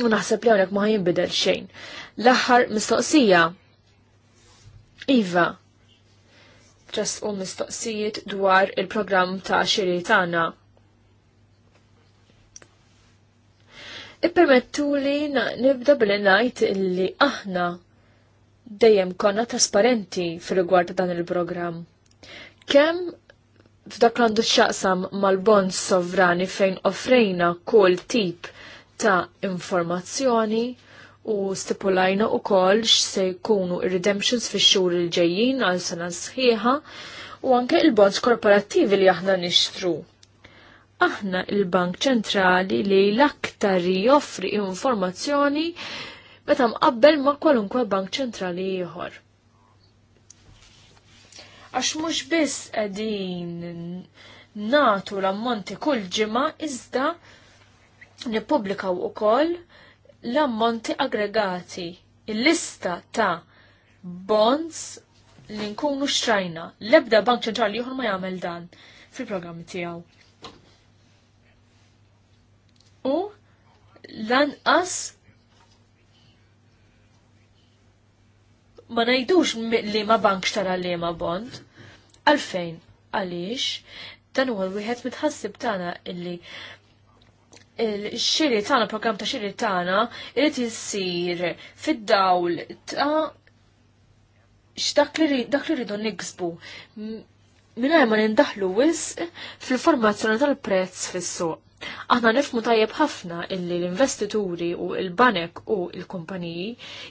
U naħseb li hawnhekk ma jinbidel xejn. L-aħħar mistoqsija Iva, ċas u mistoqsijiet dwar il-programm ta' xiri tagħna Ippermettu li nibda billi ngħid illi aħna dejjem konna trasparenti fil-rigward dan il-programm. Kemm f'dak għandu xaqsam mal-bond sovrani fejn offrejna kull tip ta' informazzjoni u stipulajna u kol x'se jkunu redemptions fi xhur il-ġejjin għal sena sħiħa u anke il-bonds korporattivi li aħna nixtru aħna il-Bank ċentrali li l-aktar joffri informazzjoni meta mqabbel ma' kwalunkwe bank ċentrali ieħor. Għax mhux biss qegħdin natu l-ammonti kull ġimgħa iżda nippubblikaw ukoll l-ammonti aggregati, il-lista ta' bonds li nkunu xtrajna. L-ebda bank ċentrali ieħor ma jagħmel dan fil-programmi tiegħu u lanqas ma najdux li ma bank xtara li ma bond. Għalfejn, għalix, dan huwa wieħed mitħassib tagħna illi il-xiri tagħna program ta' xiri tagħna irid jissir fid-dawl ta' x'dak li rridu niksbu mingħajr ma nindaħlu wisq fil-formazzjoni tal-prezz fis-suq. Aħna nifmu tajjeb ħafna illi l-investituri u l-banek u l-kumpaniji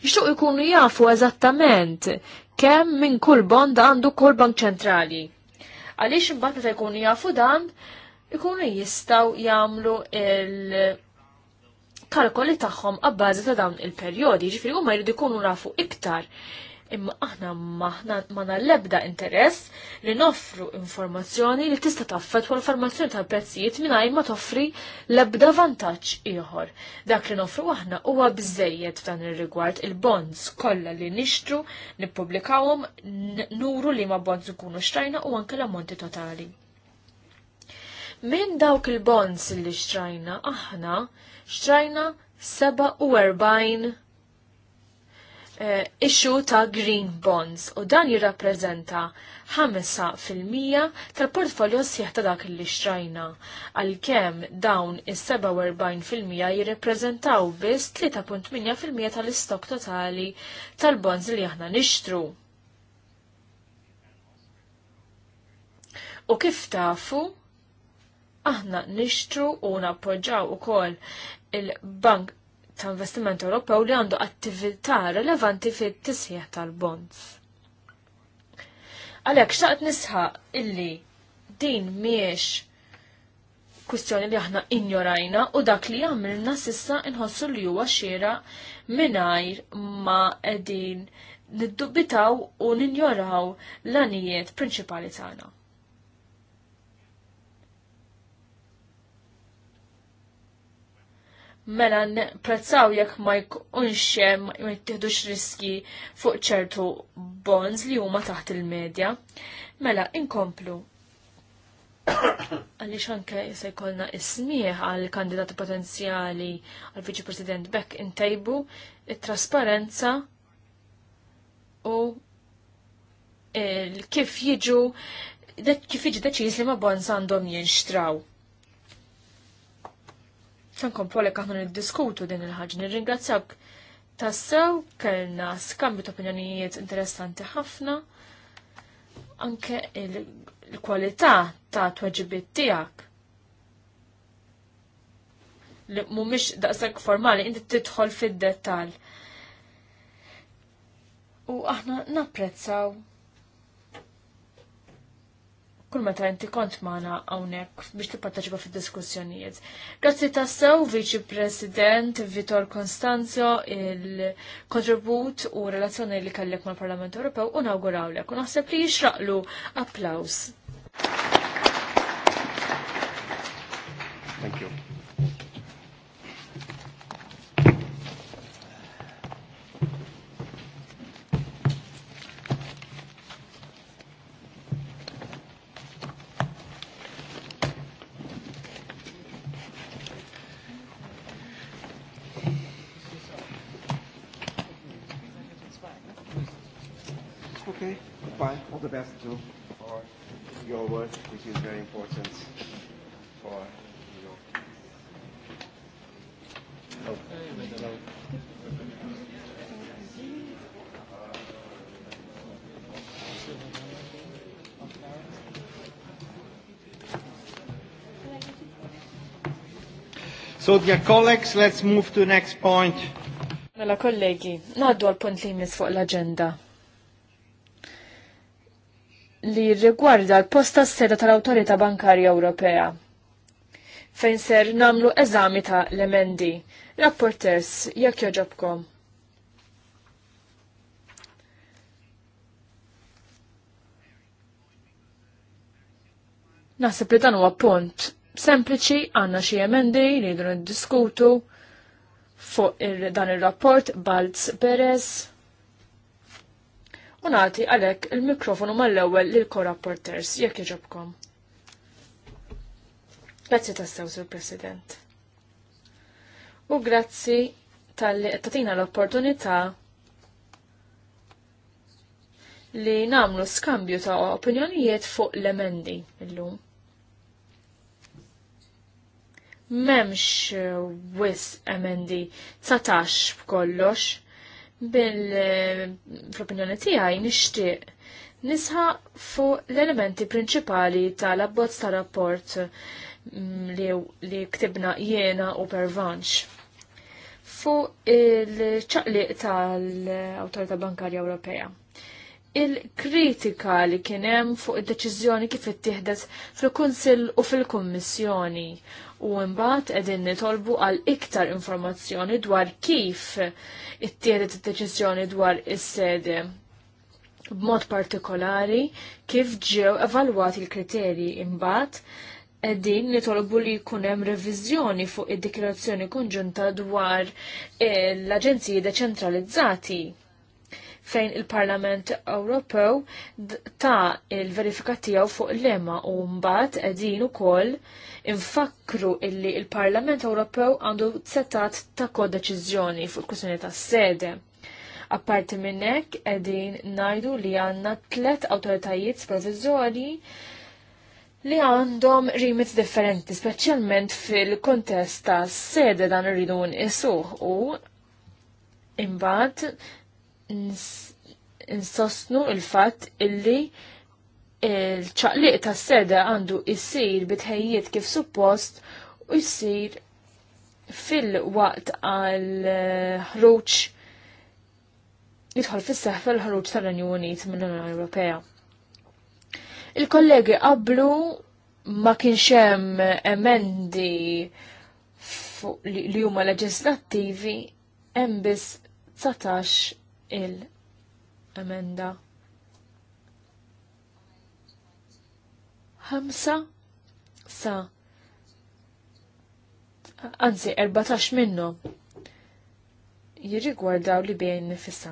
jixtuq ikunu jafu eżattament kemm minn kull bond għandu kull bank ċentrali. Għaliex imbagħad meta jkunu jafu dan, ikunu jistgħu jagħmlu il- kalkoli tagħhom għabbażi ta' dawn il-perjodi, ġifieri huma jridu ikunu nafu iktar imma aħna maħna maħna lebda interess li noffru informazzjoni li tista' taffet l-informazzjoni tal-prezzijiet mingħajr ma toffri l-ebda vantaġġ ieħor. Dak li noffru aħna huwa biżejjed f'dan ir-rigward il-bonds kollha li nixtru, nippubblikawhom, nuru li ma bonds ikunu xtrajna u anke l-ammonti totali. Minn dawk il-bonds li xtrajna aħna xtrajna 47 eh, issue ta' green bonds u dan jirrappreżenta 5% tal-portfolio sieħ ta' dak li xtrajna, għalkemm dawn is-47% jirrappreżentaw biss 3.8% tal-istok totali tal-bonds li aħna nixtru. U kif tafu, aħna nixtru u nappoġġaw ukoll il-Bank ta' investiment Ewropew li għandu attività rilevanti fit tisħiħ tal-bonds. Għalhekk xtaqt nisħaq illi din miex kwistjoni li aħna injorajna u dak li għamilna sissa inħossu li huwa xiera mingħajr ma qegħdin niddubitaw u ninjoraw l-anijiet prinċipali tagħna. mela prezzaw jekk ma jkunxie ma jittihdux riski fuq ċertu bonds li huma taħt il-medja. Mela, inkomplu. [COUGHS] Għaliex anke se jkollna ismiħ għal kandidati potenzjali għal viċi President Beck intejbu il trasparenza u kif jiġu kif jiġi deċiż li ma bonds għandhom jinxtraw tankom polek aħna niddiskutu din il ħagġi Nirringrazzjak tassew, kellna skambju ta' opinjonijiet interessanti ħafna, anke il-kwalità ta' tweġibiet tiegħek li mumiex daqsak formali, inti titħol fid-detal. U aħna napprezzaw kull meta inti kont maħna hawnhekk biex tipparteċipa fid-diskussjonijiet. Grazzi tassew Viċi President Vitor Konstanzo il-kontribut u relazzjoni li kellek mal-Parlament Ewropew u nawgurawlek u naħseb li jixraqlu applaus. Thank you. to for your work, which is very important for your. So, dear colleagues, let's move to the next point. Mela kollegi, naddu għal punt li jmiss fuq l-agenda li rigwarda l-posta s-seda tal autorita Bankarja Ewropea fejn ser namlu eżami ta' l-emendi. Rapporters, jekk joġobkom. Naħseb li dan huwa punt sempliċi għandna xi emendi li jridu niddiskutu fuq dan ir-rapport Balz Perez u nagħti għalhekk il-mikrofonu mal-ewwel lil korrapporters jekk iġobkom. Grazzi tassew, Sur President. U grazzi tal-li tatina l-opportunità li namlu skambju ta' opinjonijiet fuq l-emendi illum. Memx wis emendi, satax b'kollox, bil-opinjoni tiegħi nixtieq nisħa fuq l-elementi prinċipali tal-abbozz tal-rapport mm, li, li ktibna jiena u Pervanċ Fuq il-ċaqliq tal autorita Bankarja Ewropea il-kritika li kien hemm fuq id-deċiżjoni kif ittieħdet fil-Kunsill u fil-Kummissjoni u mbagħad qegħdin nitolbu għal iktar informazzjoni dwar kif ittieħdet id-deċiżjoni dwar is-sede. B'mod partikolari kif ġew evalwati l-kriterji imbagħad qegħdin nitolbu li jkun hemm reviżjoni fuq id-dikjarazzjoni kunġunta dwar eh, l-aġenziji deċentralizzati fejn il-Parlament Ewropew ta' il-verifika tiegħu fuq l-lema u mbagħad qegħdin ukoll infakru illi il-Parlament Ewropew għandu setat ta' kodeċiżjoni fuq il-kwistjoni tas-sede. Apparti minn hekk qegħdin ngħidu li għandna tliet awtoritajiet supervizorji li għandhom rimit differenti, specialment fil-kontest ta' sede dan irridu nqisu u imbagħad insostnu il-fatt illi il-ċaqliq ta' seda għandu jissir bitħejjiet kif suppost u jissir fil-waqt għal eh, ħruġ jidħol fis-seħ fil-ħruġ tal-Renju Unit mill-Unjoni Ewropea. Il-kollegi qablu ma kienx hemm emendi li huma leġislattivi hemm biss 19 il-emenda 5 sa anzi 14 minnhom jirrigwardaw li bejn nifisa.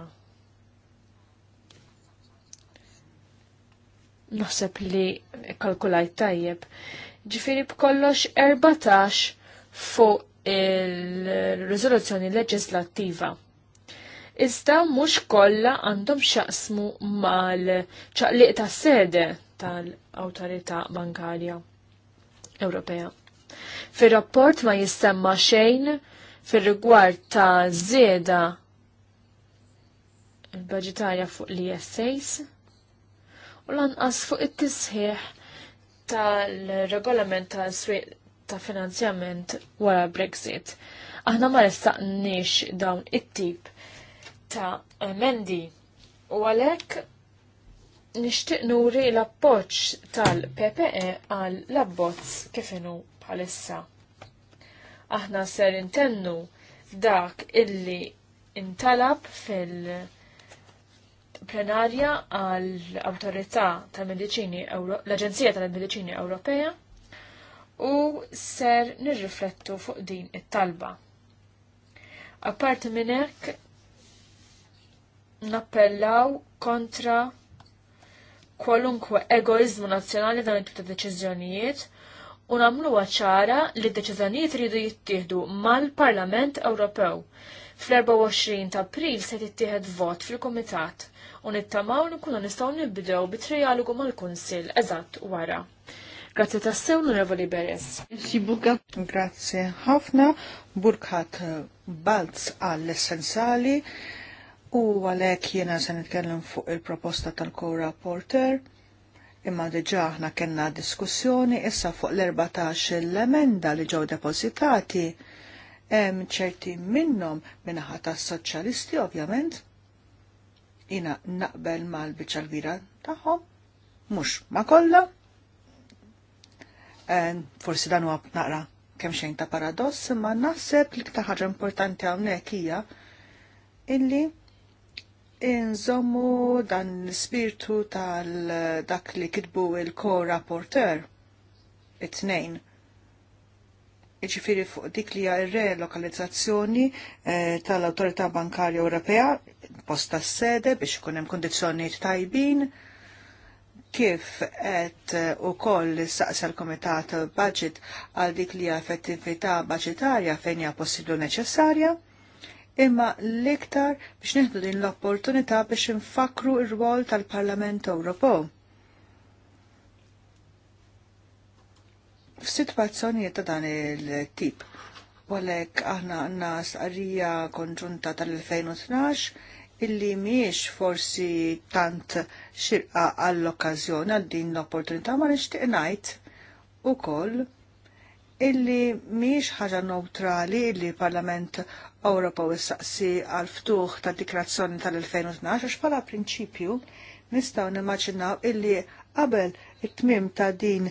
Naħseb li kalkulajt tajjeb. Ġifiri b'kollox 14 fuq il rezoluzzjoni leġislattiva iżda mhux kollha għandhom xaqsmu mal-ċaqliq tas sede tal-Awtorità Bankarja Ewropea. Fir-rapport ma jissemma xejn fir-rigward ta' żieda il-budgetarja fuq l jessejs u lanqas fuq it-tisħiħ tal-regolament tal-swieq ta' finanzjament wara Brexit. Aħna ma restaqniex dawn it-tip ta' emendi u għalhekk nixtieq nuri l-appoġġ tal-PPE għal l-abbozz kif bħalissa. Aħna ser intennu dak illi intalab fil- plenarja għall autorità tal-Mediċini l-Aġenzija tal-Mediċini Ewropea u ser nirriflettu fuq din it-talba. Apparti minn hekk nappellaw kontra kwalunkwe egoizmu nazzjonali dan it ta' deċiżjonijiet u nagħmluha ċara li d-deċiżjonijiet ridu jittieħdu mal-Parlament Ewropew. Fl-24 ta' April se tittieħed vot fil-Kumitat u nittamaw li nkunu nistgħu nibdew bit-trialogu mal-Kunsill eżatt wara. Grazie tassew l-Onorevoli Beres. Grazie ħafna, burkat Balz għall-essenzali U għalek jiena se nitkellem fuq il-proposta kora Porter, imma diġà aħna kellna diskussjoni issa fuq l-14 l-emenda li ġew depositati hemm ċerti minnhom minnaħa tas-soċjalisti ovvjament jina naqbel mal-biċa l-vira taħħom, mux ma kolla. Ehm, forsi dan huwa naqra kemm xejn ta' paradoss, ma naħseb li ħaġa importanti hawnhekk hija illi inżommu dan l-spirtu tal-dak li kitbu il-ko-rapporter it-tnejn. Iġifiri fuq dik li re lokalizzazzjoni eh, tal autorita Bankarja Ewropea, posta s-sede biex kunem kondizjoniet tajbin, kif et eh, u koll saqsa l-Komitat Budget għal dik li effettività budgetarja fejn hija possiblu neċessarja, imma l-iktar biex nieħdu din l-opportunità biex infakru r-rwol tal-Parlament Ewropew. F'sitwazzjonijiet ta' dan il-tip, għalhekk aħna għandna sqarrija konġunta tal-2012 illi miex forsi tant xirqa għall-okkażjoni għal din l-opportunità ma nixtieq ngħid ukoll illi miex ħaġa neutrali illi Parlament Ewropew issaqsi għal ftuħ ta' dikrazzjoni tal-2012 għax bħala prinċipju nistgħu nimmaġinaw illi qabel it-tmim ta' din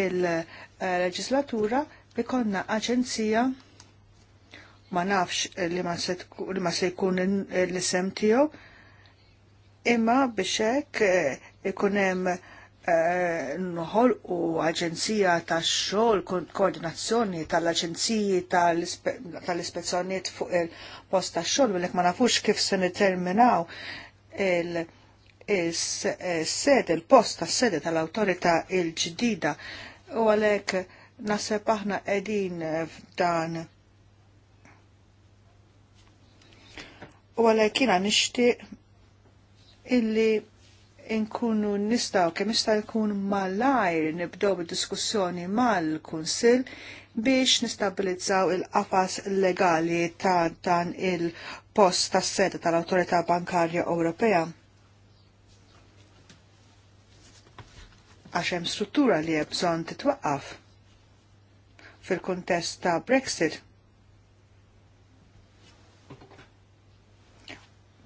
il-leġislatura ikonna aġenzija ma nafx li ma se jkun l-isem tiegħu imma biex hekk ikun hemm Eh, nħolqu aġenzija tax xogħol koordinazzjoni tal-aġenziji tal-ispezzjonijiet fuq il-post tax xol, u ma nafux kif se niterminaw il-sed, il-post tas sede tal autorita il-ġdida u għalhekk naħseb aħna qegħdin f'dan u għalhekk jiena nixtieq illi Inkunu nistaw kemm jista' jkun lajr nibdew id-diskussjoni mal-Kunsill biex nistabilizzaw il-qafas legali ta' dan il-post tas sede tal-Awtorità Bankarja Ewropea. Għax hemm struttura li hemm bżonn titwaqqaf fil-kuntest ta' Brexit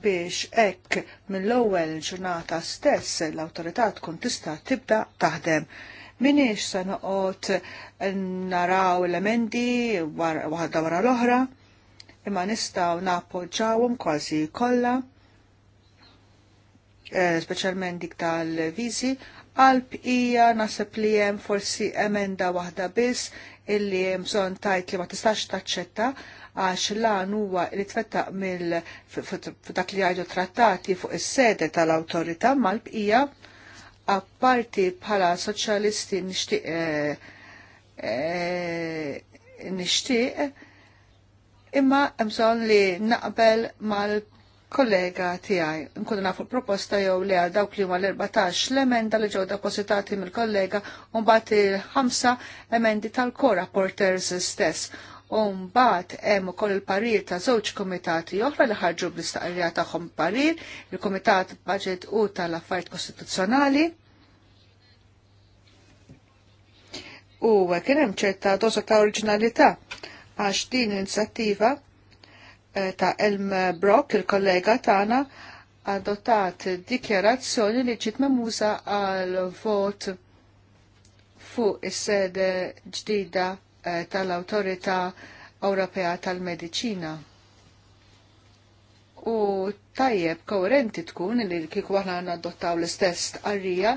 biex ekk mill-ewwel ġurnata stess l-awtorità tkun tista' tibda taħdem. Minix se noqgħod naraw l-emendi waħda wara l-oħra, imma nistgħu nappoġġawhom kważi kollha, eh, speċjalment dik tal-viżi, għalb hija naħseb li hemm forsi emenda waħda biss illi bżonn tajt li ma tistax taċċetta għax lan huwa li tfetta mill dak li għajdu trattati fuq is-sede tal-awtorità mal-bqija apparti bħala soċjalisti nixtieq eh, eh, nixtieq imma bżonn li naqbel mal kollega tiegħi. Nkunu nafu proposta jew li għal dawk li huma l-14 l-emenda li ġew depositati mill-kollega u mbagħad il-ħamsa emendi tal-kora porters stess. U mbagħad hemm ukoll il-parir ta' żewġ komitati oħra li ħarġu bl-istaqrija tagħhom parir, il-Kumitat Baġit u tal-Affarijiet Kostituzzjonali. U kien hemm ċerta dosa ta' oriġinalità għax din l-inizjattiva Eh, ta' Elm Brock, il-kollega tagħna, adottat dikjarazzjoni li ġiet memuża għal vot fuq is-sede ġdida eh, tal-Awtorità Ewropea tal-Mediċina. U tajjeb koerenti tkun li kieku aħna nadottaw l-istess tqarrija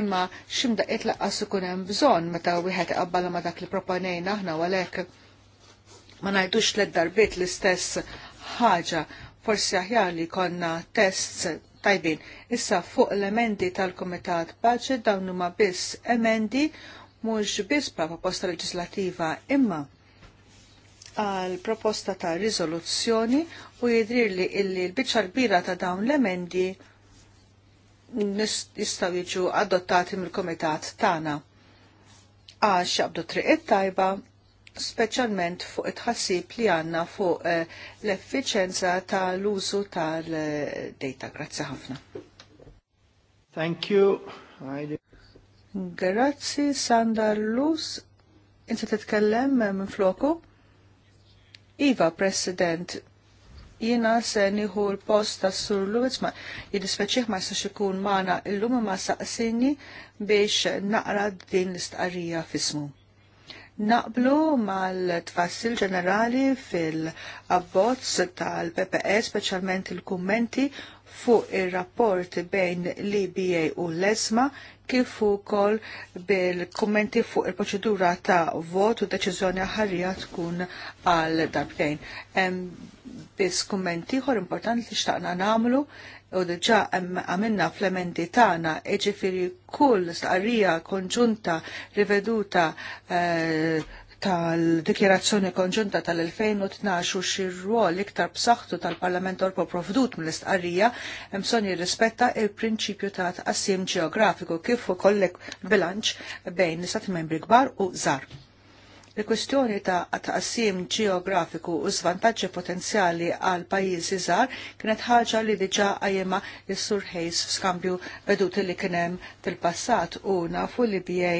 imma ximda itlaqas ikun hemm bżonn meta wieħed iqabbala ma dak li proponejna aħna għalhekk ma ngħidux l darbiet l-istess ħaġa, forsi aħjar li konna tests tajbin. Issa fuq l-emendi tal-Komitat Budget dawn huma biss emendi mhux biss bħala proposta leġislativa imma għal proposta ta' riżoluzzjoni u jidrir li illi l bicċa kbira ta' dawn l-emendi jistaw jiġu adottati mill-Komitat tagħna għax jaqbdu triq it-tajba speċjalment fuq it-ħassib li għanna fuq eh, l-effiċenza tal-użu tal-data. Grazzi ħafna. Thank you. Grazzi, Sandar Luz. Inti titkellem eh, minn floku? Iva, President, jina se niħu l-post ta' Sur Luz, ma jidispeċiħ ma jistax ikun mana il-lum ma saqsini biex naqra din l-istqarrija fismu naqblu mal-tfassil ġenerali fil-abbozz tal-PPS, e, specialment il-kummenti fuq ir-rapport bejn l-IBA u l-ESMA kif ukoll bil-kummenti fuq il-proċedura ta' vot u deċiżjoni ħarrija tkun għal darbtejn. Biss kummenti ħor importanti li xtaqna namlu u diġa għamilna fl-emendi tagħna eġifieri kull stqarrija konġunta riveduta eh, tal-Dikjerazzjoni Konġunta tal-2012 u xir-rwol iktar b'saħħtu tal-Parlament Ewropew provdut mill-istqarrija hemm jirrispetta il-prinċipju ta' tqassim ġeografiku kif ukoll bilanċ bejn l-Istati membri kbar u żgħar li kwestjoni ta' taqsim ġeografiku u svantaġġi potenzjali għal pajjiżi żgħar kienet ħaġa li diġà qajjimha s-Sur Hayes f'skambju veduti li kien hemm fil-passat u nafu li BA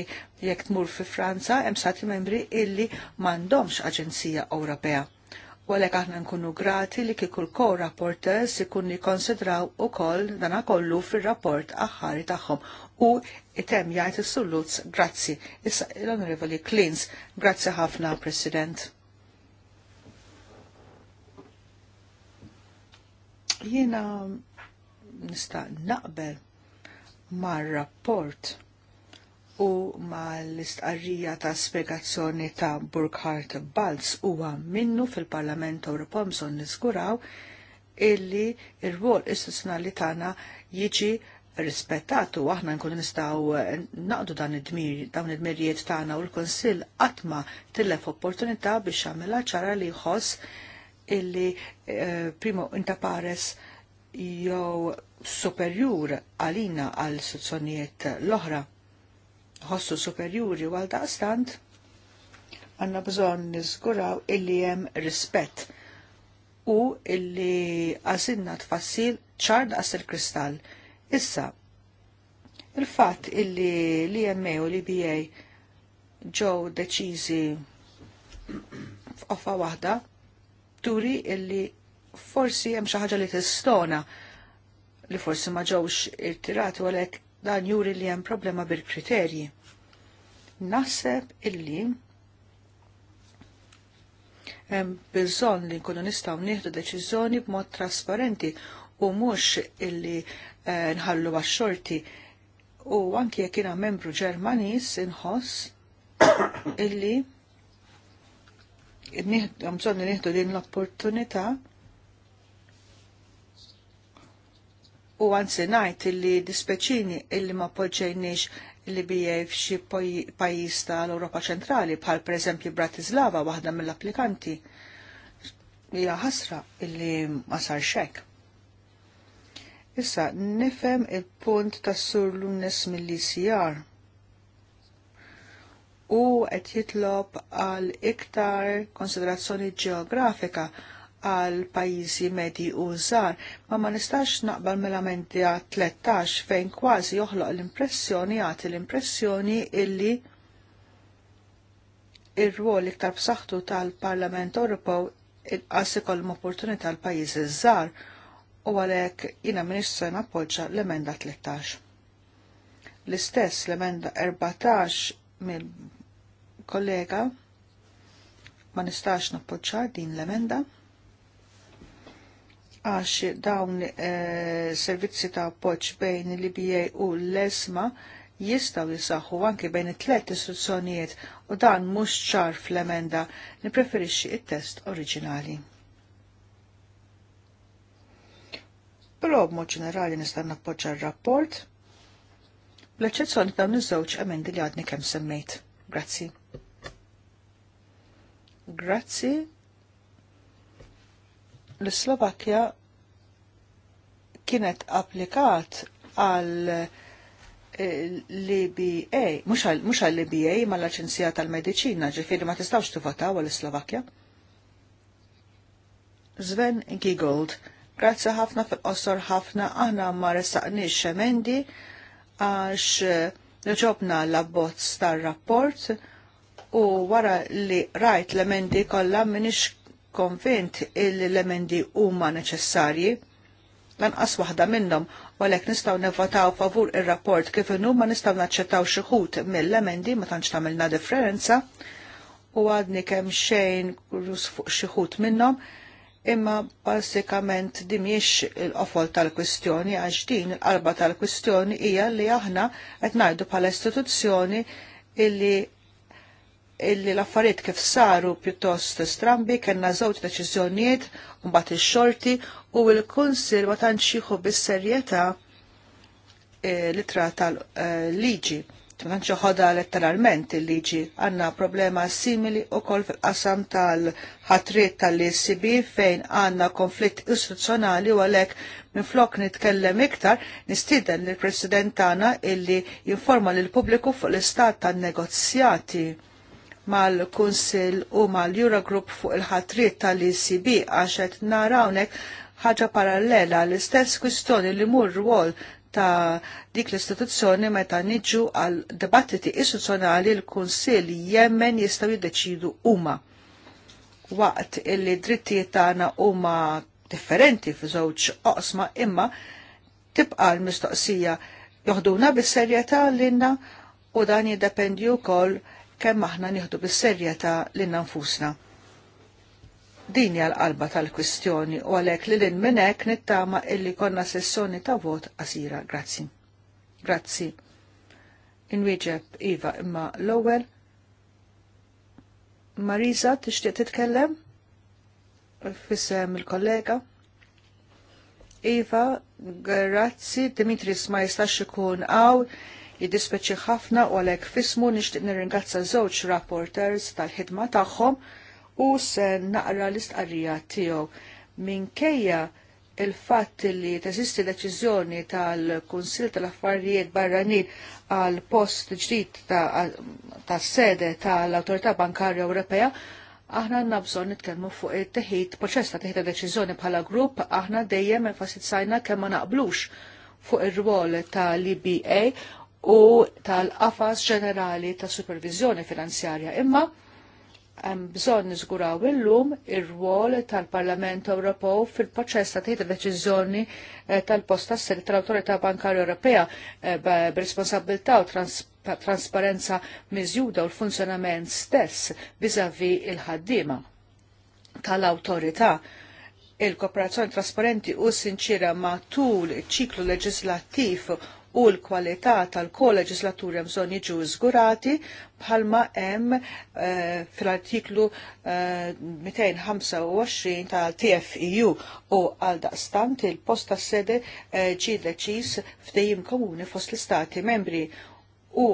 jekk tmur fi Franza hemm stati membri illi m'għandhomx aġenzija Ewropea U għalek aħna nkunu grati li kieku l-co-rapporters ikun jikkonsidraw ukoll dana kollu fir-rapport aħħari tagħhom u item jgħid is-sulluz grazzi. Issa l-Onorevoli Klins, grazzi ħafna President. Jiena nista' naqbel mar-rapport u mal-istqarrija ta' spiegazzjoni ta' Burkhardt Balz huwa minnu fil-Parlament Ewropew mżon niskuraw illi ir-rwol istituzzjonali tagħna jiġi rispettat u aħna nkunu nistgħu naqdu dan id-dmir dawn id-dmirijiet tagħna u l-Kunsill qatt ma tilef opportunità biex jagħmilha ċara li jħoss illi eh, primo inta pares jew superjur għalina għal sezzjonijiet l-oħra ħossu superjuri għal daqstant għanna bżon nizguraw illi jem rispett u illi għazinna tfassil ċard daqs il-kristall. Issa, il-fat illi li jemme u li bijaj ġow deċizi f'qofa wahda, turi illi forsi jem xaħġa li tistona li forsi ma ġewx irtirati għalek dan juri li hemm problema bil-kriterji. Naħseb illi hemm bżonn li nkunu nistgħu nieħdu deċiżjoni b'mod trasparenti u mhux illi eh, nħallu għax-xorti u anki jekk jiena membru Ġermaniż inħoss [COUGHS] illi bżonn nieħdu din l-opportunità u għanzi najt illi dispeċini illi ma poġġejniex li bija f'xi pajjiż tal-Ewropa ċentrali bħal pereżempju Bratislava waħda mill-applikanti. Hija ħasra illi ma sar xek. Issa nifhem il-punt tas-sur Lunes mill-ICR u qed jitlob għal iktar konsiderazzjoni ġeografika għal pajjiżi medji u żgħar, ma ma nistax naqbal mill-amendi 13 fejn kważi joħloq l-impressjoni jagħti l-impressjoni illi ir-rwol iktar b'saħħtu tal-Parlament Ewropew inqas ikollhom opportunità l pajjiżi żgħar u għalhekk jiena ministru se l-emenda 13. L-istess l-emenda 14 mill-kollega ma nistax nappoġġa din l-emenda għax dawn eh, servizzi ta' appoġġ bejn l-IBA u l-ESMA jistaw jisaxħu anki bejn it-tlet istruzzjonijiet u dan mhux ċar fl-emenda li preferixxi it-test oriġinali. Però b'mod ġenerali nista' nappoġġa r-rapport bl-eċċezzjoni dawn iż-żewġ emendi li għadni kemm semmejt. Grazzi. Grazzi l-Slovakkja kienet applikat għal eh, l-IBA, mux għal l-IBA e ma l-Aċenzija tal-Medicina, ġifiri ma tistawx tivotaw għal slovakkja Sven Gigold, grazzi ħafna fil-qosor ħafna aħna ma restaqniex xemendi għax eh, ġobna l-abbozz tar-rapport u wara li rajt l-emendi kollha minix konvint il lemendi huma neċessarji, lanqas waħda minnhom, u għalhekk nistgħu favur ir-rapport kif inhu ma nistgħu naċċettaw xi mill-emendi ma tantx tagħmilna differenza u għadni kemm xejn rus fuq xi ħut minnhom, imma bażikament dimiex il-qofol tal-kwistjoni għax din il-qalba tal-kwistjoni hija li aħna qed ngħidu bħala istituzzjoni illi illi l-affarijiet kif saru pjuttost strambi kellna żewġ deċiżjonijiet mbagħad ix-xorti u l-Kunsil ma tantx jieħu bis-serjetà eh, litra tal-liġi. Ma ħoda letteralment il-liġi. Għandna problema simili wkoll fil-qasam tal-ħatriet tal-ECB fejn għandna konflitt istituzzjonali u għalhekk minflok nitkellem iktar nistiden lill president tagħna illi jinforma lill pubbliku fuq l-istat tan-negozjati mal-Kunsil u mal-Eurogroup fuq il-ħatriet tal-ECB għax qed nara hawnhekk ħaġa parallela l-istess kwistjoni li mur rwol ta' dik l-istituzzjoni meta niġu għal debattiti istituzzjonali l-Kunsil jemmen jistgħu jiddeċidu huma. Waqt illi drittijiet tagħna huma differenti fi żewġ oqsma imma tibqa l-mistoqsija joħduna bis-serjetà l-inna u dan jiddependi wkoll koll kemm aħna nieħdu bis-serjetà lil nfusna. Din hija l-qalba tal-kwistjoni u għalhekk li lin minn hekk nittama illi konna sessjoni ta' vot qasira. Grazzi. Grazzi. Inwieġeb Iva imma l-ewwel. Marisa tixtieq titkellem? fisem il-kollega. Iva, grazzi, Dimitris ma jistax ikun għaw, jiddispeċi ħafna u għalhekk fismu nixtieq nirringazza żewġ rapporters tal-ħidma tagħhom u se naqra l-istqarrija tiegħu. Minkejja il-fatt li teżisti deċiżjoni tal kunsill tal-Affarijiet Barranin għal post ġdid ta' sede tal-Awtorità Bankarja Ewropea, aħna għandna bżonn nitkellmu fuq it-teħid, proċess ta' teħid deċiżjoni bħala grupp, aħna dejjem enfasizzajna kemm ma naqblux fuq ir-rwol ta' l-IBA u tal-qafas ġenerali ta' supervizjoni finanzjarja. Imma hemm bżonn niżguraw illum ir-rwol tal-Parlament Ewropew fil-proċess ta' tieħed deċiżjoni eh, tal-post tas sir tal-Awtorità Bankarja Ewropea eh, b'responsabilità u trasparenza miżjuda u l-funzjonament stess biżavi il-ħaddiema tal-awtorità il-kooperazzjoni trasparenti u sinċira matul ċiklu leġislattiv u l-kwalità tal-koleġislaturi bżonn jiġu zgurati bħalma hemm eh, fl-artiklu 225 eh, tal-TFEU u għal daqstant il posta sede eh, ġi deċiż f'dejjem komuni fost l-istati membri u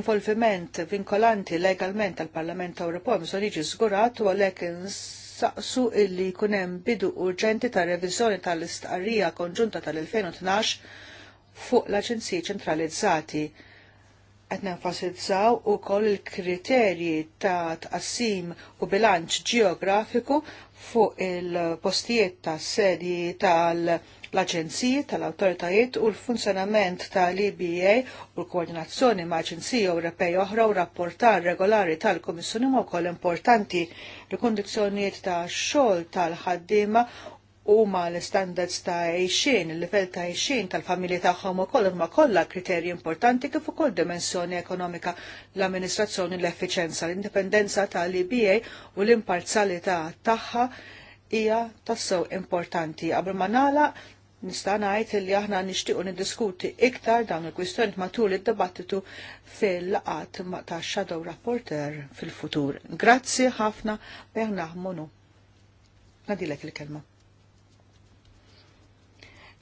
involviment vinkolanti legalment tal-Parlament Ewropew bżonn jiġi żgurat u għalhekk saqsu illi kunem bidu urġenti ta' revizjoni tal-istqarrija konġunta tal-2012 fuq l-Aġenziji ċentralizzati. Qed nenfasizzaw ukoll il-kriterji ta' tqassim u bilanċ ġeografiku fuq il-postijiet ta' sedji tal-Aġenziji tal-Awtoritajiet u l-funzjonament tal-EBA u l-koordinazzjoni ma' Aġenziji Ewropej oħra u rapportar regolari tal-Komissjoni ma' wkoll importanti l kundizzjonijiet ta' xogħol tal-ħaddiema huma l-standards ta' għejxin, il-livell ta' għejxin tal-familji tagħhom ukoll ma' kollha kriterji importanti kif ukoll dimensjoni ekonomika l-amministrazzjoni l-effiċenza, l-indipendenza tal-IBA u l-imparzjalità tagħha hija tassew importanti. Qabel ma nala nista' ngħid li aħna nixtiequ niddiskuti iktar dawn il-kwistjoni matul id-dibattitu fil-laqat ta' Shadow Rapporter fil-futur. Grazzi ħafna bejn naħmunu. Nadilek il-kelma.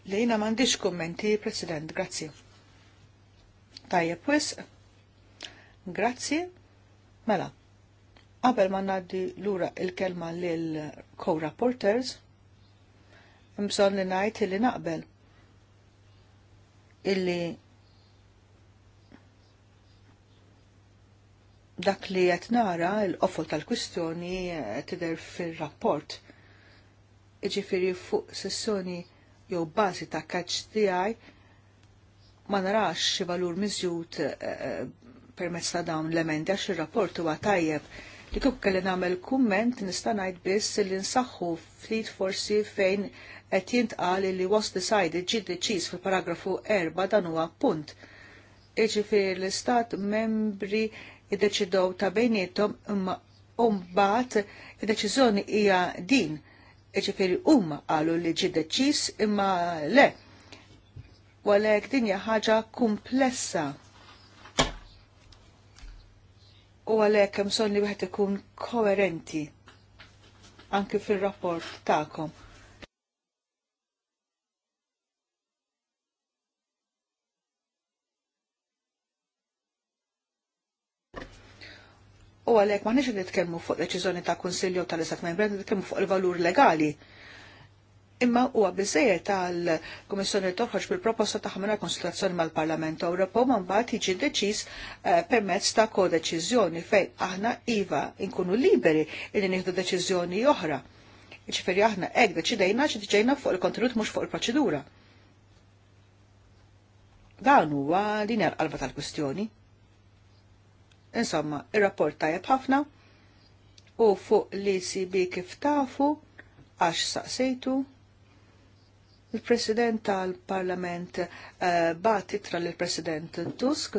Lejna mandiċ kommenti, President, grazzi. Tajjeb, wis, grazzi, mela. Qabel ma naddi lura il-kelma l co-rapporters, mbżon li najt li naqbel illi dak li qed nara l-qofol tal-kwistjoni tidher fir-rapport. Iġifieri fuq sessjoni jew bażi ta' kaċ tiegħi ma narax xi valur miżjud eh, eh, permezz ta' dawn l-emendi għax ir-rapport huwa tajjeb li kuk kelli nagħmel kumment nista' ngħid biss li nsaħħu ftit forsi fejn qed jintqal li was decided ġi deċiż fil-paragrafu 4 dan huwa punt. Iġifier l-istat membri jiddeċidew ta' bejnietom imma mbagħad id-deċiżjoni hija din Iġifieri umma għalu li ġideċis deċiż imma le. U għalhekk din hija ħaġa komplessa. U għalhekk hemm bżonn li wieħed ikun koerenti anke fil-rapport tagħkom U għalhekk ma nix nitkellmu fuq deċiżjoni ta' Kunsilju tal-Istat Membri, nitkemmu fuq il-valur legali. Imma huwa biżejjed tal-Kummissjoni toħroġ bil-proposta ta' ħamra konsultazzjoni mal-Parlament Ewropew ma mbagħad jiġi deċiż eh, permezz ta' kodeċiżjoni fejn aħna iva nkunu liberi li nieħdu deċiżjoni oħra. Ġifieri aħna hekk deċidejna ġejna fuq il-kontenut mhux fuq il-proċedura. Dan huwa din l-qalba tal-kwistjoni. Insomma, ir-rapport tajjeb ħafna u fuq li bi kif tafu għax saqsejtu il-President tal-Parlament uh, bat itra l-President Tusk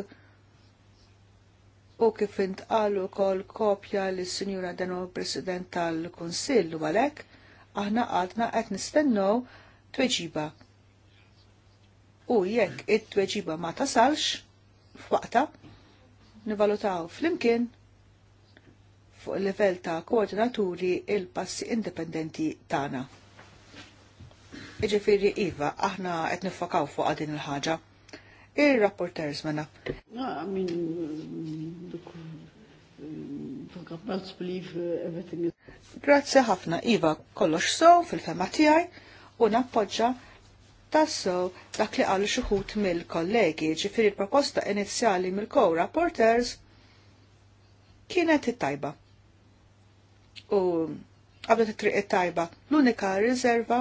u kif intqalu kol kopja l sinjura denu President tal-Konsill u għalek, aħna għadna qed nistennew tweġiba. U jekk it-tweġiba ma tasalx f'waqta, nivalutaw flimkien fuq il-level ta' koordinaturi il-passi indipendenti tagħna. Iġifiri Iva, aħna qed niffokaw fuq din il-ħaġa. Ir-rapporters mena. Grazzi ħafna, Iva, kollox sow fil-fema tiegħi u nappoġġa tassow dak li għal xuħut mill-kollegi, ġifiri l-proposta inizjali mill-co-rapporters kienet it-tajba. U għabda t-triq it-tajba, l-unika riserva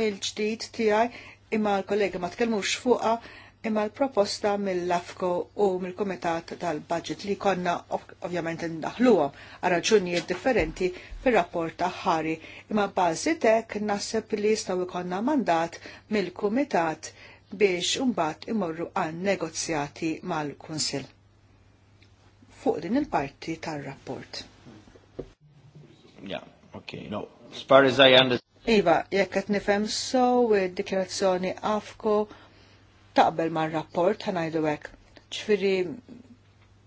mill-ġdid tijaj imma l kollegi ma tkellmux fuqa imma l-proposta mill lafko u mill-Komitat tal-Budget li konna ovvjament indaħluhom għal raġunijiet differenti fir-rapport aħħari imma bażi tek naħseb li jistgħu jkollna mandat mill-Kumitat biex imbagħad imorru għal negozjati mal-Kunsill. Fuq din il-parti tar-rapport. Yeah, okay, no. As far as I understand. Iva, jekk qed nifhem so, dikjarazzjoni AFCO, taqbel ma' rapport ħanajdu hekk. Ċifieri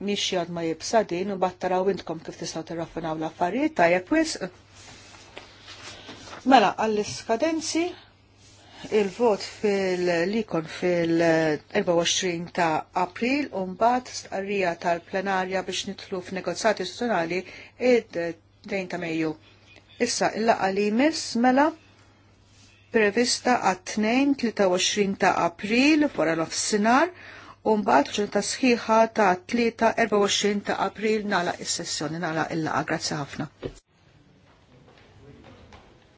nixi għad ma u din u battaraw intkom kif tistaw tirraffinaw l-affarijiet tajjeb wisq. Mela, għall-iskadenzi il-vot fil-likon fil-24 ta' april un-bat stqarrija tal-plenarja biex nitlu f'negozjati istituzjonali id-dejn ta' Mejju. Issa, il-laqa li mela prevista għat 2-23 ta' april wara l-offsinar u mbagħad ġunta sħiħa ta' 3-24 ta' april nala is-sessjoni nala il-laqa. Grazzi ħafna.